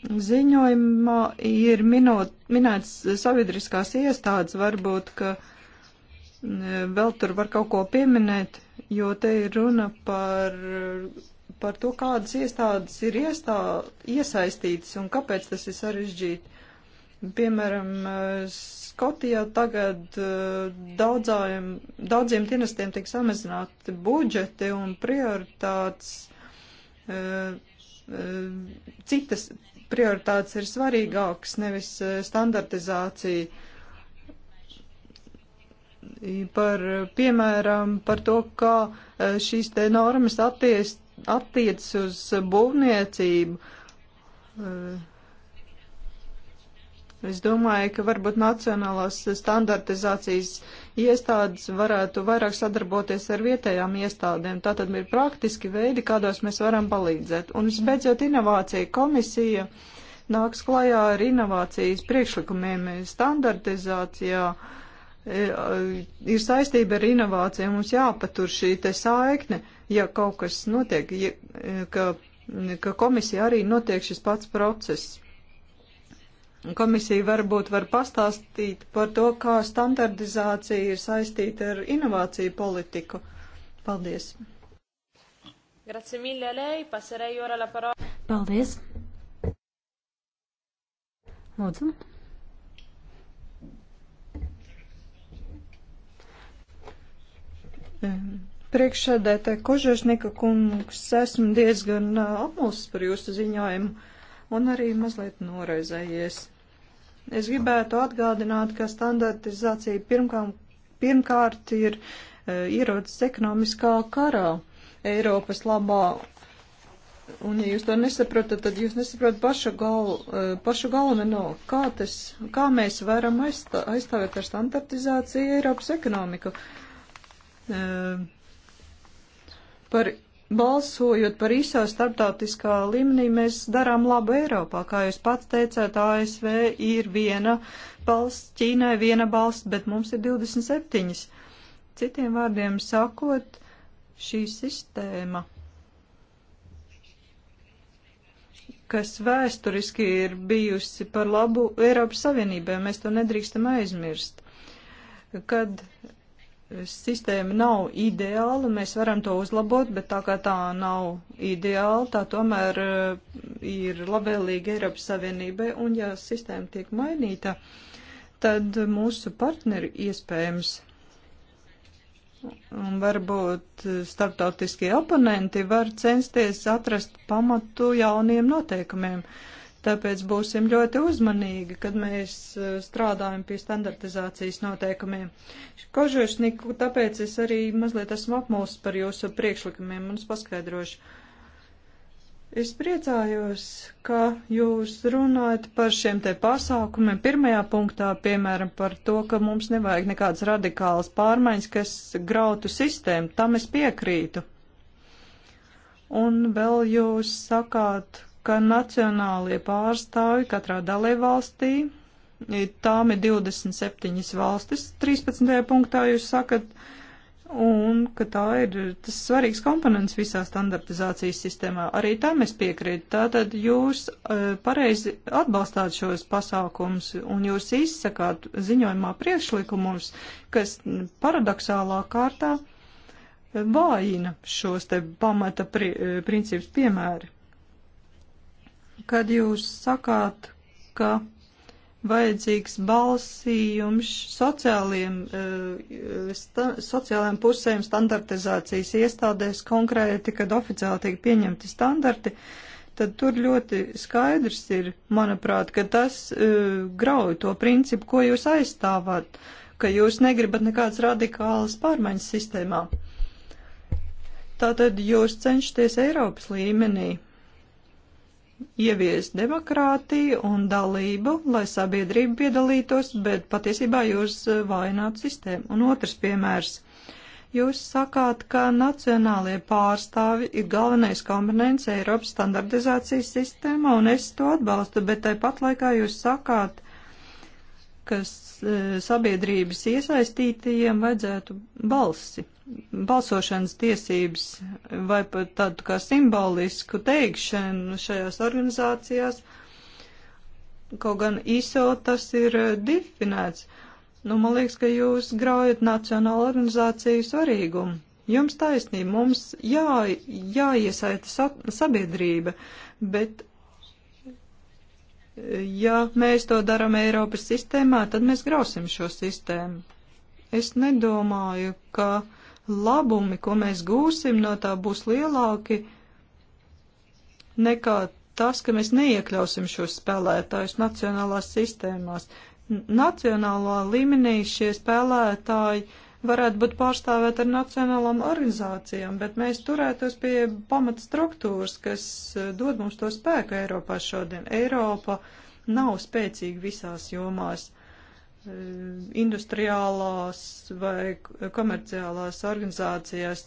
Ziņojumā ir minot, minēts sabiedriskās iestādes, varbūt, ka e, vēl tur var kaut ko pieminēt, jo te ir runa par par to, kādas iestādes ir iestā, iesaistītas un kāpēc tas ir sarežģīti. Piemēram, eh, Skotijā tagad eh, daudzājiem, daudziem dienestiem tiek samazināti budžeti un prioritātes, eh, citas prioritātes ir svarīgākas, nevis standartizācija par, piemēram, par to, kā šīs te normas attiest, attiecas uz būvniecību. Eh, es domāju, ka varbūt nacionālās standartizācijas iestādes varētu vairāk sadarboties ar vietējām iestādēm. Tātad ir praktiski veidi, kādos mēs varam palīdzēt. Un visbeidzot, inovācija komisija nāks klajā ar inovācijas priekšlikumiem standartizācijā. Eh, ir saistība ar inovācijām, mums jāpatur šī te saikne ja kaut kas notiek, ja, ka, ka komisija arī notiek šis pats process. Komisija varbūt var pastāstīt par to, kā standardizācija ir saistīta ar inovāciju politiku. Paldies! Grazie mille a lei, passerei ora la parola. Paldies! Lūdzu! Um. Priekšsēdētē Kožešnika kungs, esmu diezgan apmulsis par jūsu ziņojumu un arī mazliet noraizējies. Es gribētu atgādināt, ka standartizācija pirmkām, pirmkārt ir e, ierodas ekonomiskā karā Eiropas labā. Un, ja jūs to nesaprotat, tad jūs nesaprotat pašu, gal, pašu galveno, kā, tas, kā mēs varam aizstā, aizstāvēt ar standartizāciju Eiropas ekonomiku. E, par balsojot par ISO starptautiskā līmenī, mēs darām labu Eiropā. Kā jūs pats teicāt, ASV ir viena balsts, Ķīnai viena balsts, bet mums ir 27. Citiem vārdiem sakot, šī sistēma, kas vēsturiski ir bijusi par labu Eiropas Savienībai, mēs to nedrīkstam aizmirst. Kad sistēma nav ideāla, mēs varam to uzlabot, bet tā kā tā nav ideāla, tā tomēr eh, ir labvēlīga Eiropas Savienībai, un ja sistēma tiek mainīta, tad mūsu partneri iespējams un varbūt starptautiskie oponenti var censties atrast pamatu jauniem noteikumiem. Uh, Tāpēc būsim ļoti uzmanīgi, kad mēs uh, strādājam pie standartizācijas noteikumiem. Kožošniku, tāpēc es arī mazliet esmu apmūsts par jūsu priekšlikumiem un es paskaidrošu. Es priecājos, ka jūs runājat par šiem te pasākumiem. Pirmajā punktā, piemēram, par to, ka mums nevajag nekādas radikālas pārmaiņas, kas grautu sistēmu. Tam es piekrītu. Un vēl jūs sakāt, ka nacionālie pārstāvi katrā dalībvalstī, tām ir 27 valstis, 13. punktā jūs sakat, un ka tā ir tas svarīgs komponents visā standartizācijas sistēmā. Arī tam es piekrītu. Tātad jūs e, pareizi atbalstāt šos pasākums un jūs izsakāt ziņojumā priekšlikumus, kas paradoxālā kārtā vājina šos te pamata pri, e, principus piemēri kad jūs sakāt, ka vajadzīgs balsījums sociāliem, eh, sta, sociālajiem pusēm standartizācijas iestādēs konkrēti, kad oficiāli tiek pieņemti standarti, tad tur ļoti skaidrs ir, manuprāt, ka tas uh, grauj to principu, ko jūs aizstāvāt, ka jūs negribat nekādas radikālas pārmaiņas sistēmā. Tātad jūs cenšaties Eiropas līmenī ievies demokrātiju un dalību, lai sabiedrība piedalītos, bet patiesībā jūs eh, vainot sistēmu. Un otrs piemērs. Jūs sakāt, ka nacionālie pārstāvi ir galvenais komponents Eiropas standartizācijas sistēmā, un es to atbalstu, bet tāpat laikā jūs sakāt, ka eh, sabiedrības iesaistītajiem vajadzētu balsi balsošanas tiesības vai pat tādu kā simbolisku teikšanu šajās organizācijās. Kaut gan ISO tas ir eh, definēts. Nu, man liekas, ka jūs graujat nacionālu organizāciju svarīgumu. Jums taisnība, mums jā, jāiesaita sa sabiedrība, bet eh, ja mēs to darām Eiropas sistēmā, tad mēs grausim šo sistēmu. Es nedomāju, ka uh, labumi, ko mēs gūsim no tā, būs lielāki nekā tas, ka mēs neiekļausim šos spēlētājus nacionālās sistēmās. Nacionālā līmenī šie spēlētāji varētu būt pārstāvēt ar nacionālām organizācijām, bet mēs turētos pie pamatstruktūras, kas eh, dod mums to spēku Eiropā šodien. Eiropa nav spēcīga visās jomās industriālās vai komerciālās organizācijās,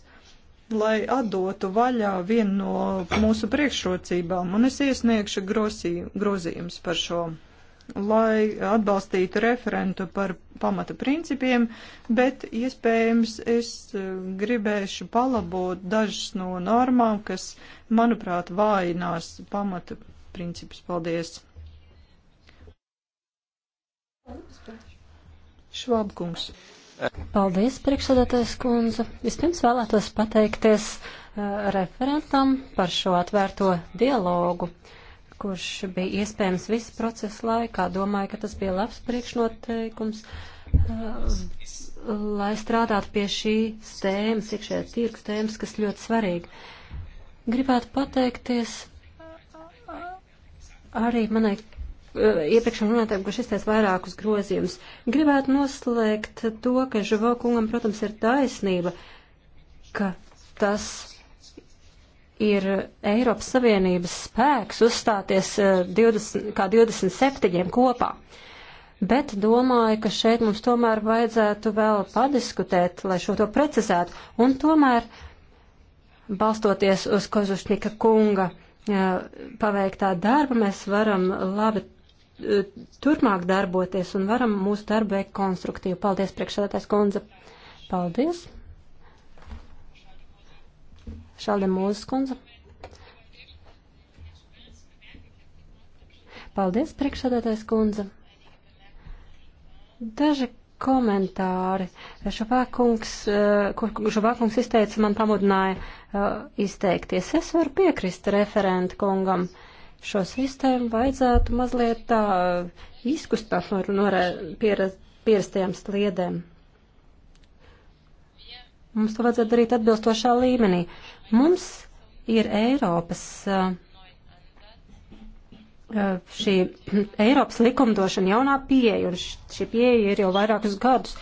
lai atdotu vaļā vienu no mūsu priekšrocībām, un es iesniegšu grosī, grozījums par šo, lai atbalstītu referentu par pamata principiem, bet iespējams es eh, gribēšu palabot dažas no normām, kas, manuprāt, vājinās pamata principus. Paldies! Thank you. Švabkungs. Paldies, priekšsēdētājs kundze. Vispirms vēlētos pateikties uh, referentam par šo atvērto dialogu, kurš bija iespējams visu procesu laikā. Domāju, ka tas bija labs priekšnoteikums, uh, lai strādātu pie šīs tēmas, iekšējā tirgus tēmas, kas ļoti svarīga. Gribētu pateikties uh, arī manai Eh, iepriekšējiem runātājiem, kurš izteica vairākus grozījumus. Gribētu noslēgt to, ka Žavo kungam, protams, ir taisnība, ka tas ir Eiropas Savienības spēks uzstāties 20, eh, kā 27 kopā. Bet domāju, ka šeit mums tomēr vajadzētu vēl padiskutēt, lai šo to precizētu. Un tomēr, balstoties uz Kozušņika kunga eh, paveiktā darba, mēs varam labi turpmāk darboties un varam mūsu darbu veikt konstruktīvi. Paldies, priekšsēdētājs Konza. Paldies. Šaldem Mūzes Konza. Paldies, priekšsēdētājs Konza. Daži komentāri. Šovākungs, eh, ko Šovākungs izteica, man pamudināja eh, izteikties. Es varu piekrist referentu kungam. Uh, šo sistēmu vajadzētu mazliet tā izkustāt no, no pierastajām sliedēm. Mums to vajadzētu darīt atbilstošā līmenī. Mums ir Eiropas, uh, uh, šī Eiropas likumdošana jaunā pieeja, un šī pieeja ir jau vairākus gadus.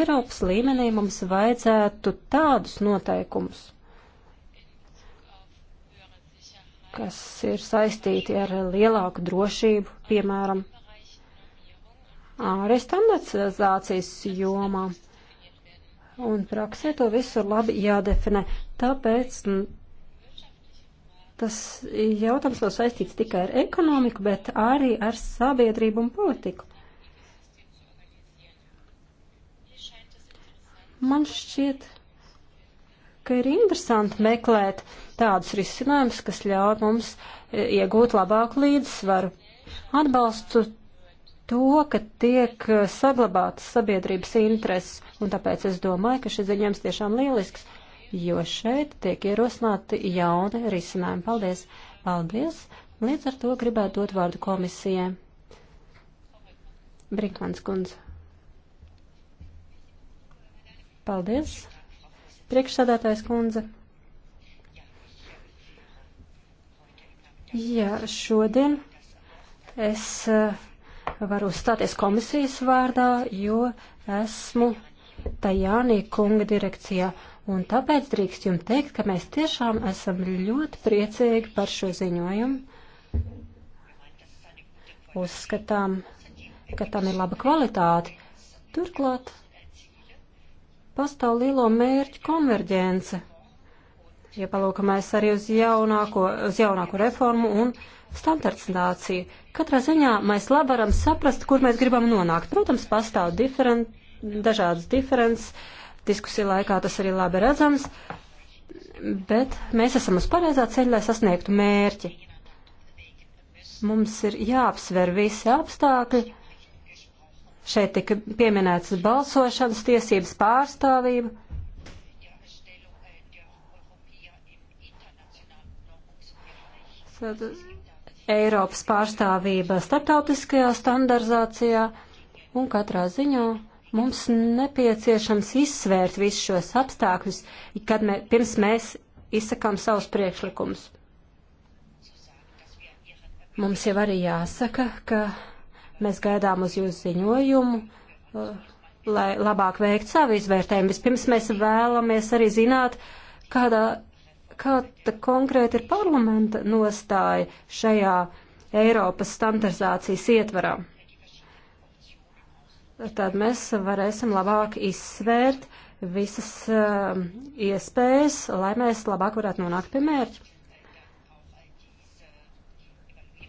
Eiropas līmenī mums vajadzētu tādus noteikumus, kas ir saistīti ar lielāku drošību, piemēram, restandardizācijas jomā. Un praksē to visu ir labi jādefinē. Tāpēc tas jautājums nav saistīts tikai ar ekonomiku, bet arī ar sabiedrību un politiku. Man šķiet, ka ir interesanti meklēt tādus risinājumus, kas ļauj mums e, iegūt labāku līdzsvaru. Atbalstu to, ka tiek e, saglabātas sabiedrības intereses, un tāpēc es domāju, ka šis ziņojums tiešām lielisks, jo šeit tiek ierosināti jauni risinājumi. Paldies! Paldies! Līdz ar to gribētu dot vārdu komisijai. Brinkmans kundze. Paldies! Priekšsādātājs kundze. Jā, šodien es eh, varu uzstāties komisijas vārdā, jo esmu Tajānī kunga direkcijā. Un tāpēc drīkst jums teikt, ka mēs tiešām esam ļoti priecīgi par šo ziņojumu. Uzskatām, ka tam ir laba kvalitāte. Turklāt pastāv lielo mērķu konverģence. Ja palūkamies arī uz jaunāko, uz jaunāko reformu un standartizāciju, katrā ziņā mēs labi varam saprast, kur mēs gribam nonākt. Protams, pastāv diferen, dažādas diferences, diskusija laikā tas arī labi redzams, bet mēs esam uz pareizā ceļa, lai sasniegtu mērķi. Mums ir jāapsver visi apstākļi Šeit tika pieminēts balsošanas tiesības pārstāvība. Tad Eiropas pārstāvība starptautiskajā standarizācijā un katrā ziņā mums nepieciešams izsvērt visus šos apstākļus, kad mē, pirms mēs izsakām savus priekšlikumus. Mums jau arī jāsaka, ka Mēs gaidām uz jūsu ziņojumu, uh, lai labāk veikt savu izvērtējumu. Vispirms mēs vēlamies arī zināt, kādā, kāda konkrēti ir parlamenta nostāja šajā Eiropas standartizācijas ietvarā. Tad mēs varēsim labāk izsvērt visas uh, iespējas, lai mēs labāk varētu nonākt pie mērķa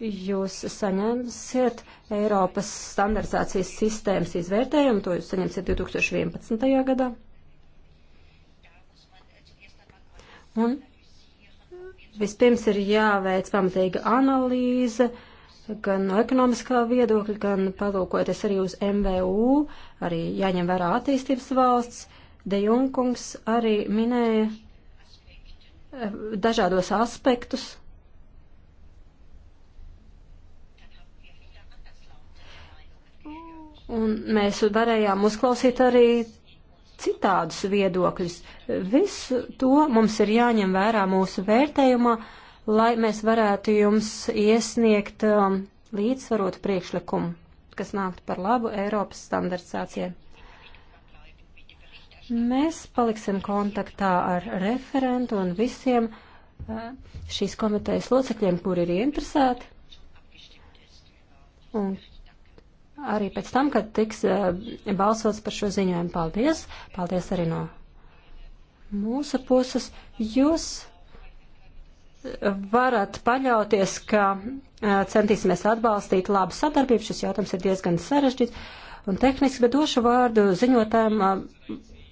jūs saņemsiet Eiropas standartizācijas sistēmas izvērtējumu, to jūs saņemsiet 2011. gadā. Un vispirms ir jāveic pamatīga analīze, gan no ekonomiskā viedokļa, gan palūkoties arī uz MVU, arī jāņem vērā attīstības valsts. De Junkungs arī minēja eh, dažādos aspektus, Un mēs varējām uzklausīt arī citādus viedokļus. Visu to mums ir jāņem vērā mūsu vērtējumā, lai mēs varētu jums iesniegt um, līdzsvarotu priekšlikumu, kas nāktu par labu Eiropas standartizācijai. Mēs paliksim kontaktā ar referentu un visiem uh, šīs komitejas locekļiem, kuri ir ieinteresēti un arī pēc tam, kad tiks eh, balsots par šo ziņojumu. Paldies! Paldies arī no mūsu puses. Jūs eh, varat paļauties, ka eh, centīsimies atbalstīt labu sadarbību. Šis jautājums ir diezgan sarežģīts un tehnisks, bet došu vārdu ziņotājiem,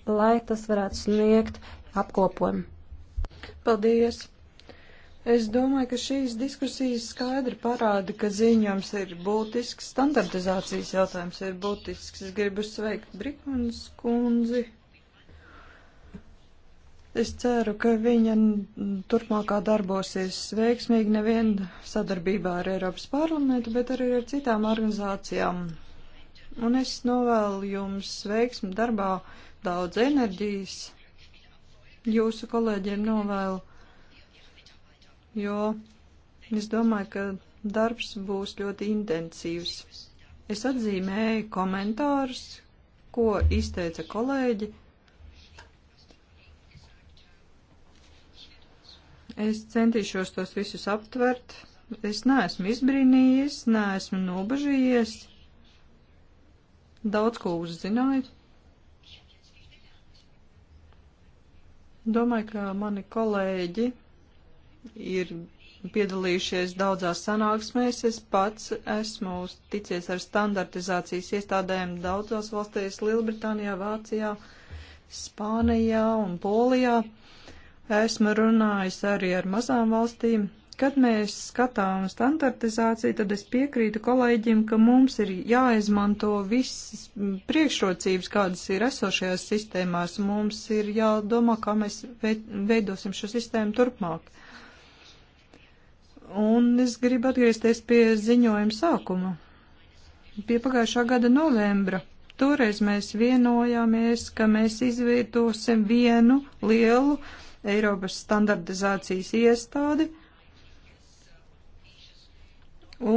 lai tas varētu sniegt apkopojumu. Paldies! Es domāju, ka šīs diskusijas skaidri parāda, ka ziņojums ir būtisks, standartizācijas jautājums ir būtisks. Es gribu sveikt Brikmanas kundzi. Es ceru, ka viņa turpmākā darbosies veiksmīgi nevien sadarbībā ar Eiropas parlamentu, bet arī ar citām organizācijām. Un es novēlu jums veiksmi darbā, daudz enerģijas. Jūsu kolēģiem novēlu jo es domāju, ka darbs būs ļoti intensīvs. Es atzīmēju komentārus, ko izteica kolēģi. Es centīšos tos visus aptvert. Es neesmu izbrīnījies, neesmu nobažījies. Daudz ko uzzināju. Domāju, ka mani kolēģi ir piedalījušies daudzās sanāksmēs. Es pats esmu ticies ar standartizācijas iestādēm daudzās valstīs - Lielbritānijā, Vācijā, Spānijā un Polijā. Esmu runājis arī ar mazām valstīm. Kad mēs skatām standartizāciju, tad es piekrītu kolēģim, ka mums ir jāizmanto visas priekšrocības, kādas ir esošajās sistēmās. Mums ir jādomā, kā mēs veidosim šo sistēmu turpmāk. Uh, Un es gribu atgriezties pie ziņojuma sākuma, pie pagājušā gada novembra. Toreiz mēs vienojāmies, ka mēs izvietosim vienu lielu Eiropas standartizācijas iestādi,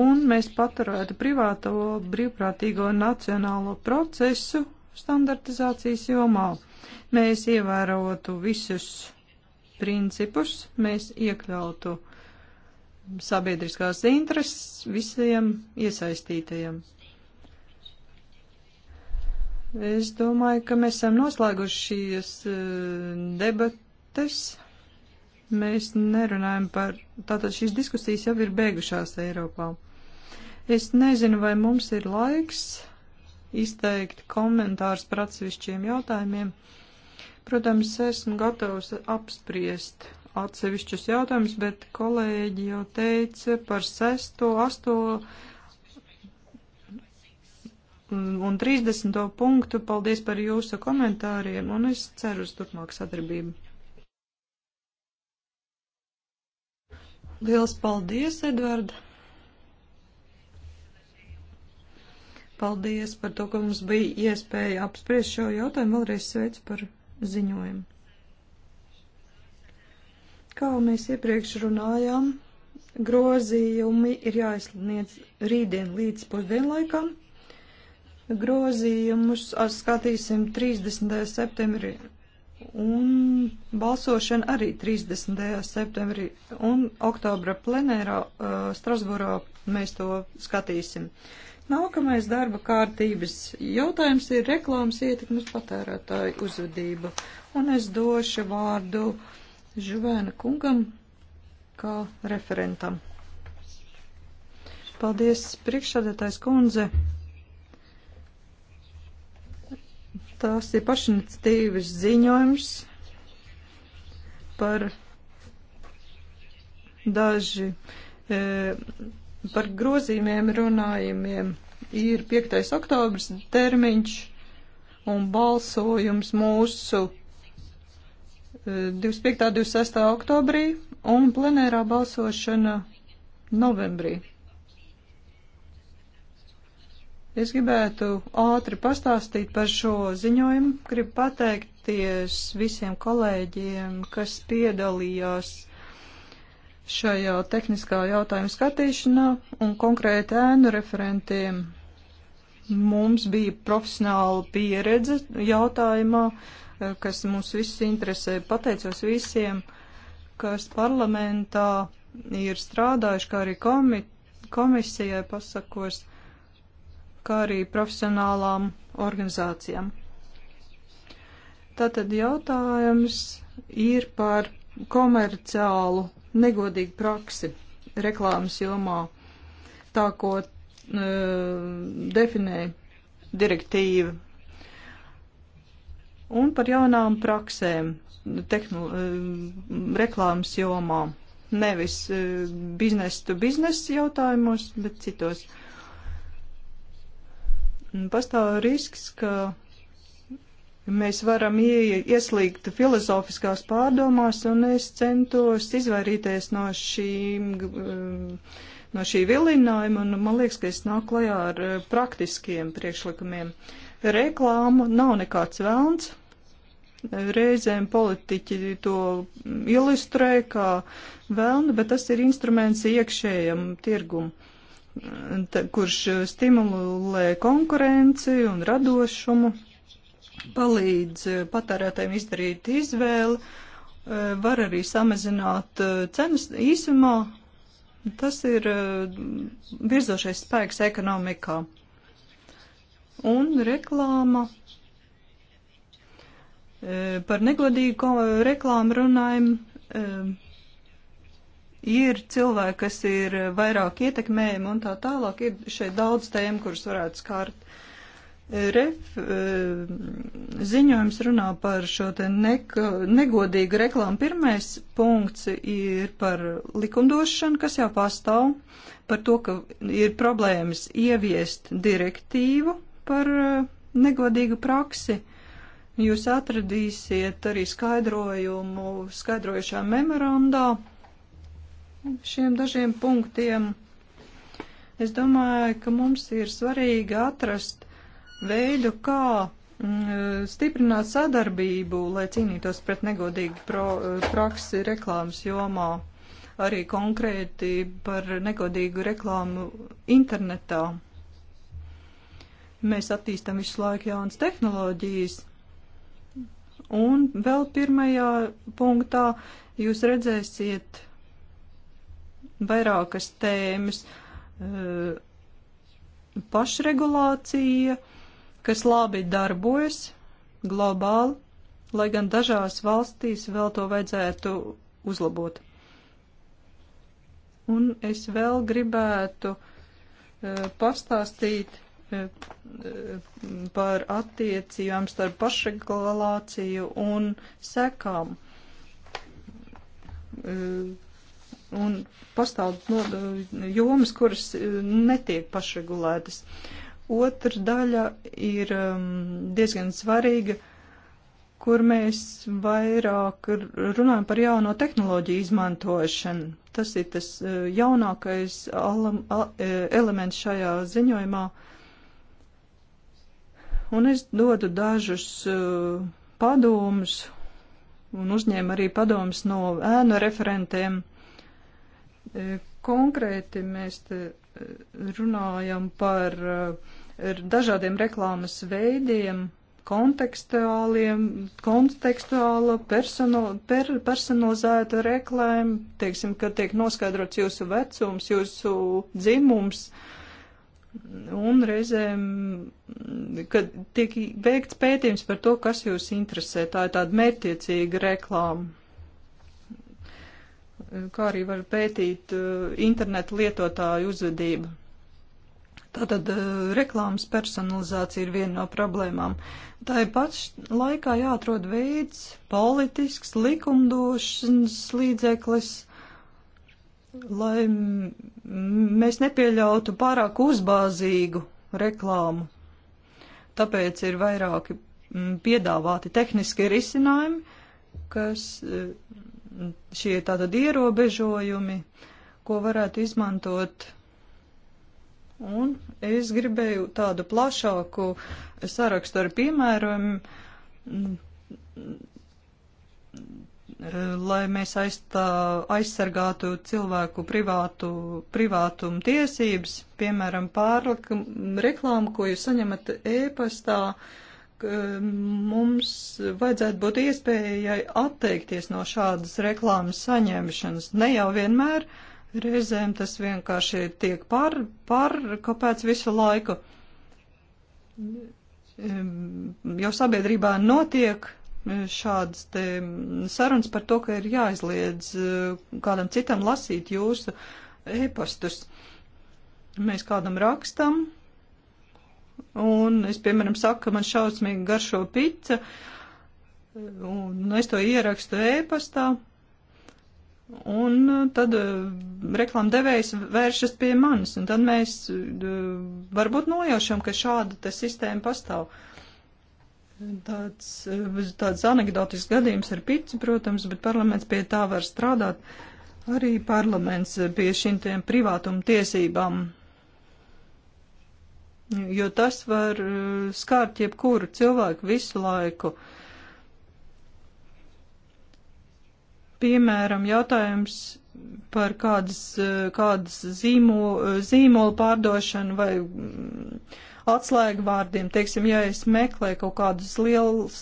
un mēs paturētu privāto brīvprātīgo nacionālo procesu standartizācijas jomā. Mēs ievērotu visus principus, mēs iekļautu uh, sabiedriskās intereses visiem iesaistītajiem. Es domāju, ka mēs esam noslēguši šīs eh, debates. Mēs nerunājam par, tātad šīs diskusijas jau ir beigušās Eiropā. Es nezinu, vai mums ir laiks izteikt komentārus par atsevišķiem jautājumiem. Protams, esmu gatavs apspriest atsevišķus jautājumus, bet kolēģi jau teica par 6, 8 un 30 punktu. Paldies par jūsu komentāriem un es ceru uz turpmāku sadarbību. Liels paldies, Edvard! Paldies par to, ka mums bija iespēja apspriest šo jautājumu. Vēlreiz sveicu par ziņojumu. Kā mēs iepriekš runājām, grozījumi ir jāizsniedz rītdien līdz pusdienlaikam. Grozījumus skatīsim 30. septembrī un balsošana arī 30. septembrī un oktobra plenērā uh, Strasburā mēs to skatīsim. Nākamais darba kārtības jautājums ir reklāmas ietekmes patērētāju uzvedība. Un es došu vārdu uh, Žuvēna kungam kā referentam. Paldies, priekšsādātājs kundze. Tās ir pašiniciatīvas ziņojums par daži, e, par grozījumiem runājumiem. Ir 5. oktobrs termiņš un balsojums mūsu 25. 26. oktobrī un plenērā balsošana novembrī. Es gribētu ātri pastāstīt par šo ziņojumu. Gribu pateikties visiem kolēģiem, kas piedalījās šajā tehniskā jautājuma skatīšanā un konkrēti ēnu referentiem. Mums bija profesionāla pieredze jautājumā, uh, kas mūs visus interesē. Pateicos visiem, kas parlamentā ir strādājuši, kā arī komi komisijai pasakos, kā arī profesionālām organizācijām. Tātad jautājums ir par komerciālu negodīgu praksi reklāmas jomā, tā ko e, definē direktīva un par jaunām praksēm tehnu, eh, reklāmas jomā. Nevis eh, biznes to biznes jautājumos, bet citos. Pastāv risks, ka mēs varam ie, ieslīgt filozofiskās pārdomās, un es centos izvairīties no, šīm, eh, no šī vilinājuma, un man liekas, ka es nāku klajā ar praktiskiem priekšlikumiem. Reklāma nav nekāds vēlns, Reizēm politiķi to ilustrē kā vēlnu, bet tas ir instruments iekšējam tirgum, kurš stimulē konkurenci un radošumu, palīdz patērētājiem izdarīt izvēli, var arī samazināt cenas īsumā. Tas ir eh, virzošais spēks ekonomikā. Un reklāma Eh, par negodīgu reklāmu runājam, eh, ir cilvēki, kas ir vairāk ietekmējami un tā tālāk. Ir šeit daudz tēmu, kuras varētu skārt. Eh, ref ziņojums runā par šo te nek, negodīgu reklāmu. Pirmais punkts ir par likumdošanu, kas jau pastāv, par to, ka ir problēmas ieviest direktīvu par negodīgu praksi. Jūs atradīsiet arī skaidrojumu skaidrojušā memorandā šiem dažiem punktiem. Es domāju, ka mums ir svarīgi atrast veidu, kā mm, stiprināt sadarbību, lai cīnītos pret negodīgu pro, praksi reklāmas jomā, arī konkrēti par negodīgu reklāmu internetā. Mēs attīstam visu laiku jaunas tehnoloģijas Un vēl pirmajā punktā jūs redzēsiet vairākas tēmas eh, - pašregulācija, kas labi darbojas globāli, lai gan dažās valstīs vēl to vajadzētu uzlabot. Un es vēl gribētu eh, pastāstīt par attiecībām starp pašregulāciju un sekām. Un pastāv no, jomas, kuras netiek pašregulētas. Otra daļa ir um, diezgan svarīga, kur mēs vairāk runājam par jauno tehnoloģiju izmantošanu. Tas ir tas uh, jaunākais e, elements šajā ziņojumā. Uh, un es dodu dažus uh, padomus un uzņēmu arī padomus no ēnu referentiem. Uh, konkrēti mēs te uh, runājam par uh, dažādiem reklāmas veidiem, kontekstuāliem, kontekstuāla, persono, per, personalizēta reklēma, teiksim, ka tiek noskaidrots jūsu vecums, jūsu dzimums. Uh, Un reizēm, kad tiek veikts pētījums par to, kas jūs interesē, tā ir tāda mērķiecīga reklāma. Kā arī var pētīt uh, internetu lietotāju uzvedību. Tātad uh, reklāmas personalizācija ir viena no problēmām. Tā ir pats laikā jāatrod veids, politisks, likumdošanas līdzeklis lai mēs nepieļautu pārāk uzbāzīgu reklāmu. Tāpēc ir vairāki piedāvāti tehniski risinājumi, kas šie tātad ierobežojumi, ko varētu izmantot. Un es gribēju tādu plašāku sarakstu ar piemēram lai mēs aizstā, aizsargātu cilvēku privātu, privātumu tiesības, piemēram, pārlikumu, reklāmu, ko jūs saņemat ēpastā, mums vajadzētu būt iespējai atteikties no šādas reklāmas saņemšanas. Ne jau vienmēr, reizēm tas vienkārši tiek pār, pārkopēts visu laiku, jo sabiedrībā notiek šādas te sarunas par to, ka ir jāizliedz eh, kādam citam lasīt jūsu e-pastus. Mēs kādam rakstam, un es, piemēram, saku, ka man šausmīgi garšo pica, un es to ierakstu e-pastā, un tad eh, reklām devējs vēršas pie manis, un tad mēs eh, varbūt nojaušam, ka šāda te sistēma pastāv. Uh, Tāds, eh, tāds anegdotisks gadījums ar pici, protams, bet parlaments pie tā var strādāt. Arī parlaments pie šīm tiem privātuma tiesībām, jo tas var eh, skārt jebkuru cilvēku visu laiku. Piemēram, jautājums par kādas, eh, kādas zīmo, zīmolu pārdošanu vai. Mm, atslēgvārdiem. Teiksim, ja es meklēju kaut kādus lielus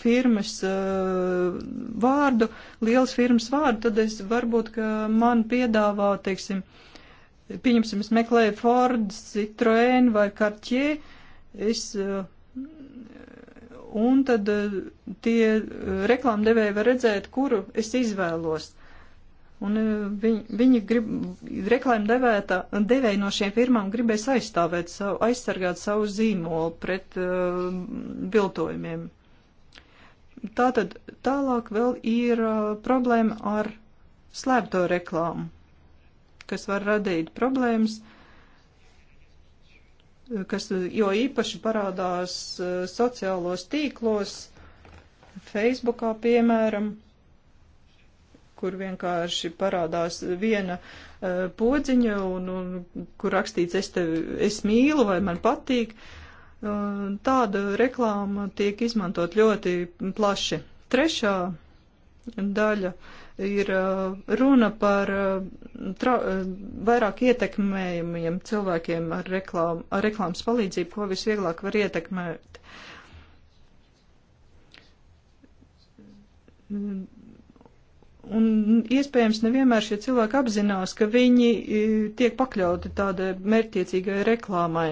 firmas uh, vārdu, liels firmas vārdu, tad es varbūt, ka man piedāvā, teiksim, pieņemsim, es meklēju Ford, Citroen vai Cartier, es, uh, un tad uh, tie reklāmdevēji var redzēt, kuru es izvēlos. Un e, viņi, viņi grib, reklāma devēta, devēja no šiem firmām gribēs aizstāvēt savu, aizsargāt savu zīmolu pret uh, viltojumiem. Tātad tālāk vēl ir uh, problēma ar slēpto reklāmu, kas var radīt problēmas, kas jo īpaši parādās uh, sociālos tīklos, Facebookā piemēram. Uh, kur vienkārši parādās viena uh, podziņa, un, un kur rakstīts es tevi, es mīlu vai man patīk. Uh, tāda reklāma tiek izmantot ļoti plaši. Trešā daļa ir uh, runa par eh, tra, vairāk ietekmējumiem cilvēkiem ar, reklām, ar reklāmas palīdzību, ko visvieglāk var ietekmēt. Mm Un iespējams nevienmēr šie cilvēki apzinās, ka viņi e, tiek pakļauti tādai mērķtiecīgai reklāmai.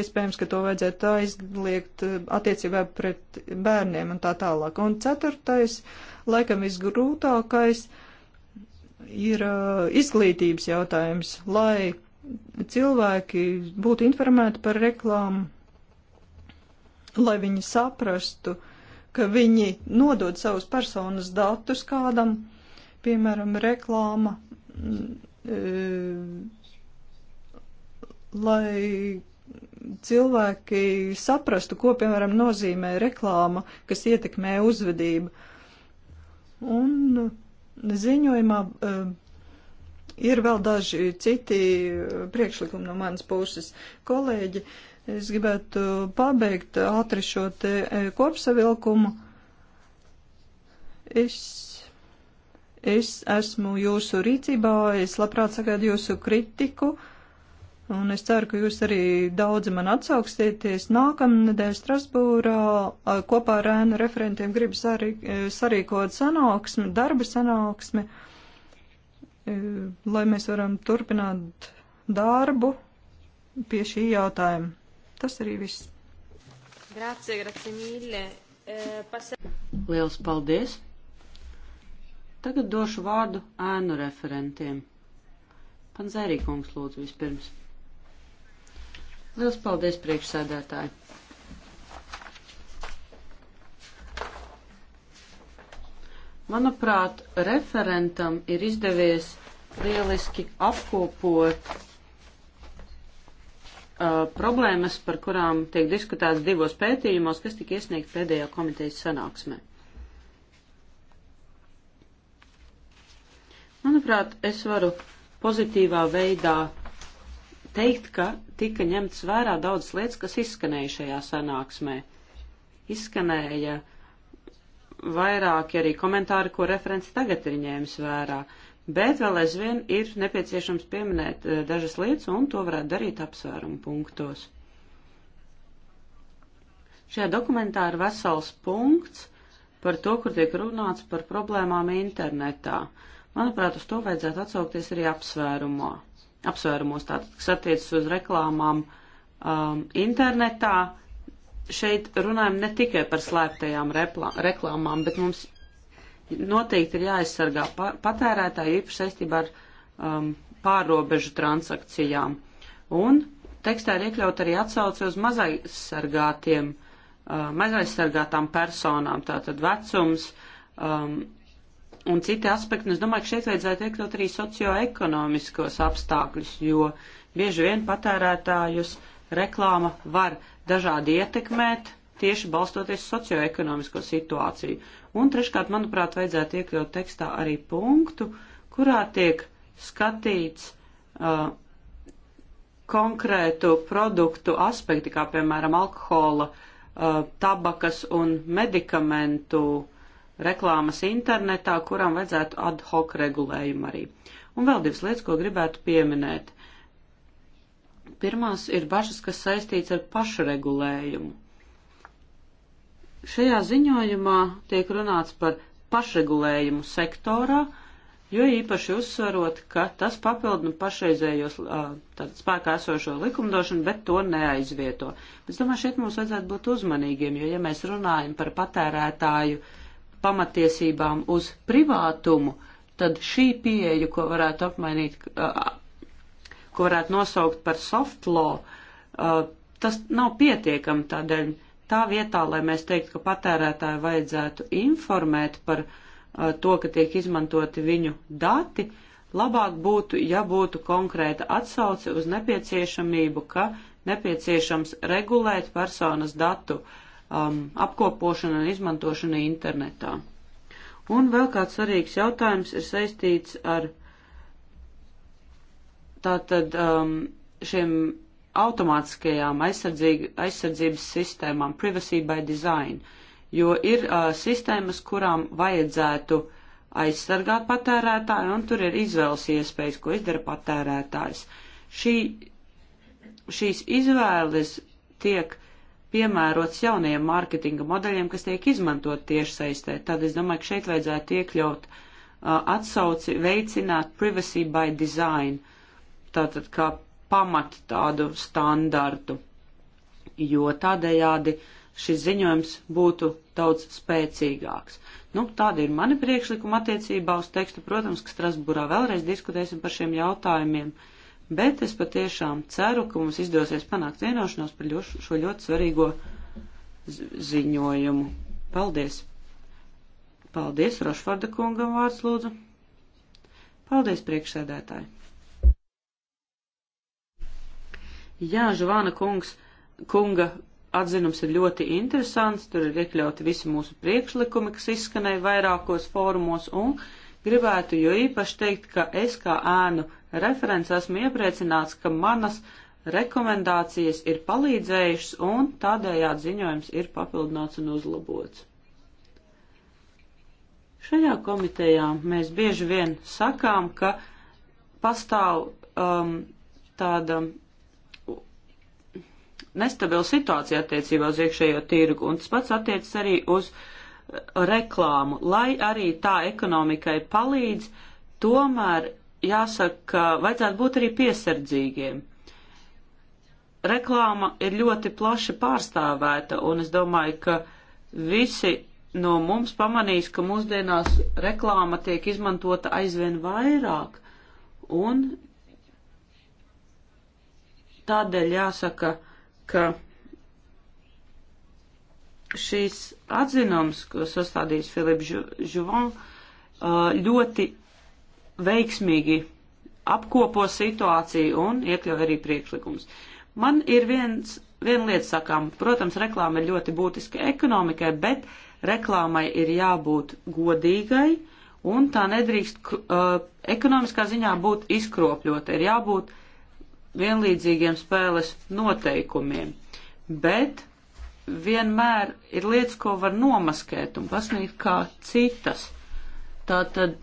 Iespējams, ka to vajadzētu aizliegt e, attiecībā pret bērniem un tā tālāk. Un ceturtais, laikam visgrūtākais, ir e, izglītības jautājums, lai cilvēki būtu informēti par reklāmu, lai viņi saprastu, ka viņi nodod savus personas datus kādam, piemēram, reklāma, mm, e, lai cilvēki saprastu, ko, piemēram, nozīmē reklāma, kas ietekmē uzvedību. Un ziņojumā e, ir vēl daži citi priekšlikumi no manas puses. Kolēģi, es gribētu pabeigt ātri šo te e, kopsavilkumu. Es Es esmu jūsu rīcībā, es labprāt sagaidu jūsu kritiku, un es ceru, ka jūs arī daudzi man atsauksieties. Nākamnedēļ Strasbūrā kopā ar ēnu referentiem gribu sarī, e, sarīkot sanāksmi, darba sanāksmi, e, lai mēs varam turpināt darbu pie šī jautājuma. Tas arī viss. Grācie, grācie mīļie. Pasa... Liels paldies! Tagad došu vārdu ēnu referentiem. Panzērī kungs lūdzu vispirms. Liels paldies priekšsēdētāji. Manuprāt, referentam ir izdevies lieliski apkopot uh, problēmas, par kurām tiek diskutēts divos pētījumos, kas tika iesniegt pēdējā komitejas sanāksmē. Manuprāt, es varu pozitīvā veidā teikt, ka tika ņemts vērā daudz lietas, kas izskanēja šajā sanāksmē. Izskanēja vairāki arī komentāri, ko referents tagad ir ņēmis vērā, bet vēl aizvien ir nepieciešams pieminēt eh, dažas lietas, un to varētu darīt apsvērumu punktos. Šajā dokumentā ir vesels punkts par to, kur tiek runāts par problēmām internetā. Uh, Manuprāt, uz to vajadzētu atsaukties arī apsvērumā. apsvērumos, tātad, kas attiecas uz reklāmām um, internetā. Šeit runājam ne tikai par slēgtajām reklāmām, bet mums noteikti ir jāaizsargā patērētāji īpaši saistībā ar um, pārobežu transakcijām. Un tekstā ir iekļaut arī atsauce uz mazaizsargātiem, uh, mazaizsargātām personām, tātad vecums, um, un citi aspekti, un es domāju, ka šeit vajadzētu iekļaut arī socioekonomiskos apstākļus, jo bieži vien patērētājus reklāma var dažādi ietekmēt tieši balstoties socioekonomisko situāciju. Un treškārt, manuprāt, vajadzētu iekļaut tekstā arī punktu, kurā tiek skatīts uh, konkrētu produktu aspekti, kā piemēram alkohola, uh, tabakas un medikamentu reklāmas internetā, kurām vajadzētu ad hoc regulējumu arī. Un vēl divas lietas, ko gribētu pieminēt. Pirmās ir bažas, kas saistīts ar pašregulējumu. Šajā ziņojumā tiek runāts par pašregulējumu sektorā, jo īpaši uzsverot, ka tas papildina pašreizējos tātad spēkā esošo likumdošanu, bet to neaizvieto. Es domāju, šeit mums vajadzētu būt uzmanīgiem, jo, ja mēs runājam par patērētāju uh, pamatiesībām uz privātumu, tad šī pieeja, ko varētu apmainīt, ko varētu nosaukt par soft law, tas nav pietiekami tādēļ. Tā vietā, lai mēs teiktu, ka patērētāju vajadzētu informēt par to, ka tiek izmantoti viņu dati, labāk būtu, ja būtu konkrēta atsauce uz nepieciešamību, ka nepieciešams regulēt personas datu uh, um, apkopošana un izmantošana internetā. Un vēl kāds svarīgs jautājums ir saistīts ar tātad um, šiem automātiskajām aizsardzības sistēmām, privacy by design, jo ir uh, sistēmas, kurām vajadzētu aizsargāt patērētāju, un tur ir izvēles iespējas, ko izdara patērētājs. Šī, šīs izvēles tiek piemērots jaunajiem mārketinga modeļiem, kas tiek izmantot tiešsaistē. Tad es domāju, ka šeit vajadzētu iekļaut uh, atsauci veicināt privacy by design, tātad kā pamatu tādu standartu, jo tādējādi šis ziņojums būtu daudz spēcīgāks. Nu, tāda ir mani priekšlikuma attiecībā uz tekstu. Protams, ka Strasburā vēlreiz diskutēsim par šiem jautājumiem. Uh, bet es patiešām ceru, ka mums izdosies panākt vienošanos par ļo, šo ļoti svarīgo ziņojumu. Paldies! Paldies, Rošvarda kungam vārds lūdzu. Paldies, priekšsēdētāji. Jā, Žvāna kungs, kunga atzinums ir ļoti interesants, tur ir iekļauti visi mūsu priekšlikumi, kas izskanēja vairākos fórumos, un gribētu jo īpaši teikt, ka es kā ēnu referents esmu iepriecināts, ka manas rekomendācijas ir palīdzējušas un tādējādi ziņojums ir papildināts un uzlabots. Šajā komitejā mēs bieži vien sakām, ka pastāv um, tāda nestabila situācija attiecībā uz iekšējo tirgu, un tas pats attiecas arī uz uh, reklāmu. Lai arī tā ekonomikai palīdz, tomēr jāsaka, ka vajadzētu būt arī piesardzīgiem. Reklāma ir ļoti plaši pārstāvēta, un es domāju, ka visi no mums pamanīs, ka mūsdienās reklāma tiek izmantota aizvien vairāk, un tādēļ jāsaka, ka šīs atzinums, ko sastādījis Filips Žuvan, ļoti veiksmīgi apkopo situāciju un iekļauj arī priekšlikumus. Man ir viens, viena lieta sakām, protams, reklāma ir ļoti būtiska ekonomikai, bet reklāmai ir jābūt godīgai un tā nedrīkst uh, ekonomiskā ziņā būt izkropļota, ir jābūt vienlīdzīgiem spēles noteikumiem. Bet vienmēr ir lietas, ko var nomaskēt un pasniegt kā citas. Tātad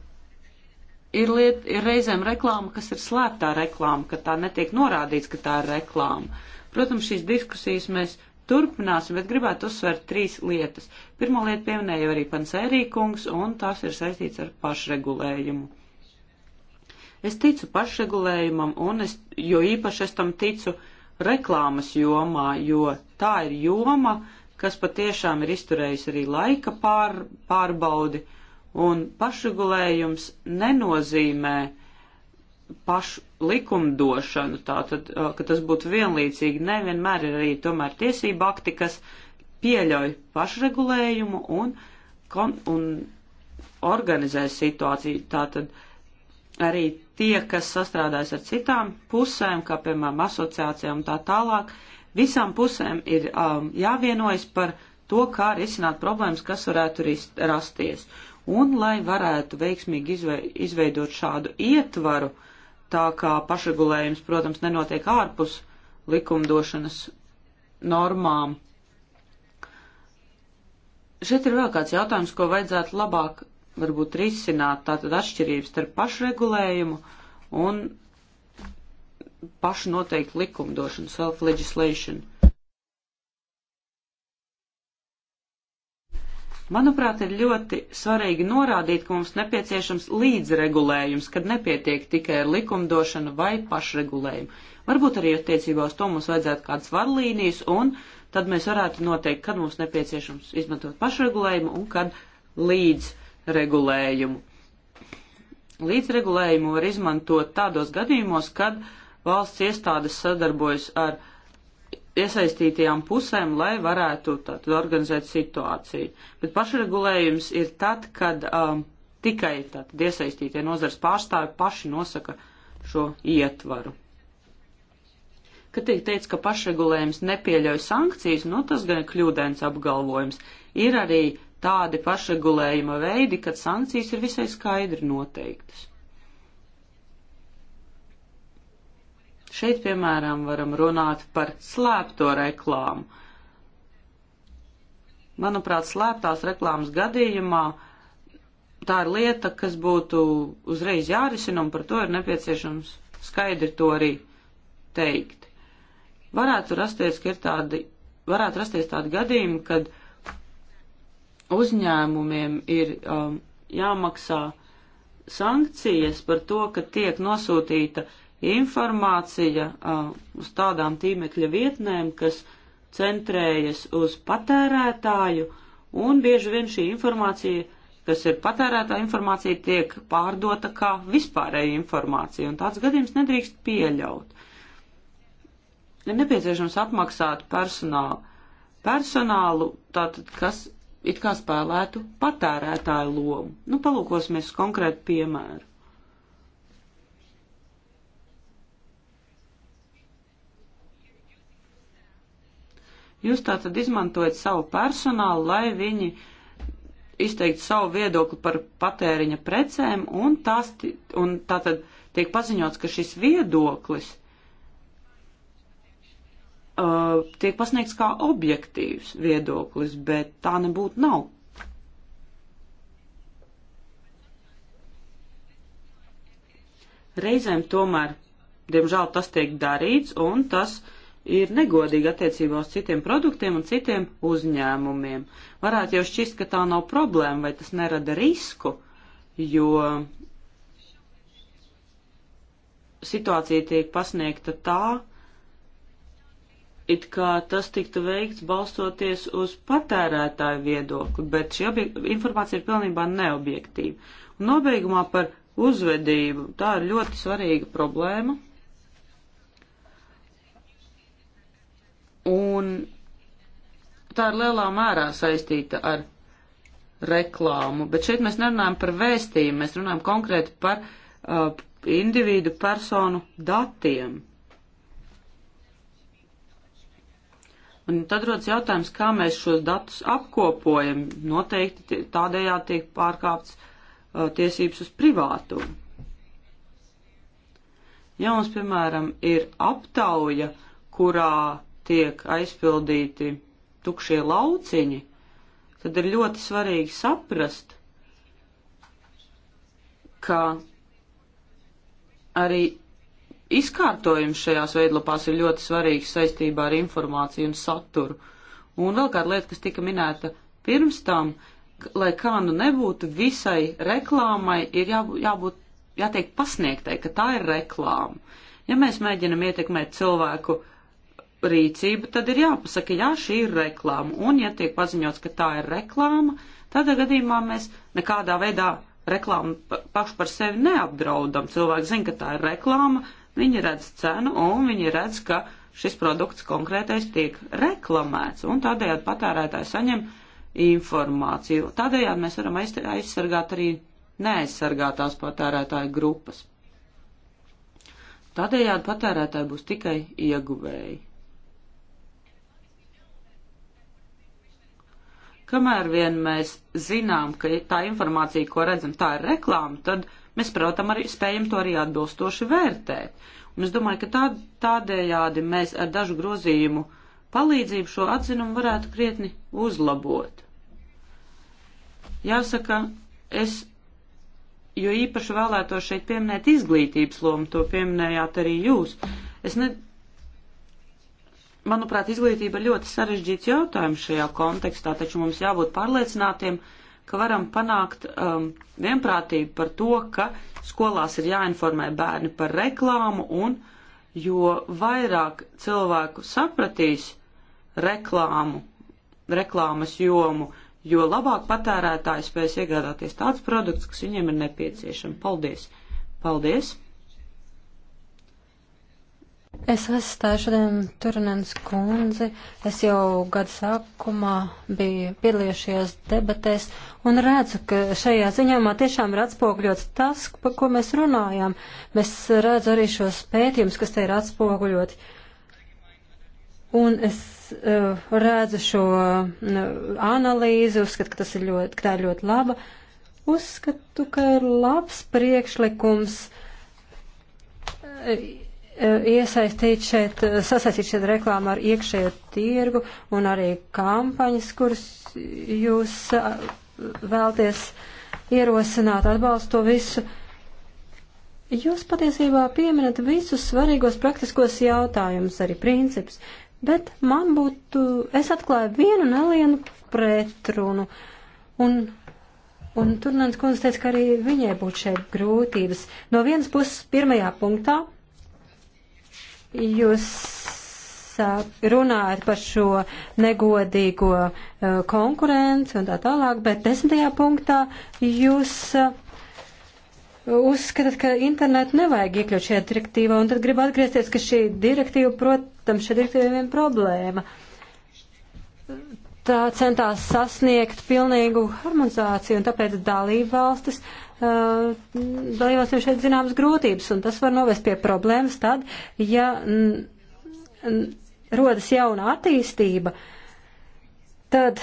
ir, liet, ir reizēm reklāma, kas ir slēptā reklāma, ka tā netiek norādīts, ka tā ir reklāma. Protams, šīs diskusijas mēs turpināsim, bet gribētu uzsvērt trīs lietas. Pirmā lieta pieminēja arī pansērīkungs, un tās ir saistīts ar pašregulējumu. Es ticu pašregulējumam, un es, jo īpaši es tam ticu reklāmas jomā, jo tā ir joma, kas patiešām ir izturējusi arī laika pār, pārbaudi. Uh, Un pašregulējums nenozīmē pašu likumdošanu, tātad, ka tas būtu vienlīdzīgi. Nē, vienmēr ir arī tomēr tiesība akti, kas pieļauj pašregulējumu un, kon, un organizē situāciju. Tātad arī tie, kas sastrādājas ar citām pusēm, kā piemēram asociācijām un tā tālāk, visām pusēm ir um, jāvienojas par to, kā risināt problēmas, kas varētu rasties. Uh, Un, lai varētu veiksmīgi izveidot šādu ietvaru, tā kā pašregulējums, protams, nenotiek ārpus likumdošanas normām, šeit ir vēl kāds jautājums, ko vajadzētu labāk varbūt risināt, tātad atšķirības starp pašregulējumu un pašu noteikti likumdošanu, self-legislation. Uh, Manuprāt, ir ļoti svarīgi norādīt, ka mums nepieciešams līdzregulējums, kad nepietiek tikai ar likumdošanu vai pašregulējumu. Varbūt arī attiecībā uz to mums vajadzētu kādas vadlīnijas, un tad mēs varētu noteikt, kad mums nepieciešams izmantot pašregulējumu un kad līdzregulējumu. Līdzregulējumu var izmantot tādos gadījumos, kad valsts iestādes sadarbojas ar uh, iesaistītajām pusēm, lai varētu tātad organizēt situāciju. Bet pašregulējums ir tad, kad um, tikai tātad iesaistītie nozars pārstāvi paši nosaka šo ietvaru. Kad tiek teikts, ka pašregulējums nepieļauj sankcijas, nu no tas gan ir kļūdains apgalvojums. Ir arī tādi pašregulējuma veidi, kad sankcijas ir visai skaidri noteiktas. Šeit, piemēram, varam runāt par slēpto reklāmu. Manuprāt, slēptās reklāmas gadījumā tā ir lieta, kas būtu uzreiz jārisina, un par to ir nepieciešams skaidri to arī teikt. Varētu rasties, ka ir tādi, varētu rasties tādi gadījumi, kad uzņēmumiem ir um, jāmaksā sankcijas par to, ka tiek nosūtīta informācija uh, uz tādām tīmekļa vietnēm, kas centrējas uz patērētāju, un bieži vien šī informācija, kas ir patērētā informācija, tiek pārdota kā vispārēja informācija, un tāds gadījums nedrīkst pieļaut. Ir nepieciešams apmaksāt personālu, personālu tātad, kas it kā spēlētu patērētāju lomu. Nu, palūkosimies konkrētu piemēru. Jūs tātad izmantojat savu personālu, lai viņi izteiktu savu viedokli par patēriņa precēm, un, tās, un tātad tiek paziņots, ka šis viedoklis uh, tiek pasniegts kā objektīvs viedoklis, bet tā nebūtu nav. Reizēm tomēr, diemžēl, tas tiek darīts, un tas uh, ir negodīga attiecībā uz citiem produktiem un citiem uzņēmumiem. Varētu jau šķist, ka tā nav problēma vai tas nerada risku, jo situācija tiek pasniegta tā, it kā tas tiktu veikts balstoties uz patērētāju viedokli, bet šī informācija ir pilnībā neobjektīva. Un nobeigumā par uzvedību. Tā ir ļoti svarīga problēma. Un tā ir lielā mērā saistīta ar reklāmu, bet šeit mēs nerunājam par vēstījumu, mēs runājam konkrēti par uh, individu personu datiem. Un tad rodas jautājums, kā mēs šos datus apkopojam. Noteikti tādējādi tiek pārkāpts uh, tiesības uz privātumu. Ja mums, piemēram, ir aptauja, kurā tiek aizpildīti tukšie lauciņi, tad ir ļoti svarīgi saprast, ka arī izkārtojums šajās veidlapās ir ļoti svarīgs saistībā ar informāciju un saturu. Un vēl kāda lieta, kas tika minēta pirms tam, lai kā nu nebūtu, visai reklāmai ir jābūt, jābūt jātiek pasniegtai, ka tā ir reklāma. Ja mēs mēģinam ietekmēt cilvēku uh, rīcība, tad ir jāpasaka, jā, šī ir reklāma. Un, ja tiek paziņots, ka tā ir reklāma, tādā gadījumā mēs nekādā veidā reklāmu pašu par sevi neapdraudam. Cilvēki zina, ka tā ir reklāma, viņi redz cenu un viņi redz, ka šis produkts konkrētais tiek reklamēts. Un tādējādi patērētāji saņem informāciju. Tādējādi mēs varam aizsargāt arī neaizsargātās patērētāju grupas. Tādējādi patērētāji būs tikai ieguvēji. Kamēr vien mēs zinām, ka tā informācija, ko redzam, tā ir reklāma, tad mēs, protams, arī spējam to arī atbilstoši vērtēt. Un es domāju, ka tā, tādējādi mēs ar dažu grozījumu palīdzību šo atzinumu varētu krietni uzlabot. Jāsaka, es jo īpaši vēlētos šeit pieminēt izglītības lomu, to pieminējāt arī jūs. Es ne, manuprāt, izglītība ir ļoti sarežģīts jautājums šajā kontekstā, taču mums jābūt pārliecinātiem, ka varam panākt um, vienprātību par to, ka skolās ir jāinformē bērni par reklāmu un jo vairāk cilvēku sapratīs reklāmu, reklāmas jomu, jo labāk patērētāji spēs iegādāties tāds produkts, kas viņiem ir nepieciešams. Paldies! Paldies! Es aizstāju šodien Turunenes kundzi. Es jau gada sākumā biju piedalījušies debatēs un redzu, ka šajā ziņāmā tiešām ir atspoguļots tas, par ko mēs runājām. Mēs redzu arī šos pētījumus, kas te ir atspoguļoti. Un es uh, redzu šo uh, analīzi, uzskatu, ka, tas ir ļoti, ka tā ir ļoti laba. Uzskatu, ka ir labs priekšlikums. Uh, Eh, iesaistīt šeit, eh, sasaistīt šeit reklāmu ar iekšējo tirgu un arī kampaņas, kuras jūs eh, vēlties ierosināt, atbalstu to visu. Jūs patiesībā pieminat visus svarīgos praktiskos jautājumus, arī principus, bet man būtu, es atklāju vienu nelienu pretrunu, un Un Turnants kundze teica, ka arī viņai būtu šeit grūtības. No vienas puses, pirmajā punktā Jūs runājat par šo negodīgo uh, konkurenci un tā tālāk, bet desmitajā punktā jūs uh, uzskatāt, ka internetu nevajag iekļaut šajā direktīvā, un tad gribu atgriezties, ka šī direktīva, protams, šī direktīva ir viena problēma. Tā centās sasniegt pilnīgu harmonizāciju, un tāpēc dalība valstis uh, Eh, dalībvalstīm šeit zināmas grūtības, un tas var novest pie problēmas tad, ja rodas jauna attīstība, tad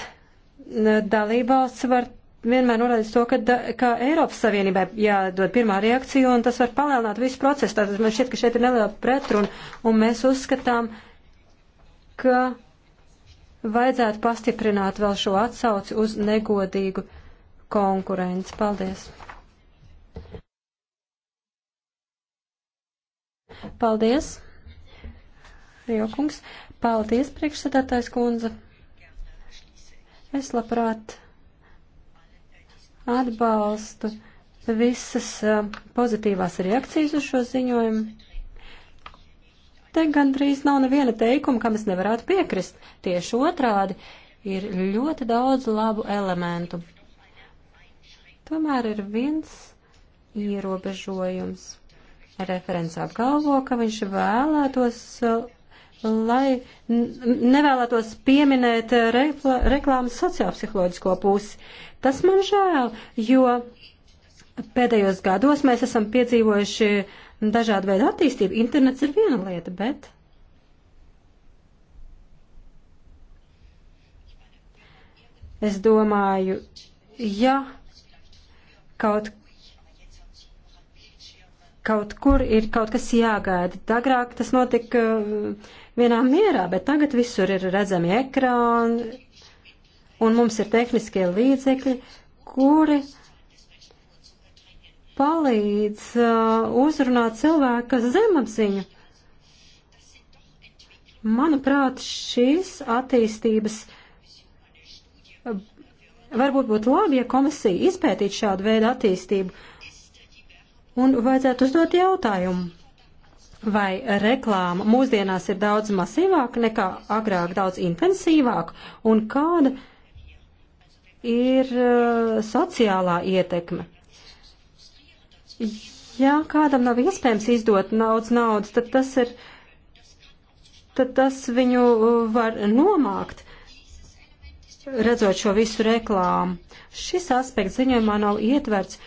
dalībvalsts var vienmēr norādīt to, ka, da, ka Eiropas Savienībai jādod pirmā reakcija, un tas var palēlināt visu procesu. Tātad man šķiet, ka šeit ir neliela pretruna, un mēs uzskatām, ka vajadzētu pastiprināt vēl šo atsauci uz negodīgu konkurenci. Paldies! Paldies, Jokungs. Paldies, priekšsēdētājs kundze. Es labprāt atbalstu visas pozitīvās reakcijas uz šo ziņojumu. Te gandrīz nav neviena teikuma, kam es nevarētu piekrist. Tieši otrādi ir ļoti daudz labu elementu. Tomēr ir viens ierobežojums. Referents apgalvo, ka viņš vēlētos, uh, lai nevēlētos pieminēt uh, rekla, reklāmas sociālpsiholoģisko pusi. Tas man žēl, jo pēdējos gados mēs esam piedzīvojuši dažādu veidu attīstību. Internets ir viena lieta, bet es domāju, ja kaut Kaut kur ir kaut kas jāgaida. Agrāk tas notika uh, vienā mierā, bet tagad visur ir redzami ekrāni un mums ir tehniskie līdzekļi, kuri palīdz uh, uzrunāt cilvēka zemapziņu. Manuprāt, šīs attīstības uh, varbūt būtu labi, ja komisija izpētītu šādu veidu attīstību un vajadzētu uzdot jautājumu, vai reklāma mūsdienās ir daudz masīvāka nekā agrāk, daudz intensīvāka, un kāda ir eh, sociālā ietekme. Ja kādam nav iespējams izdot naudas naudas, tad tas ir, tad tas viņu eh, var nomākt, redzot šo visu reklāmu. Šis aspekts ziņojumā nav ietverts,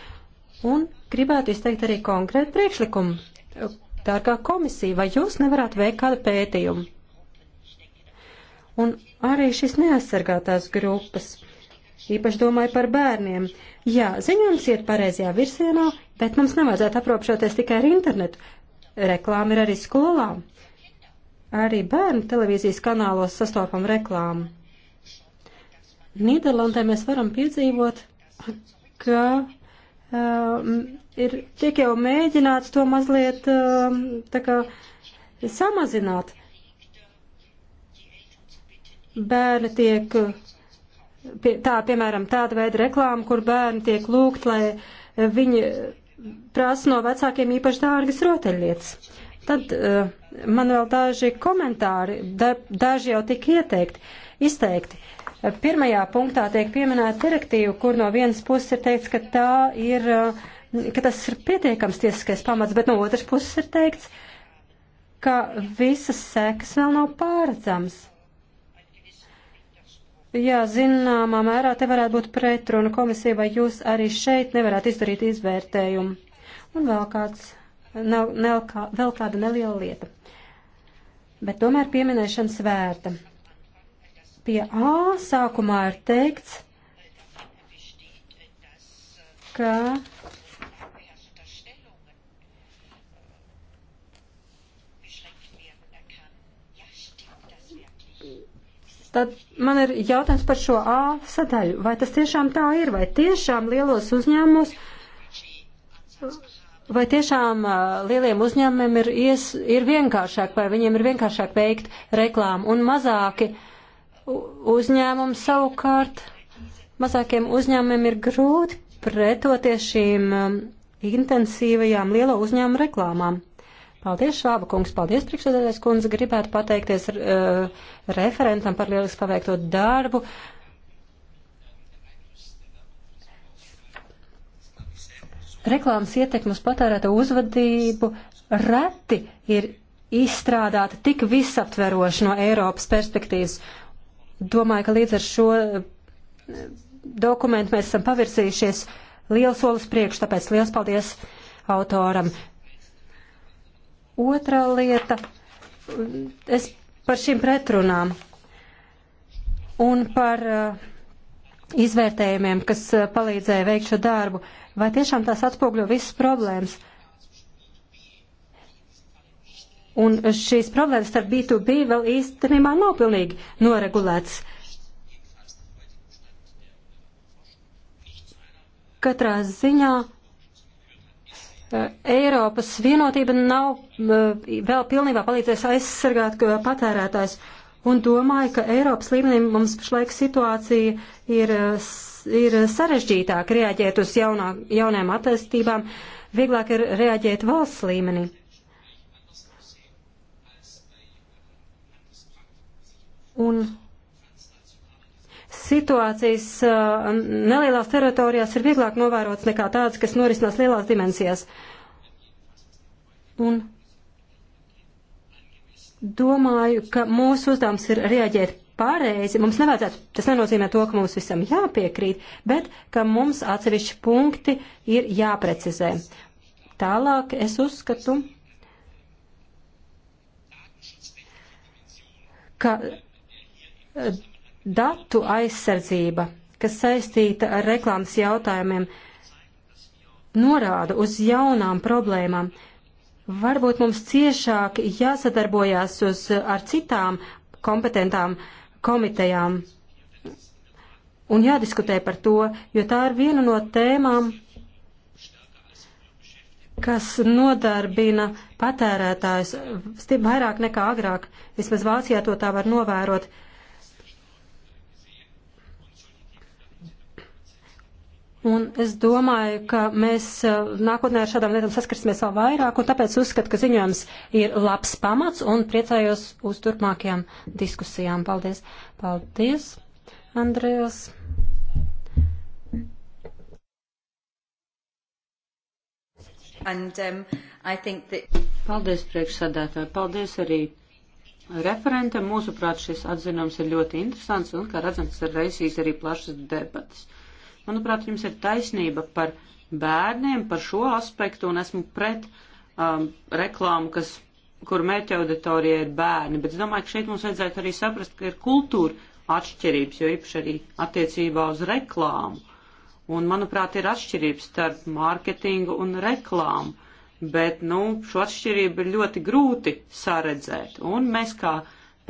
un gribētu izteikt arī konkrētu priekšlikumu. Dārgā komisija, vai jūs nevarat veikt kādu pētījumu? Un arī šis neaizsargātās grupas. Īpaši domāju par bērniem. Jā, ziņojums iet pareizajā virsienā, bet mums nevajadzētu aprobežoties tikai ar internetu. Reklāma ir arī skolām. Arī bērnu televīzijas kanālos sastopam reklāmu. Nīderlandē mēs varam piedzīvot, ka um, ir tiek jau mēģināts to mazliet um, tā kā samazināt. Bērni tiek, pie, tā piemēram, tāda veida reklāma, kur bērni tiek lūgt, lai viņi prasa no vecākiem īpaši dārgas rotaļlietas. Tad uh, man vēl daži komentāri, da, daži jau tik ieteikti, izteikti. Pirmajā punktā tiek pieminēta direktīva, kur no vienas puses ir teikts, ka tā ir uh, Nu, ka tas ir pietiekams tiesiskais pamats, bet no otras puses ir teikts, ka visas sekas vēl nav pāredzams. Jā, zināmā mērā te varētu būt pretruna komisija, vai jūs arī šeit nevarētu izdarīt izvērtējumu. Un vēl, kāds, nav, nav kā, vēl kāda neliela lieta. Bet tomēr pieminēšanas vērta. Pie A sākumā ir teikts, ka Tad man ir jautājums par šo A sadaļu. Vai tas tiešām tā ir? Vai tiešām lielos uzņēmumos, vai tiešām lieliem uzņēmumiem ir, ies, ir vienkāršāk, vai viņiem ir vienkāršāk veikt reklāmu un mazāki uzņēmumi savukārt, mazākiem uzņēmumiem ir grūti pretoties šīm intensīvajām lielo uzņēmumu reklāmām? Paldies, Šāba kungs, paldies, priekšsēdētājs kundze. Gribētu pateikties uh, referentam par lielisku paveikto darbu. Reklāmas ietekmes patērēta uzvedību reti ir izstrādāta tik visaptveroši no Eiropas perspektīvas. Domāju, ka līdz ar šo uh, dokumentu mēs esam pavirsījušies liels solis priekš, tāpēc liels paldies autoram. Otra lieta, es par šīm pretrunām un par uh, izvērtējumiem, kas uh, palīdzēja veikt šo darbu, vai tiešām tās atspogļo visas problēmas? Un šīs problēmas starp B2B vēl īstenībā nav pilnīgi noregulētas. Katrā ziņā Eh, Eiropas vienotība nav eh, vēl pilnībā palīdzējusi aizsargāt eh, patērētājs. Un domāju, ka Eiropas līmenī mums pašlaik situācija ir, ir sarežģītāk reaģēt uz jaunā, jaunajām attīstībām, vieglāk ir reaģēt valsts līmenī. Un situācijas uh, nelielās teritorijās ir vieglāk novērots nekā tādas, kas norisinās lielās dimensijās. Un domāju, ka mūsu uzdevums ir reaģēt pareizi. Mums nevajadzētu, tas nenozīmē to, ka mums visam jāpiekrīt, bet ka mums atsevišķi punkti ir jāprecizē. Tālāk es uzskatu, ka Datu aizsardzība, kas saistīta ar reklāmas jautājumiem, norāda uz jaunām problēmām. Varbūt mums ciešāk jāsadarbojās uz, ar citām kompetentām komitejām un jādiskutē par to, jo tā ir viena no tēmām, kas nodarbina patērētājs vairāk nekā agrāk. Vismaz Vācijā to tā var novērot. Uh, Un es domāju, ka mēs uh, nākotnē ar šādām lietām saskarsimies vēl vairāk, un tāpēc uzskatu, ka ziņojums ir labs pamats un priecājos uz turpmākajām diskusijām. Paldies! Paldies, Andrejas! And, um, that... Paldies, priekšsādātāji! Paldies arī referentam. Mūsuprāt, šis atzinums ir ļoti interesants, un, kā redzams, ir reizīs arī plašas debatas. Manuprāt, jums ir taisnība par bērniem, par šo aspektu, un esmu pret um, reklāmu, kas, kur mērķa auditorija ir bērni, bet es domāju, ka šeit mums vajadzētu arī saprast, ka ir kultūra atšķirības, jo īpaši arī attiecībā uz reklāmu. Un, manuprāt, ir atšķirības starp mārketingu un reklāmu, bet, nu, šo atšķirību ir ļoti grūti saredzēt, un mēs kā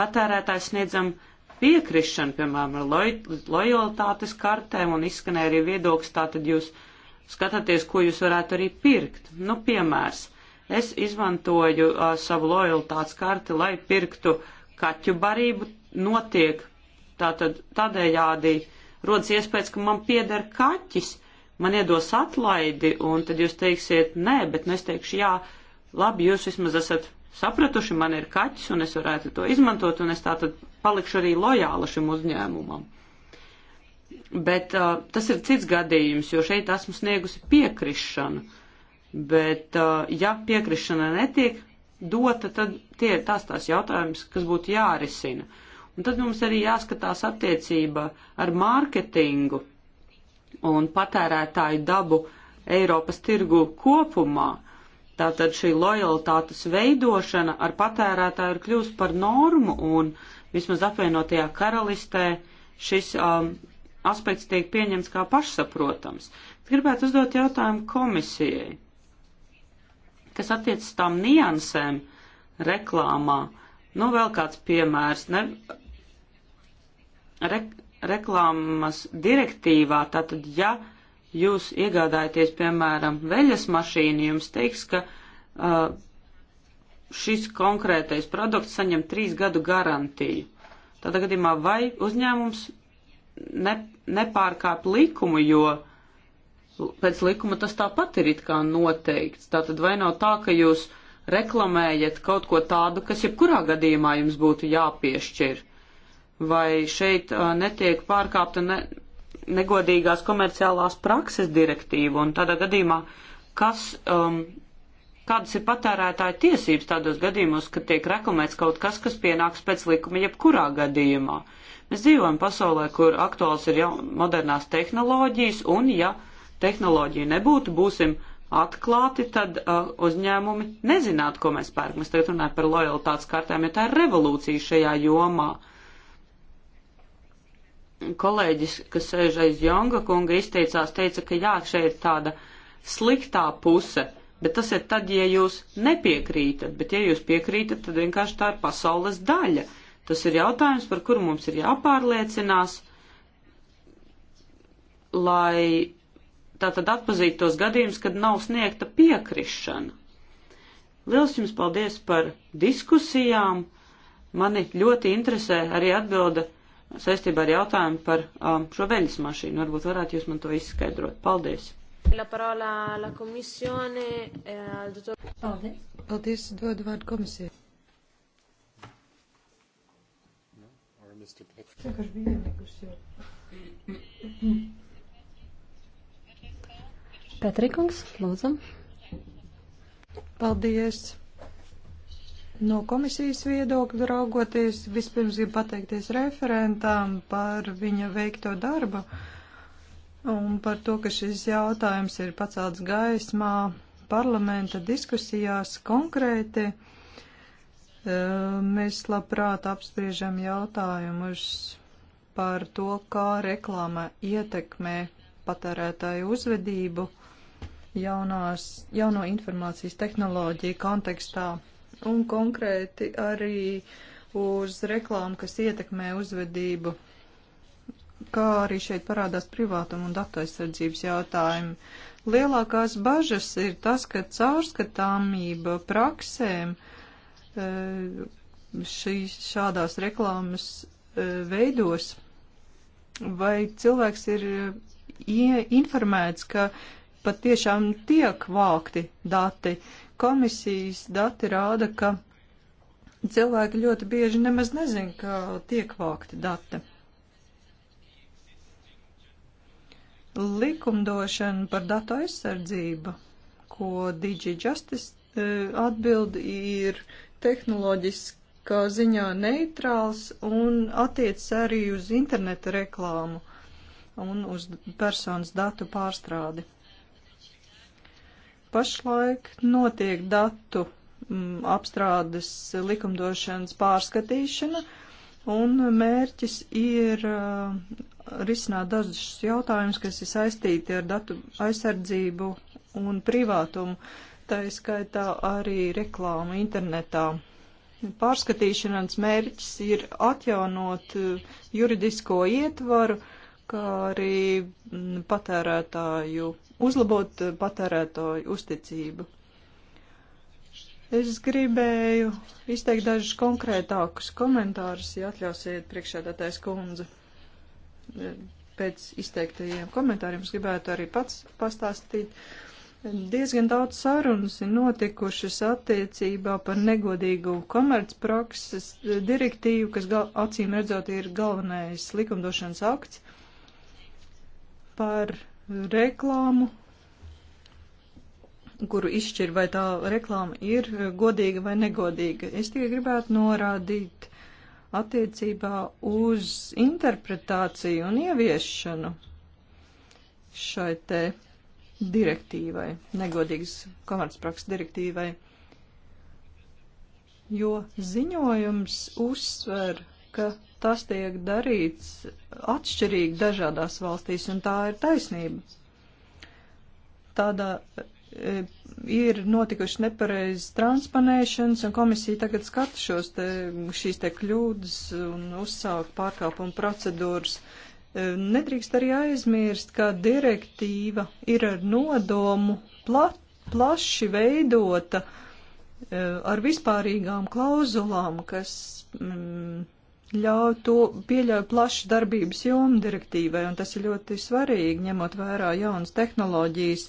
patērētājs sniedzam uh, piekrišanu, piemēram, ar loj lojalitātes kartēm, un izskanēja arī viedoklis, tātad jūs skatāties, ko jūs varētu arī pirkt. Nu, piemērs, es izmantoju uh, savu lojalitātes karti, lai pirktu kaķu barību, notiek tātad tādējādi rodas iespējas, ka man pieder kaķis, man iedos atlaidi, un tad jūs teiksiet nē, bet nu es teikšu jā, labi, jūs vismaz esat sapratuši, man ir kaķis un es varētu to izmantot un es tātad palikšu arī lojāla šim uzņēmumam. Bet uh, tas ir cits gadījums, jo šeit esmu sniegusi piekrišanu. Bet uh, ja piekrišana netiek dota, tad tie ir tās tās jautājums, kas būtu jārisina. Un tad mums arī jāskatās attiecība ar mārketingu un patērētāju dabu Eiropas tirgu kopumā. Uh, Tātad šī lojalitātes veidošana ar patērētāju ir kļūst par normu un vismaz apvienotajā karalistē šis um, aspekts tiek pieņemts kā pašsaprotams. Gribētu uzdot jautājumu komisijai, kas attiecas tām niansēm reklāmā. Nu, vēl kāds piemērs. Ne, re, reklāmas direktīvā, tātad, ja jūs iegādājaties, piemēram, veļas mašīnu, jums teiks, ka uh, šis konkrētais produkts saņem trīs gadu garantiju. Tādā gadījumā vai uzņēmums ne, nepārkāp likumu, jo pēc likuma tas tāpat ir it kā noteikts. Tātad vai nav tā, ka jūs reklamējat kaut ko tādu, kas jebkurā gadījumā jums būtu jāpiešķir? Vai šeit uh, netiek pārkāpta ne, negodīgās komerciālās prakses direktīvu, un tādā gadījumā, kas, um, kādas ir patērētāja tiesības tādos gadījumos, kad tiek reklamēts kaut kas, kas pienāks pēc likuma jebkurā gadījumā. Mēs dzīvojam pasaulē, kur aktuāls ir jau modernās tehnoloģijas, un ja tehnoloģija nebūtu, būsim atklāti, tad uh, uzņēmumi nezinātu, ko mēs pērkam. Mēs tagad runājam par lojalitātes kartēm, ja tā ir revolūcija šajā jomā. Uh, kolēģis, kas sēž aiz Jonga kunga, izteicās, teica, ka jā, šeit ir tāda sliktā puse, bet tas ir tad, ja jūs nepiekrītat, bet ja jūs piekrītat, tad vienkārši tā ir pasaules daļa. Tas ir jautājums, par kuru mums ir jāpārliecinās, lai tātad atpazīt tos gadījumus, kad nav sniegta piekrišana. Liels jums paldies par diskusijām. Mani ļoti interesē arī atbilde saistībā ar jautājumu par um, šo veļas mašīnu. Varbūt varētu jūs man to izskaidrot. Paldies! Eh, Paldies! Paldies, dodu vārdu komisijai. Petrikungs, lūdzu. Paldies! No komisijas viedokļa raugoties, vispirms gribu pateikties referentām par viņa veikto darbu un par to, ka šis jautājums ir pacelts gaismā parlamenta diskusijās konkrēti. Mēs labprāt apspriežam jautājumus par to, kā reklāma ietekmē patērētāju uzvedību jaunās, jauno informācijas tehnoloģiju kontekstā un konkrēti arī uz reklāmu, kas ietekmē uzvedību, kā arī šeit parādās privātuma un datu aizsardzības jautājumi. Lielākās bažas ir tas, ka caurskatāmība praksēm e, šīs šādās reklāmas e, veidos, vai cilvēks ir informēts, ka patiešām tiek vākti dati, Komisijas dati rāda, ka cilvēki ļoti bieži nemaz nezin, ka tiek vākti dati. Likumdošana par datu aizsardzību, ko Digi Justice e, atbild, ir tehnoloģiskā ziņā neitrāls un attiec arī uz interneta reklāmu un uz personas datu pārstrādi. Pašlaik notiek datu m, mm, apstrādes likumdošanas pārskatīšana, un mērķis ir uh, risināt dažus jautājumus, kas ir saistīti ar datu aizsardzību un privātumu, tā izskaitā arī reklāmu internetā. Pārskatīšanas mērķis ir atjaunot uh, juridisko ietvaru, uh, kā arī patērētāju, uzlabot patērētāju uzticību. Es gribēju izteikt dažus konkrētākus komentārus, ja atļausiet priekšēdātais kundze. E, Pēc izteiktajiem komentāriem es gribētu arī pats pastāstīt. Diezgan daudz sarunas ir notikušas attiecībā par negodīgu komercprakses direktīvu, kas gal, acīm redzot ir galvenais likumdošanas akts par reklāmu, kuru izšķir, vai tā reklāma ir godīga vai negodīga. Es tikai gribētu norādīt attiecībā uz interpretāciju un ieviešanu šai te direktīvai, negodīgas komercprakses direktīvai, jo ziņojums uzsver, ka tas tiek darīts atšķirīgi dažādās valstīs, un tā ir taisnība. Tādā e, ir notikuši nepareizas transponēšanas, un komisija tagad skata šos te, šīs te kļūdas un uzsāk pārkāpumu procedūras. E, nedrīkst arī aizmirst, ka direktīva ir ar nodomu pla, plaši veidota e, ar vispārīgām klauzulām, kas mm, ļauj to pieļauj plašu darbības jomu direktīvai, un tas ir ļoti svarīgi, ņemot vērā jaunas tehnoloģijas,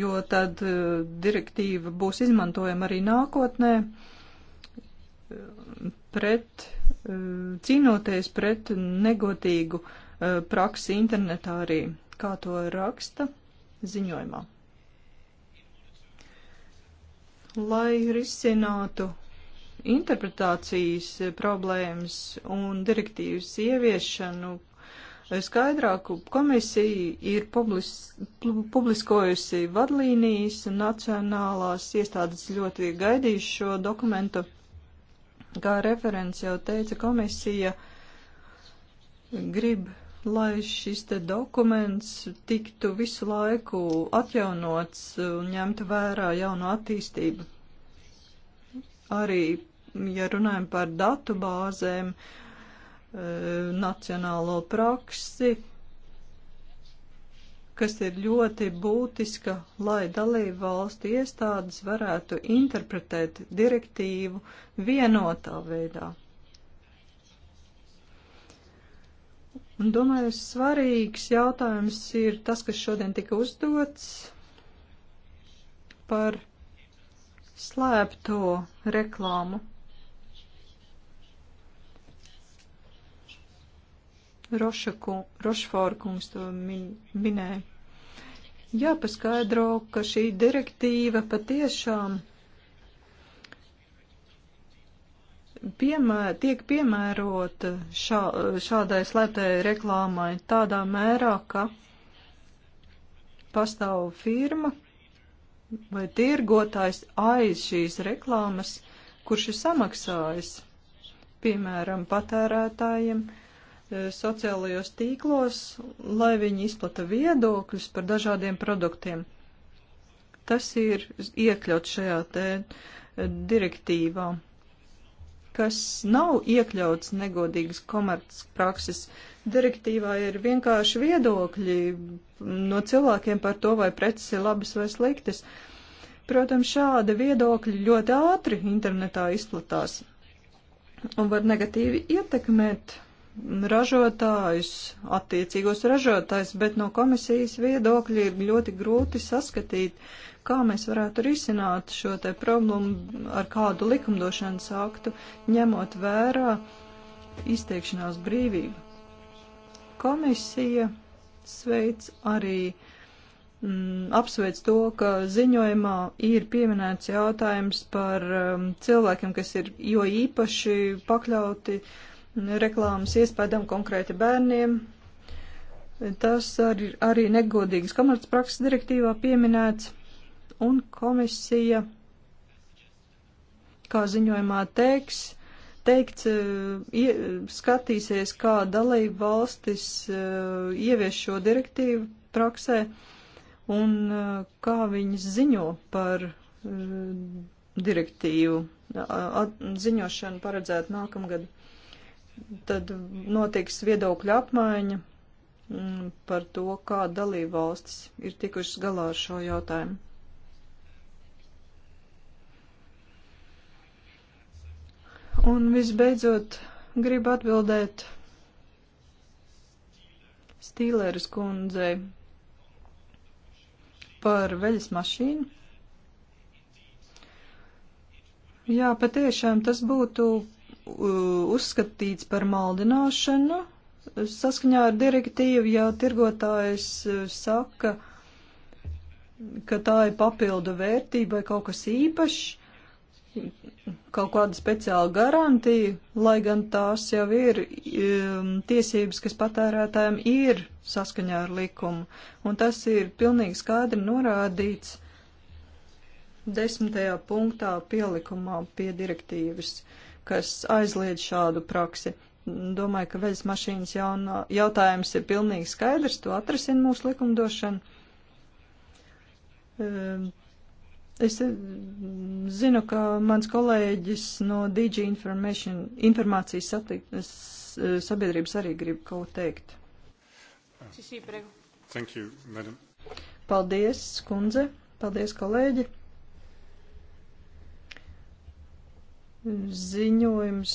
jo tad eh, direktīva būs izmantojama arī nākotnē eh, pret, eh, cīnoties pret negotīgu praksi internetā arī, kā to raksta ziņojumā. Lai risinātu interpretācijas problēmas un direktīvas ieviešanu skaidrāku komisiju ir publis, publiskojusi vadlīnijas un nacionālās iestādes ļoti gaidījuši šo dokumentu. Kā referents jau teica, komisija grib, lai šis te dokuments tiktu visu laiku atjaunots un ņemtu vērā jauno attīstību. Arī ja runājam par datu bāzēm, eh, nacionālo praksi, kas ir ļoti būtiska, lai dalību valstu iestādes varētu interpretēt direktīvu vienotā veidā. Un, domāju, svarīgs jautājums ir tas, kas šodien tika uzdots par slēpto reklāmu. Rošfora kungs to min, minēja. Jāpaskaidro, ka šī direktīva patiešām piemē, tiek piemērota šā, šādai slēptajai reklāmai tādā mērā, ka pastāv firma vai tirgotājs aiz šīs reklāmas, kurš ir samaksājis, piemēram, patērētājiem, uh, E, sociālajos tīklos, lai viņi izplata viedokļus par dažādiem produktiem. Tas ir iekļauts šajā te e, direktīvā, kas nav iekļauts negodīgas komerces prakses. Direktīvā ir vienkārši viedokļi no cilvēkiem par to, vai preces ir labas vai sliktas. Protams, šādi viedokļi ļoti ātri internetā izplatās un var negatīvi ietekmēt ražotājus, attiecīgos ražotājus, bet no komisijas viedokļa ir ļoti grūti saskatīt, kā mēs varētu risināt šo te problēmu ar kādu likumdošanas aktu, ņemot vērā izteikšanās brīvību. Komisija sveic arī mm, apsveic to, ka ziņojumā ir pieminēts jautājums par mm, cilvēkiem, kas ir jo īpaši pakļauti uh, reklāmas iespējām konkrēti bērniem. Tas arī, arī negodīgas komercprakses direktīvā pieminēts, un komisija, kā ziņojumā teiks, teikts, eh, skatīsies, kā dalība valstis eh, ievies šo direktīvu praksē un eh, kā viņas ziņo par direktīvu. Ziņošana paredzēta nākamgad tad notiks viedokļa apmaiņa mm, par to, kā dalībvalstis ir tikušas galā ar šo jautājumu. Un visbeidzot, gribu atbildēt Stīlēras kundzei par veļas mašīnu. Jā, patiešām tas būtu uzskatīts par maldināšanu saskaņā ar direktīvu, ja tirgotājs e, saka, ka tā ir papildu vērtība vai kaut kas īpašs, kaut kāda speciāla garantija, lai gan tās jau ir e, tiesības, kas patērētājiem ir saskaņā ar likumu. Un tas ir pilnīgi skaidri norādīts desmitajā punktā pielikumā pie direktīvas. Uh, kas aizliedz šādu praksi. Domāju, ka veļas mašīnas jaunā, jautājums ir pilnīgi skaidrs, to atrasina mūsu likumdošana. Ehm, es eh, zinu, ka mans kolēģis no DG Information, informācijas satikt, eh, sabiedrības arī grib kaut teikt. Thank you, madam. Paldies, kundze. Paldies, kolēģi. Ziņojums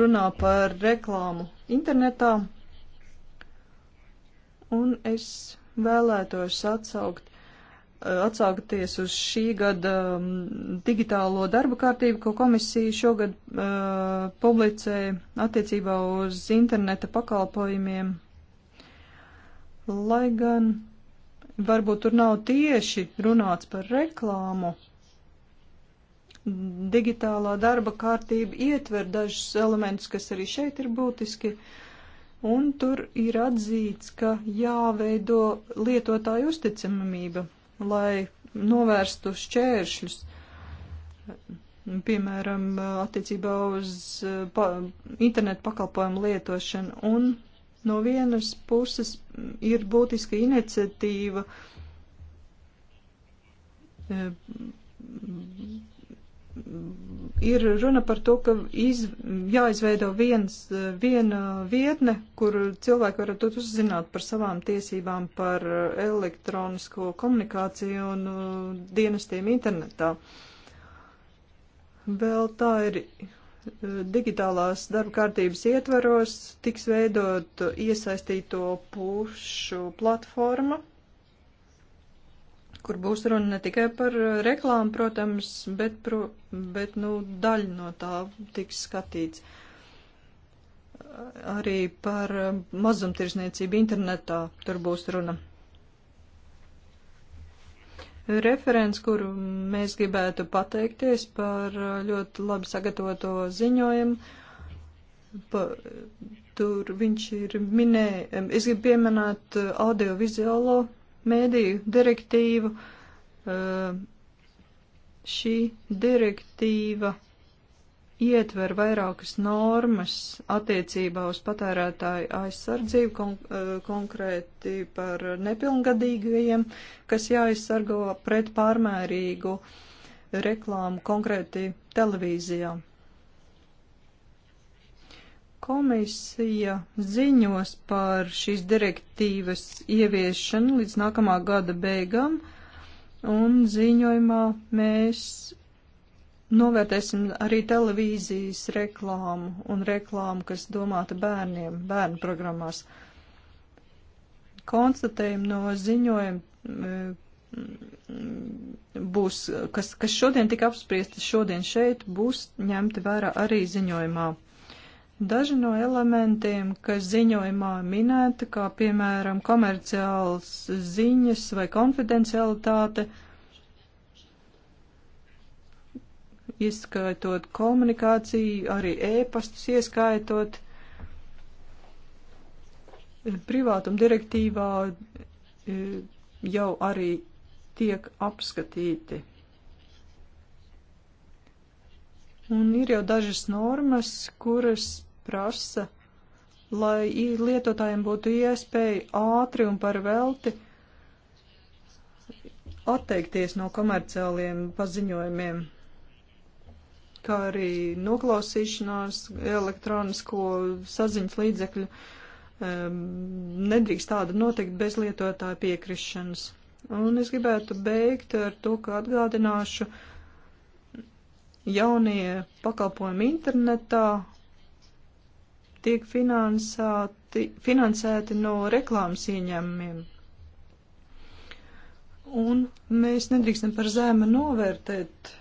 runā par reklāmu internetā, un es vēlētos atsaukt, atsaukties uz šī gada um, digitālo darba kārtību, ko komisija šogad uh, publicēja attiecībā uz interneta pakalpojumiem. Lai gan varbūt tur nav tieši runāts par reklāmu digitālā darba kārtība ietver dažus elementus, kas arī šeit ir būtiski. Un tur ir atzīts, ka jāveido lietotāju uzticamība, lai novērstu šķēršļus. Piemēram, attiecībā uz eh, pa, internetu pakalpojumu lietošanu. Un no vienas puses ir būtiska iniciatīva eh, ir runa par to, ka iz, jāizveido viens, viena vietne, kur cilvēki varētu uzzināt par savām tiesībām, par elektronisko komunikāciju un uh, dienestiem internetā. Vēl tā ir uh, digitālās darba kārtības ietvaros tiks veidot iesaistīto pušu platforma kur būs runa ne tikai par uh, reklāmu, protams, bet, pro, bet nu, daļa no tā tiks skatīts. Uh, arī par uh, mazumtirzniecību internetā tur būs runa. Referents, kuru mēs gribētu pateikties par ļoti labi sagatavoto ziņojumu, pa, tur viņš ir minējis, es gribu pieminēt audiovizuālo mēdīju direktīvu. Eh, šī direktīva ietver vairākas normas attiecībā uz patērētāju aizsardzību, kon eh, konkrēti par nepilngadīgajiem, kas jāaizsargo pret pārmērīgu reklāmu konkrēti televīzijām. Komisija ziņos par šīs direktīvas ieviešanu līdz nākamā gada beigām, un ziņojumā mēs novērtēsim arī televīzijas reklāmu un reklāmu, kas domāta bērniem, bērnu programmās. Konstatējumi no ziņojuma mm, būs, kas, kas šodien tika apspriesti šodien šeit, būs ņemti vērā arī ziņojumā. Daži no elementiem, kas ziņojumā minēta, kā piemēram komerciāls ziņas vai konfidencialitāte, ieskaitot komunikāciju, arī ēpastus e ieskaitot, privātuma direktīvā jau arī tiek apskatīti. Un ir jau dažas normas, kuras prasa, lai lietotājiem būtu iespēja ātri un par velti atteikties no komerciāliem paziņojumiem, kā arī noklausīšanās elektronisko saziņas līdzekļu. Nedrīkst tāda notikt bez lietotāja piekrišanas. Un es gribētu beigt ar to, ka atgādināšu jaunie pakalpojumi internetā tiek finansēti, finansēti no reklāmas ieņēmumiem. Un mēs nedrīkstam par zēmu novērtēt e,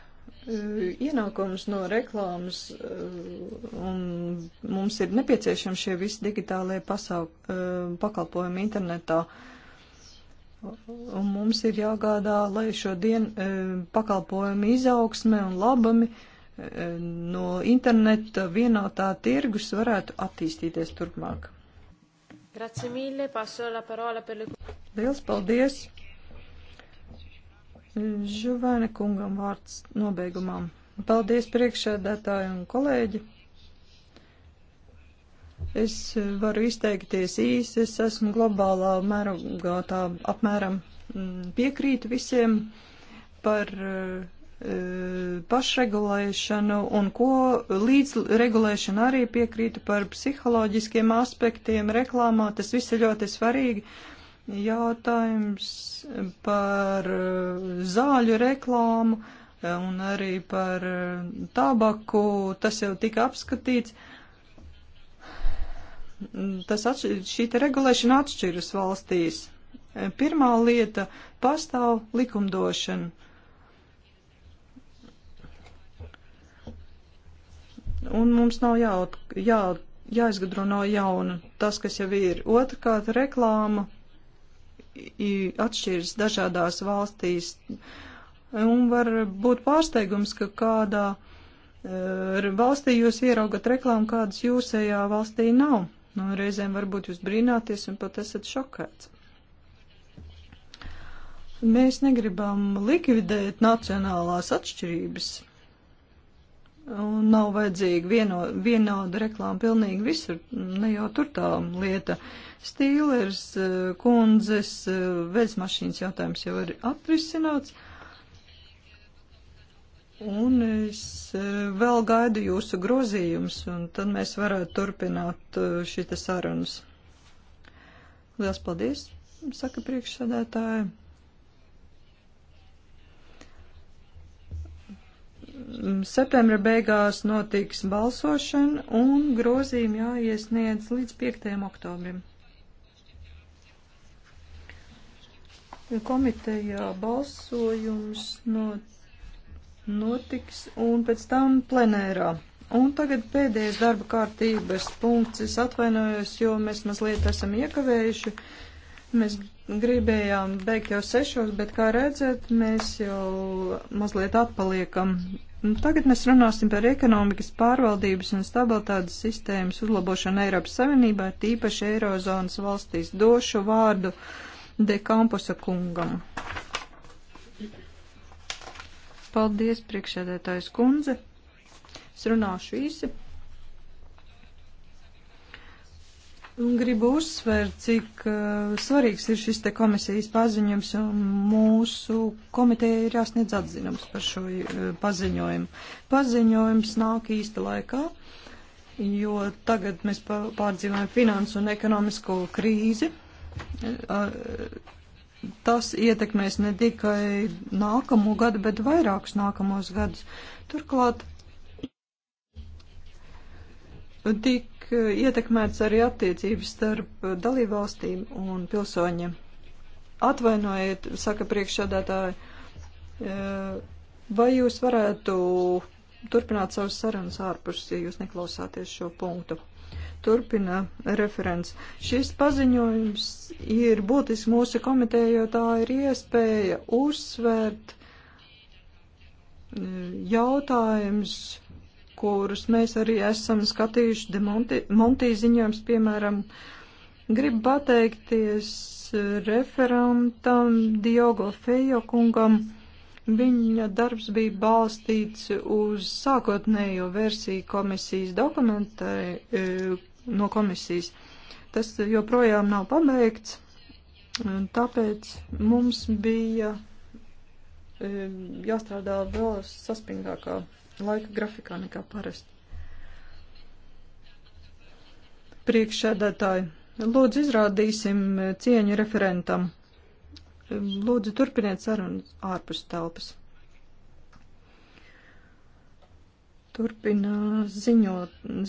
ienākums no reklāmas, e, un mums ir nepieciešami šie visi digitālie pasauk, e, pakalpojumi internetā. Un mums ir jāgādā, lai šodien pakalpojumi izaugsme un labami uh, no interneta vienotā tirgus varētu attīstīties turpmāk. Grazie mille, paso la parola per le... Liels paldies! Žuvēne kungam vārds nobeigumam. Paldies priekšēdētāji un kolēģi! Es varu izteikties īsi, es esmu globālā mērogā tā apmēram mm, piekrītu visiem par uh, E, pašregulēšanu un ko līdzregulēšanu arī piekrītu par psiholoģiskiem aspektiem reklāmā. Tas viss ir ļoti svarīgi. Jautājums par e, zāļu reklāmu e, un arī par tabaku, tas jau tika apskatīts. Tas atšķir, šī te regulēšana atšķiras valstīs. Pirmā lieta - pastāv likumdošana un mums nav jā, jā, jāizgudro no jauna tas, kas jau ir. Otrkārt, reklāma atšķiras dažādās valstīs, un var būt pārsteigums, ka kādā e, valstī jūs ieraugat reklāmu, kādas jūsējā valstī nav. Nu, reizēm varbūt jūs brīnāties un pat esat šokēts. Mēs negribam likvidēt nacionālās atšķirības. Un nav vajadzīga vieno, vienāda reklāma pilnīgi visur, ne jau tur tā lieta. Stīlers, eh, kundzes, eh, veļsmašīnas jautājums jau ir atrisināts. Un es eh, vēl gaidu jūsu grozījumus, un tad mēs varētu turpināt šīs sarunas. Lielas paldies, saka priekšsādētāji. septembra beigās notiks balsošana un grozījumi jāiesniedz līdz 5. oktobrim. Komitejā balsojums notiks un pēc tam plenērā. Un tagad pēdējais darba kārtības punkts. Es atvainojos, jo mēs mazliet esam iekavējuši. Mēs gribējām beigt jau sešos, bet, kā redzat, mēs jau mazliet atpaliekam. Nu, tagad mēs runāsim par ekonomikas pārvaldības un stabilitātes sistēmas uzlabošanu Eiropas Savienībā, tīpaši Eirozonas valstīs. Došu vārdu De Kampusa kungam. Paldies, priekšsēdētājs kundze. Es runāšu īsi. Gribu uzsvērt, cik uh, svarīgs ir šis te komisijas paziņojums, un mūsu komiteja ir jāsniedz atzinums par šo uh, paziņojumu. Paziņojums nāk īsta laikā, jo tagad mēs pārdzīvojam finansu un ekonomisko krīzi. Uh, tas ietekmēs ne tikai nākamo gadu, bet vairākus nākamos gadus. Turklāt tik tiek eh, ietekmēts arī attiecības starp eh, dalībvalstīm un pilsoņiem. Atvainojiet, saka priekšsādātāji, eh, vai jūs varētu turpināt savus sarunas ārpus, ja jūs neklausāties šo punktu? Turpina referents. Šis paziņojums ir būtisks mūsu komiteja, jo tā ir iespēja uzsvērt jautājums kurus mēs arī esam skatījuši demonti, Montī ziņojums, piemēram, gribu pateikties referentam Diogo Fejo kungam. Viņa darbs bija balstīts uz sākotnējo versiju komisijas dokumentai e, no komisijas. Tas joprojām nav pabeigts, tāpēc mums bija e, jāstrādā vēl saspringākā laika grafikā nekā parasti. Priekšsēdētāji, lūdzu izrādīsim cieņu referentam. Lūdzu turpiniet sarunu ārpus telpas. Turpina ziņo,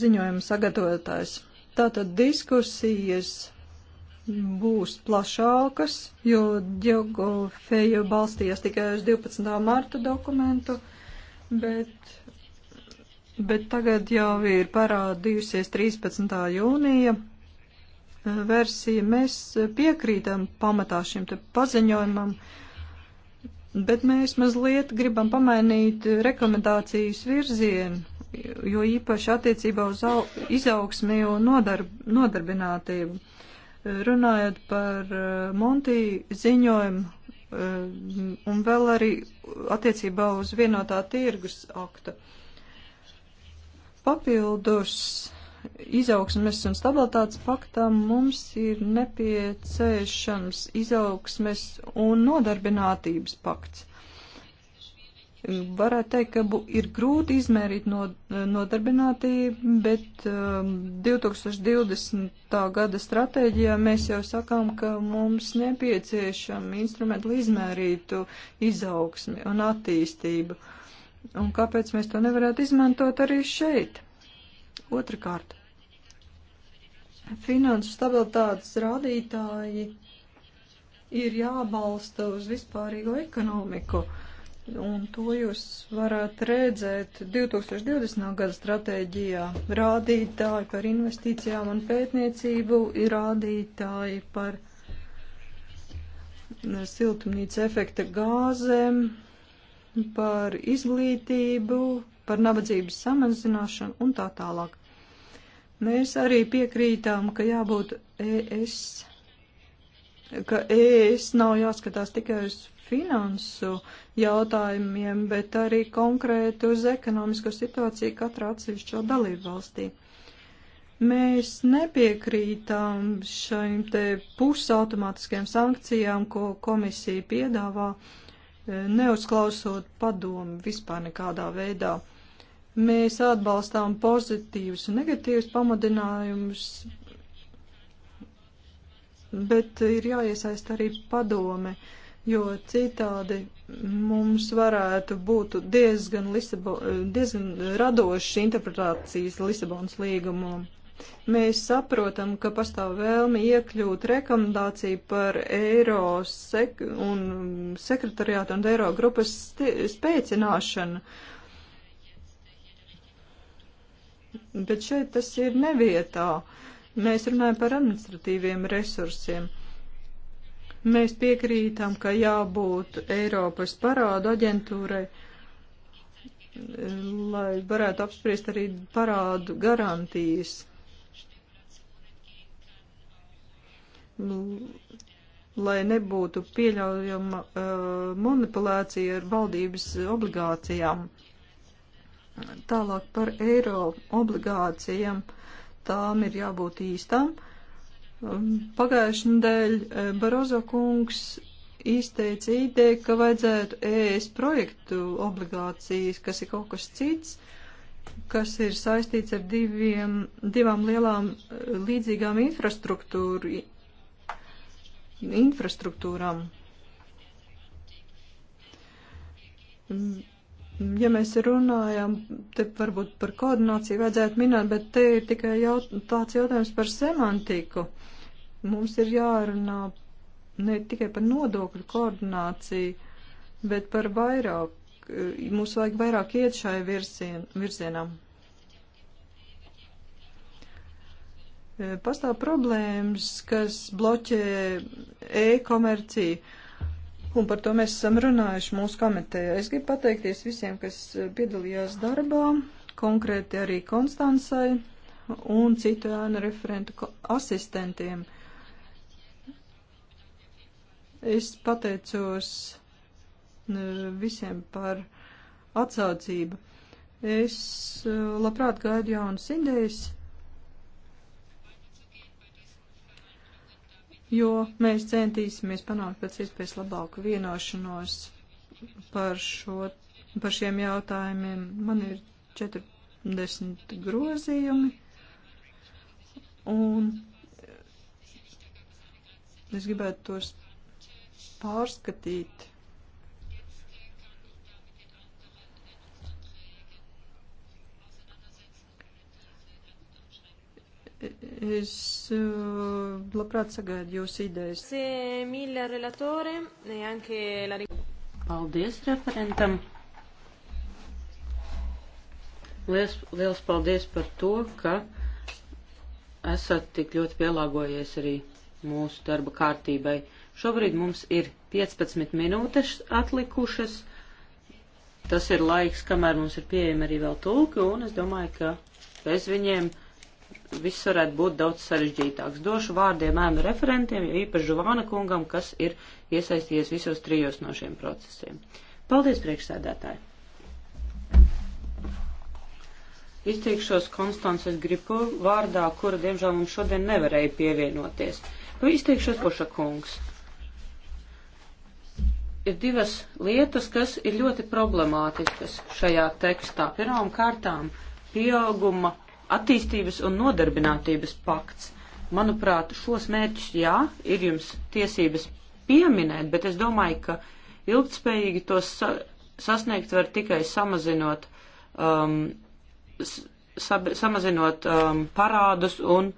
ziņojuma sagatavotājs. Tātad diskusijas būs plašākas, jo Diogo Fejo balstījās tikai uz 12. marta dokumentu. Uh, bet, bet tagad jau ir parādījusies 13. jūnija versija. Mēs piekrītam pamatā šim te paziņojumam, bet mēs mazliet gribam pamainīt rekomendācijas virzienu, jo īpaši attiecībā uz au, izaugsmi un nodarb, nodarbinātību. Runājot par eh, Monti ziņojumu, Eh, un vēl arī attiecībā uz vienotā tirgus akta. Papildus izaugsmes un stabilitātes paktam mums ir nepieciešams izaugsmes un nodarbinātības pakts. Varētu teikt, ka ir grūti izmērīt no, nodarbinātību, bet um, 2020. gada stratēģijā mēs jau sakām, ka mums nepieciešami instrumenti, lai izmērītu izaugsmi un attīstību. Un kāpēc mēs to nevarētu izmantot arī šeit? Otrakārt, finansu stabilitātes rādītāji ir jābalsta uz vispārīgo ekonomiku. Uh, Un to jūs varat redzēt 2020. gada stratēģijā. Rādītāji par investīcijām un pētniecību ir rādītāji par siltumnīca efekta gāzēm, par izglītību, par nabadzības samazināšanu un tā tālāk. Mēs arī piekrītām, ka jābūt ES, ka ES nav jāskatās tikai uz finansu jautājumiem, bet arī konkrēti uz ekonomisko situāciju katrā atsevišķo dalību valstī. Mēs nepiekrītām šīm te pusautomātiskajām sankcijām, ko komisija piedāvā, e, neuzklausot padomu vispār nekādā veidā. Mēs atbalstām pozitīvus un negatīvus pamudinājumus bet ir jāiesaist arī padome jo citādi mums varētu būt diezgan, Lisabo, diezgan radošas interpretācijas Lisabonas līgumam. Mēs saprotam, ka pastāv vēlme iekļūt rekomendāciju par eiro sek un sekretariātu un eiro grupas spēcināšanu. Bet šeit tas ir nevietā. Mēs runājam par administratīviem resursiem. Uh, Mēs piekrītam, ka jābūt Eiropas parādu aģentūrai, lai varētu apspriest arī parādu garantijas. Nu, lai nebūtu pieļaujama uh, manipulācija ar valdības obligācijām. Tālāk par eiro obligācijām. Tām ir jābūt īstām. Uh, Um, pagājušajā nedēļā uh, Barozo kungs izteica ideju, ka vajadzētu ES projektu obligācijas, kas ir kaut kas cits, kas ir saistīts ar diviem, divām lielām uh, līdzīgām infrastruktūru, infrastruktūrām. Um, ja mēs runājam, te varbūt par koordināciju vajadzētu minēt, bet te ir tikai jaut, tāds jautājums par semantiku. Mums ir jārunā ne tikai par nodokļu koordināciju, bet par vairāk, eh, mums vajag vairāk iet šai virsien, virzienam. Eh, pastāv problēmas, kas bloķē e-komerciju. Un par to mēs esam runājuši mūsu komitejā. Es gribu pateikties visiem, kas eh, piedalījās darbā, konkrēti arī Konstancai un citu ēnu referentu asistentiem. Es pateicos e, visiem par atsaucību. Es e, labprāt gaidu jaunas idejas, jo mēs centīsimies panākt pēc iespējas labāku vienošanos par, šo, par šiem jautājumiem. Man ir 40 grozījumi, un es gribētu tos pārskatīt. Es uh, labprāt sagaidu jūsu idejas. E paldies referentam. Liels, liels paldies par to, ka esat tik ļoti pielāgojies arī mūsu darba kārtībai. Šobrīd mums ir 15 minūtes atlikušas. Tas ir laiks, kamēr mums ir pieejami arī vēl tulki, un es domāju, ka bez viņiem viss varētu būt daudz sarežģītāks. Došu vārdiem ēnu referentiem, jo īpaši Žuvāna kungam, kas ir iesaistījies visos trijos no šiem procesiem. Paldies, priekšsēdētāji! Izteikšos Konstances Gripu vārdā, kura, diemžēl, mums šodien nevarēja pievienoties. Nu, izteikšos Poša kungs ir divas lietas, kas ir ļoti problemātiskas šajā tekstā. Pirmām kārtām pieauguma attīstības un nodarbinātības pakts. Manuprāt, šos mērķus jā, ir jums tiesības pieminēt, bet es domāju, ka ilgtspējīgi tos sa sasniegt var tikai samazinot, um, samazinot um, parādus un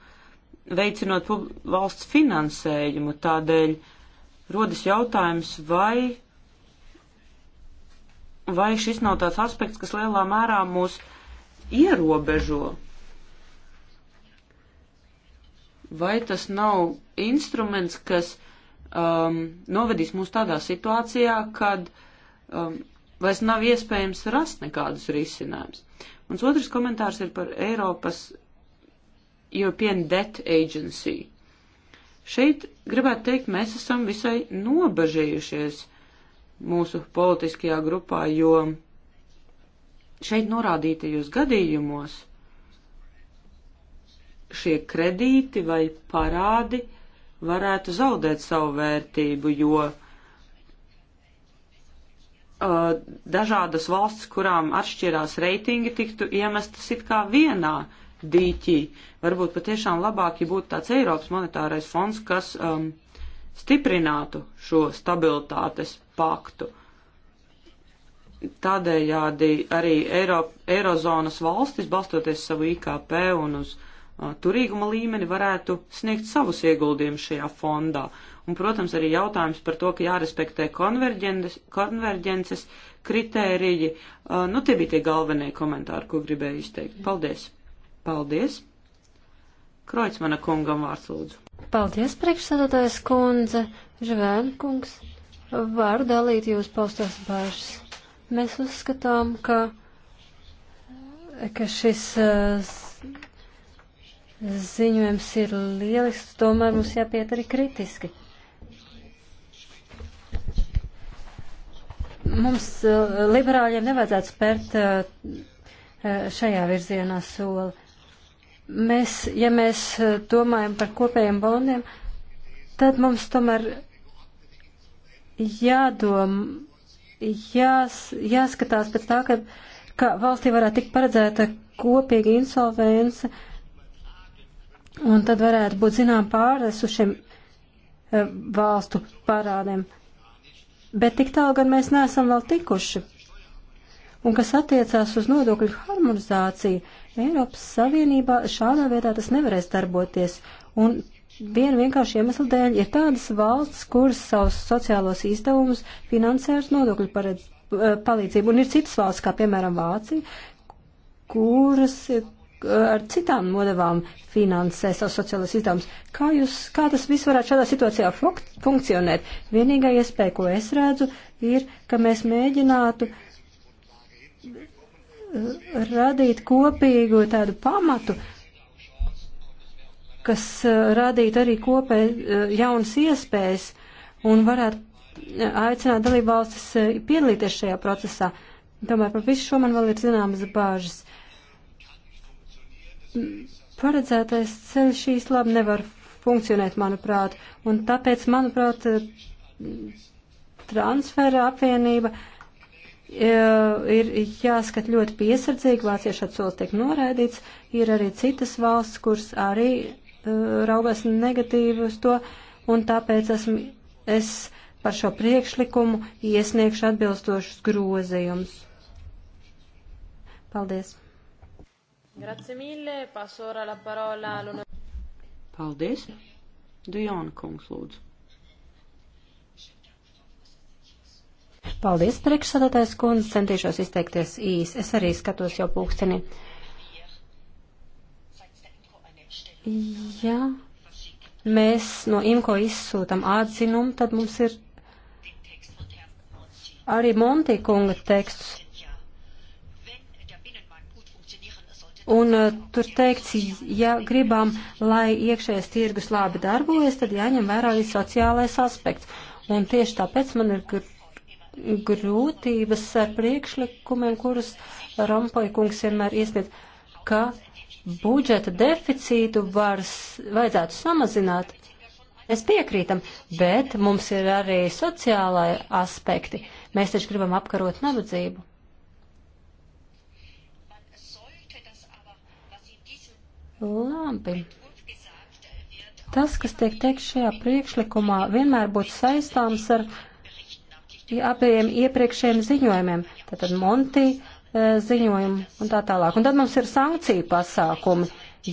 veicinot valsts finansējumu. Tādēļ uh, rodas jautājums, vai, vai šis nav tāds aspekts, kas lielā mērā mūs ierobežo. Vai tas nav instruments, kas um, novedīs mūs tādā situācijā, kad um, vairs nav iespējams rast nekādus risinājumus? Mans otrs komentārs ir par Eiropas European Debt Agency. Šeit, gribētu teikt, mēs esam visai nobažījušies mūsu politiskajā grupā, jo šeit norādītajos gadījumos šie kredīti vai parādi varētu zaudēt savu vērtību, jo uh, dažādas valsts, kurām atšķirās reitingi, tiktu iemestas it kā vienā dīķī. Varbūt patiešām labāk, ja būtu tāds Eiropas monetārais fonds, kas um, stiprinātu šo stabilitātes paktu. Tādējādi arī Eiro, Eirozonas valstis, balstoties savu IKP un uz uh, turīguma līmeni, varētu sniegt savus ieguldījumus šajā fondā. Un, protams, arī jautājums par to, ka jārespektē konverģences kritēriji. Uh, nu, tie bija tie galvenie komentāri, ko gribēju izteikt. Paldies! Paldies! Kroicmana kungam vārds lūdzu. Paldies, priekšsēdētājs kundze, Žvēna kungs. Varu dalīt jūs paustās bāžas. Mēs uzskatām, ka, ka šis eh, ziņojums ir lielisks, tomēr mums jāpiet arī kritiski. mums eh, liberāļiem nevajadzētu spērt eh, šajā virzienā soli mēs, ja mēs eh, domājam par kopējiem bondiem, tad mums tomēr jādom, jās, jāskatās pēc tā, ka, ka valstī varētu tikt paredzēta kopīga insolvence, un tad varētu būt zinām pārres uz šiem eh, valstu parādiem. Bet tik tālu gan mēs neesam vēl tikuši. Un kas attiecās uz nodokļu harmonizāciju, Eiropas Savienībā šādā veidā tas nevarēs darboties. Un viena vienkārši iemesla dēļ ir tādas valsts, kuras savus sociālos izdevumus finansē ar nodokļu paredz, eh, palīdzību. Un ir citas valsts, kā piemēram Vācija, kuras eh, ar citām nodevām finansē savus sociālos izdevumus. Kā, jūs, kā tas viss varētu šādā situācijā funkcionēt? Vienīgā iespēja, ko es redzu, ir, ka mēs mēģinātu uh, radīt kopīgu tādu pamatu, kas eh, radītu arī kopē eh, jaunas iespējas un varētu eh, aicināt dalībvalstis piedalīties šajā procesā. Tomēr par visu šo man vēl ir zināmas bāžas. Paredzētais ceļš šīs labi nevar funkcionēt, manuprāt, un tāpēc, manuprāt, transfera apvienība uh, Eh, ir jāskat ļoti piesardzīgi, vāciešu atsolis tiek noraidīts, ir arī citas valsts, kuras arī eh, raugās negatīvi uz to, un tāpēc esmu, es par šo priekšlikumu iesniegšu atbilstošus grozījumus. Paldies! Grazie mille, passo ora la parola all'onorevole. Paldies! Dujona kungs, lūdzu. Paldies, priekšsādātājs kundze, centīšos izteikties īsi. Es arī skatos jau pulksteni. Ja mēs no IMCO izsūtam atzinumu, tad mums ir arī Monti kunga teksts. Un uh, tur teikts, ja gribam, lai iekšējais tirgus labi darbojas, tad jāņem vērā arī sociālais aspekts. Un tieši tāpēc man ir grūti grūtības ar priekšlikumiem, kurus Rompoikungs vienmēr iesniedz, ka budžeta deficītu var, vajadzētu samazināt. Mēs piekrītam, bet mums ir arī sociālai aspekti. Mēs taču gribam apkarot nabadzību. Labi. Tas, kas tiek teikt šajā priekšlikumā, vienmēr būtu saistāms ar abiem iepriekšējiem ziņojumiem, tātad Monti e, ziņojumu un tā tālāk. Un tad mums ir sankcija pasākumi.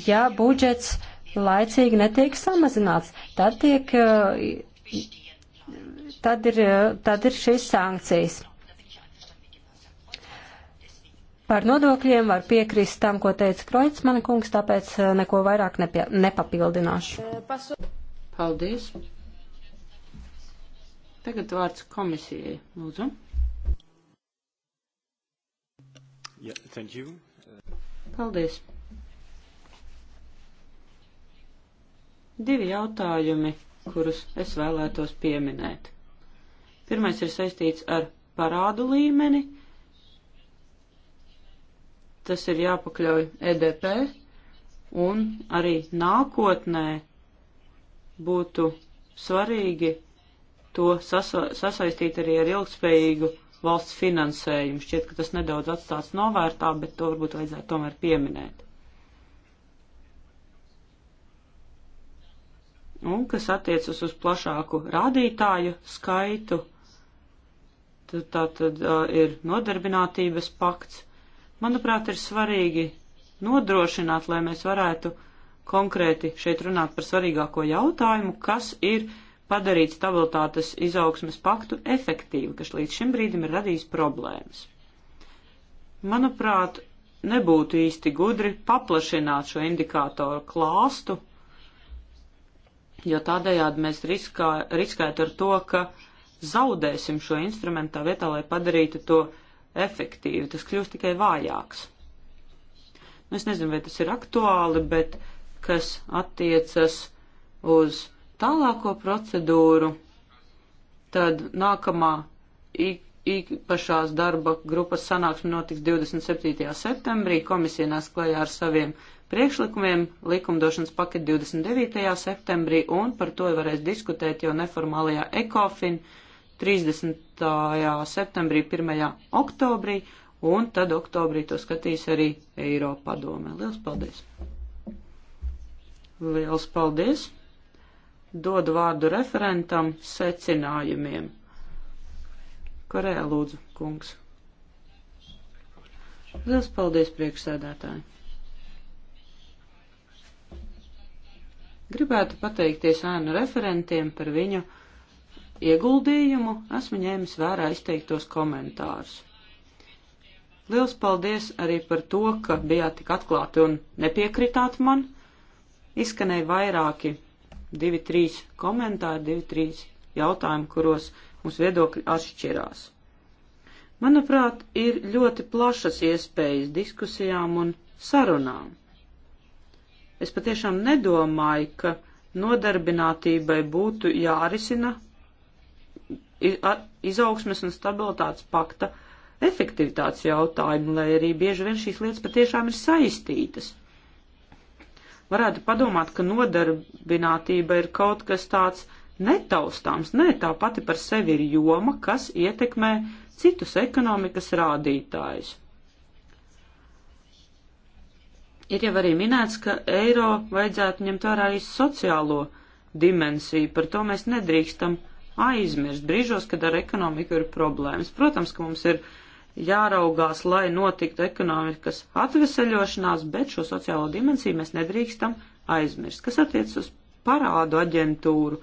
Ja budžets laicīgi netiek samazināts, tad, tiek, e, tad, ir, e, tad ir šīs sankcijas. Par nodokļiem var piekrist tam, ko teica Kroits, man kungs, tāpēc neko vairāk nepie, nepapildināšu. Paldies! Tagad vārds komisijai, lūdzu. Yeah, thank you. Paldies. Divi jautājumi, kurus es vēlētos pieminēt. Pirmais ir saistīts ar parādu līmeni. Tas ir jāpakļauj EDP un arī nākotnē būtu svarīgi to sasa sasaistīt arī ar ilgspējīgu valsts finansējumu. Šķiet, ka tas nedaudz atstāts novērtā, bet to varbūt vajadzētu tomēr pieminēt. Un kas attiecas uz plašāku rādītāju skaitu, tad tā tad uh, ir nodarbinātības pakts. Manuprāt, ir svarīgi nodrošināt, lai mēs varētu konkrēti šeit runāt par svarīgāko jautājumu, kas ir uh, padarīt stabilitātes izaugsmes paktu efektīvu, kas līdz šim brīdim ir radījis problēmas. Manuprāt, nebūtu īsti gudri paplašināt šo indikātoru klāstu, jo tādējādi mēs riskā, riskētu ar to, ka zaudēsim šo instrumentu tā vietā, lai padarītu to efektīvi. Tas kļūst tikai vājāks. Nu, es nezinu, vai tas ir aktuāli, bet kas attiecas uz tālāko procedūru, tad nākamā īpašās darba grupas sanāksme notiks 27. septembrī. Komisija nāks klajā ar saviem priekšlikumiem likumdošanas paketi 29. septembrī, un par to varēs diskutēt jau neformālajā ECOFIN 30. septembrī, 1. oktobrī, un tad oktobrī to skatīs arī Eiropa padomē. Liels paldies! Liels paldies! dodu vārdu referentam secinājumiem. Korē, lūdzu, kungs. Liels paldies, priekšsēdētāji. Gribētu pateikties ēnu referentiem par viņu ieguldījumu, esmu ņēmis vērā izteiktos komentārus. Liels paldies arī par to, ka bijāt tik atklāti un nepiekritāt man. Izskanēja vairāki divi, trīs komentāri, divi, trīs jautājumi, kuros mums viedokļi atšķirās. Manuprāt, ir ļoti plašas iespējas diskusijām un sarunām. Es patiešām nedomāju, ka nodarbinātībai būtu jārisina izaugsmes un stabilitātes pakta efektivitātes jautājumi, lai arī bieži vien šīs lietas patiešām ir saistītas varētu padomāt, ka nodarbinātība ir kaut kas tāds netaustāms. Nē, tā pati par sevi ir joma, kas ietekmē citus ekonomikas rādītājus. Ir jau arī minēts, ka eiro vajadzētu ņemt vērā arī sociālo dimensiju. Par to mēs nedrīkstam aizmirst brīžos, kad ar ekonomiku ir problēmas. Protams, ka mums ir uh, jāraugās, lai notiktu ekonomikas atveseļošanās, bet šo sociālo dimensiju mēs nedrīkstam aizmirst. Kas attiec uz parādu aģentūru,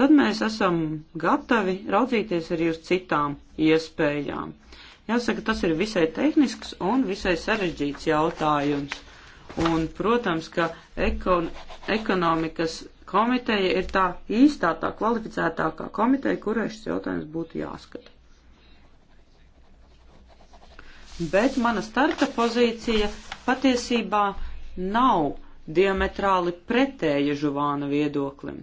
tad mēs esam gatavi raudzīties arī uz citām iespējām. Jāsaka, tas ir visai tehnisks un visai sarežģīts jautājums. Un, protams, ka ekon ekonomikas komiteja ir tā īstā, tā kvalificētākā komiteja, kurai šis jautājums būtu jāskata bet mana starta pozīcija patiesībā nav diametrāli pretēja Žuvāna viedoklim.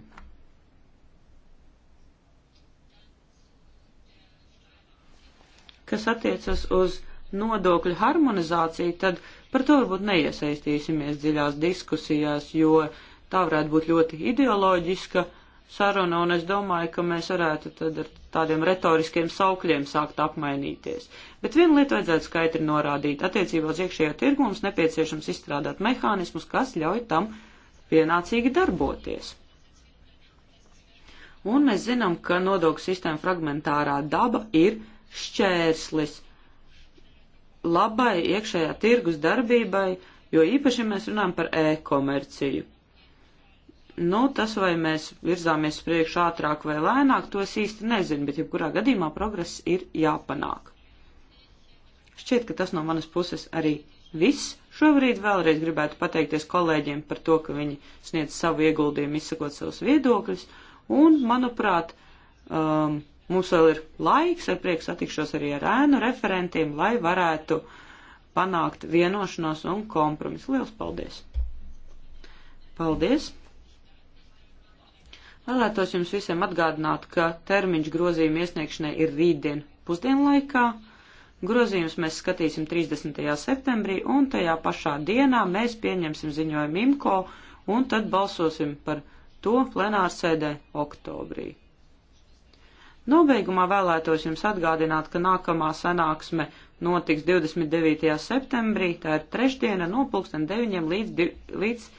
Kas attiecas uz nodokļu harmonizāciju, tad par to varbūt neiesaistīsimies dziļās diskusijās, jo tā varētu būt ļoti ideoloģiska saruna, un es domāju, ka mēs varētu tad ar tādiem retoriskiem saukļiem sākt apmainīties. Bet vienu lietu vajadzētu skaidri norādīt. Attiecībā uz iekšējo tirgu mums nepieciešams izstrādāt mehānismus, kas ļauj tam pienācīgi darboties. Un mēs zinām, ka nodokļu sistēma fragmentārā daba ir šķērslis labai iekšējā tirgus darbībai, jo īpaši mēs runājam par e-komerciju. Nu, tas, vai mēs virzāmies priekš ātrāk vai lēnāk, to es īsti nezinu, bet jebkurā gadījumā progress ir jāpanāk. Šķiet, ka tas no manas puses arī viss. Šobrīd vēlreiz gribētu pateikties kolēģiem par to, ka viņi sniedz savu ieguldījumu, izsakot savus viedokļus, un, manuprāt, um, mums vēl ir laiks, ar prieku satikšos arī ar ēnu referentiem, lai varētu panākt vienošanos un kompromisu. Lielas paldies! Paldies! Vēlētos jums visiem atgādināt, ka termiņš grozījuma iesniegšanai ir rītdien pusdienlaikā. Grozījums mēs skatīsim 30. septembrī, un tajā pašā dienā mēs pieņemsim ziņojumu IMCO, un tad balsosim par to plenārsēdē oktobrī. Nobeigumā vēlētos jums atgādināt, ka nākamā sanāksme notiks 29. septembrī, tā ir trešdiena no 9 līdz 20.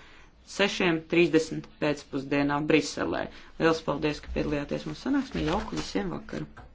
6.30 pēcpusdienā Briselē. Lielas paldies, ka piedalījāties mūsu sanāksmē. Jauku visiem vakaru!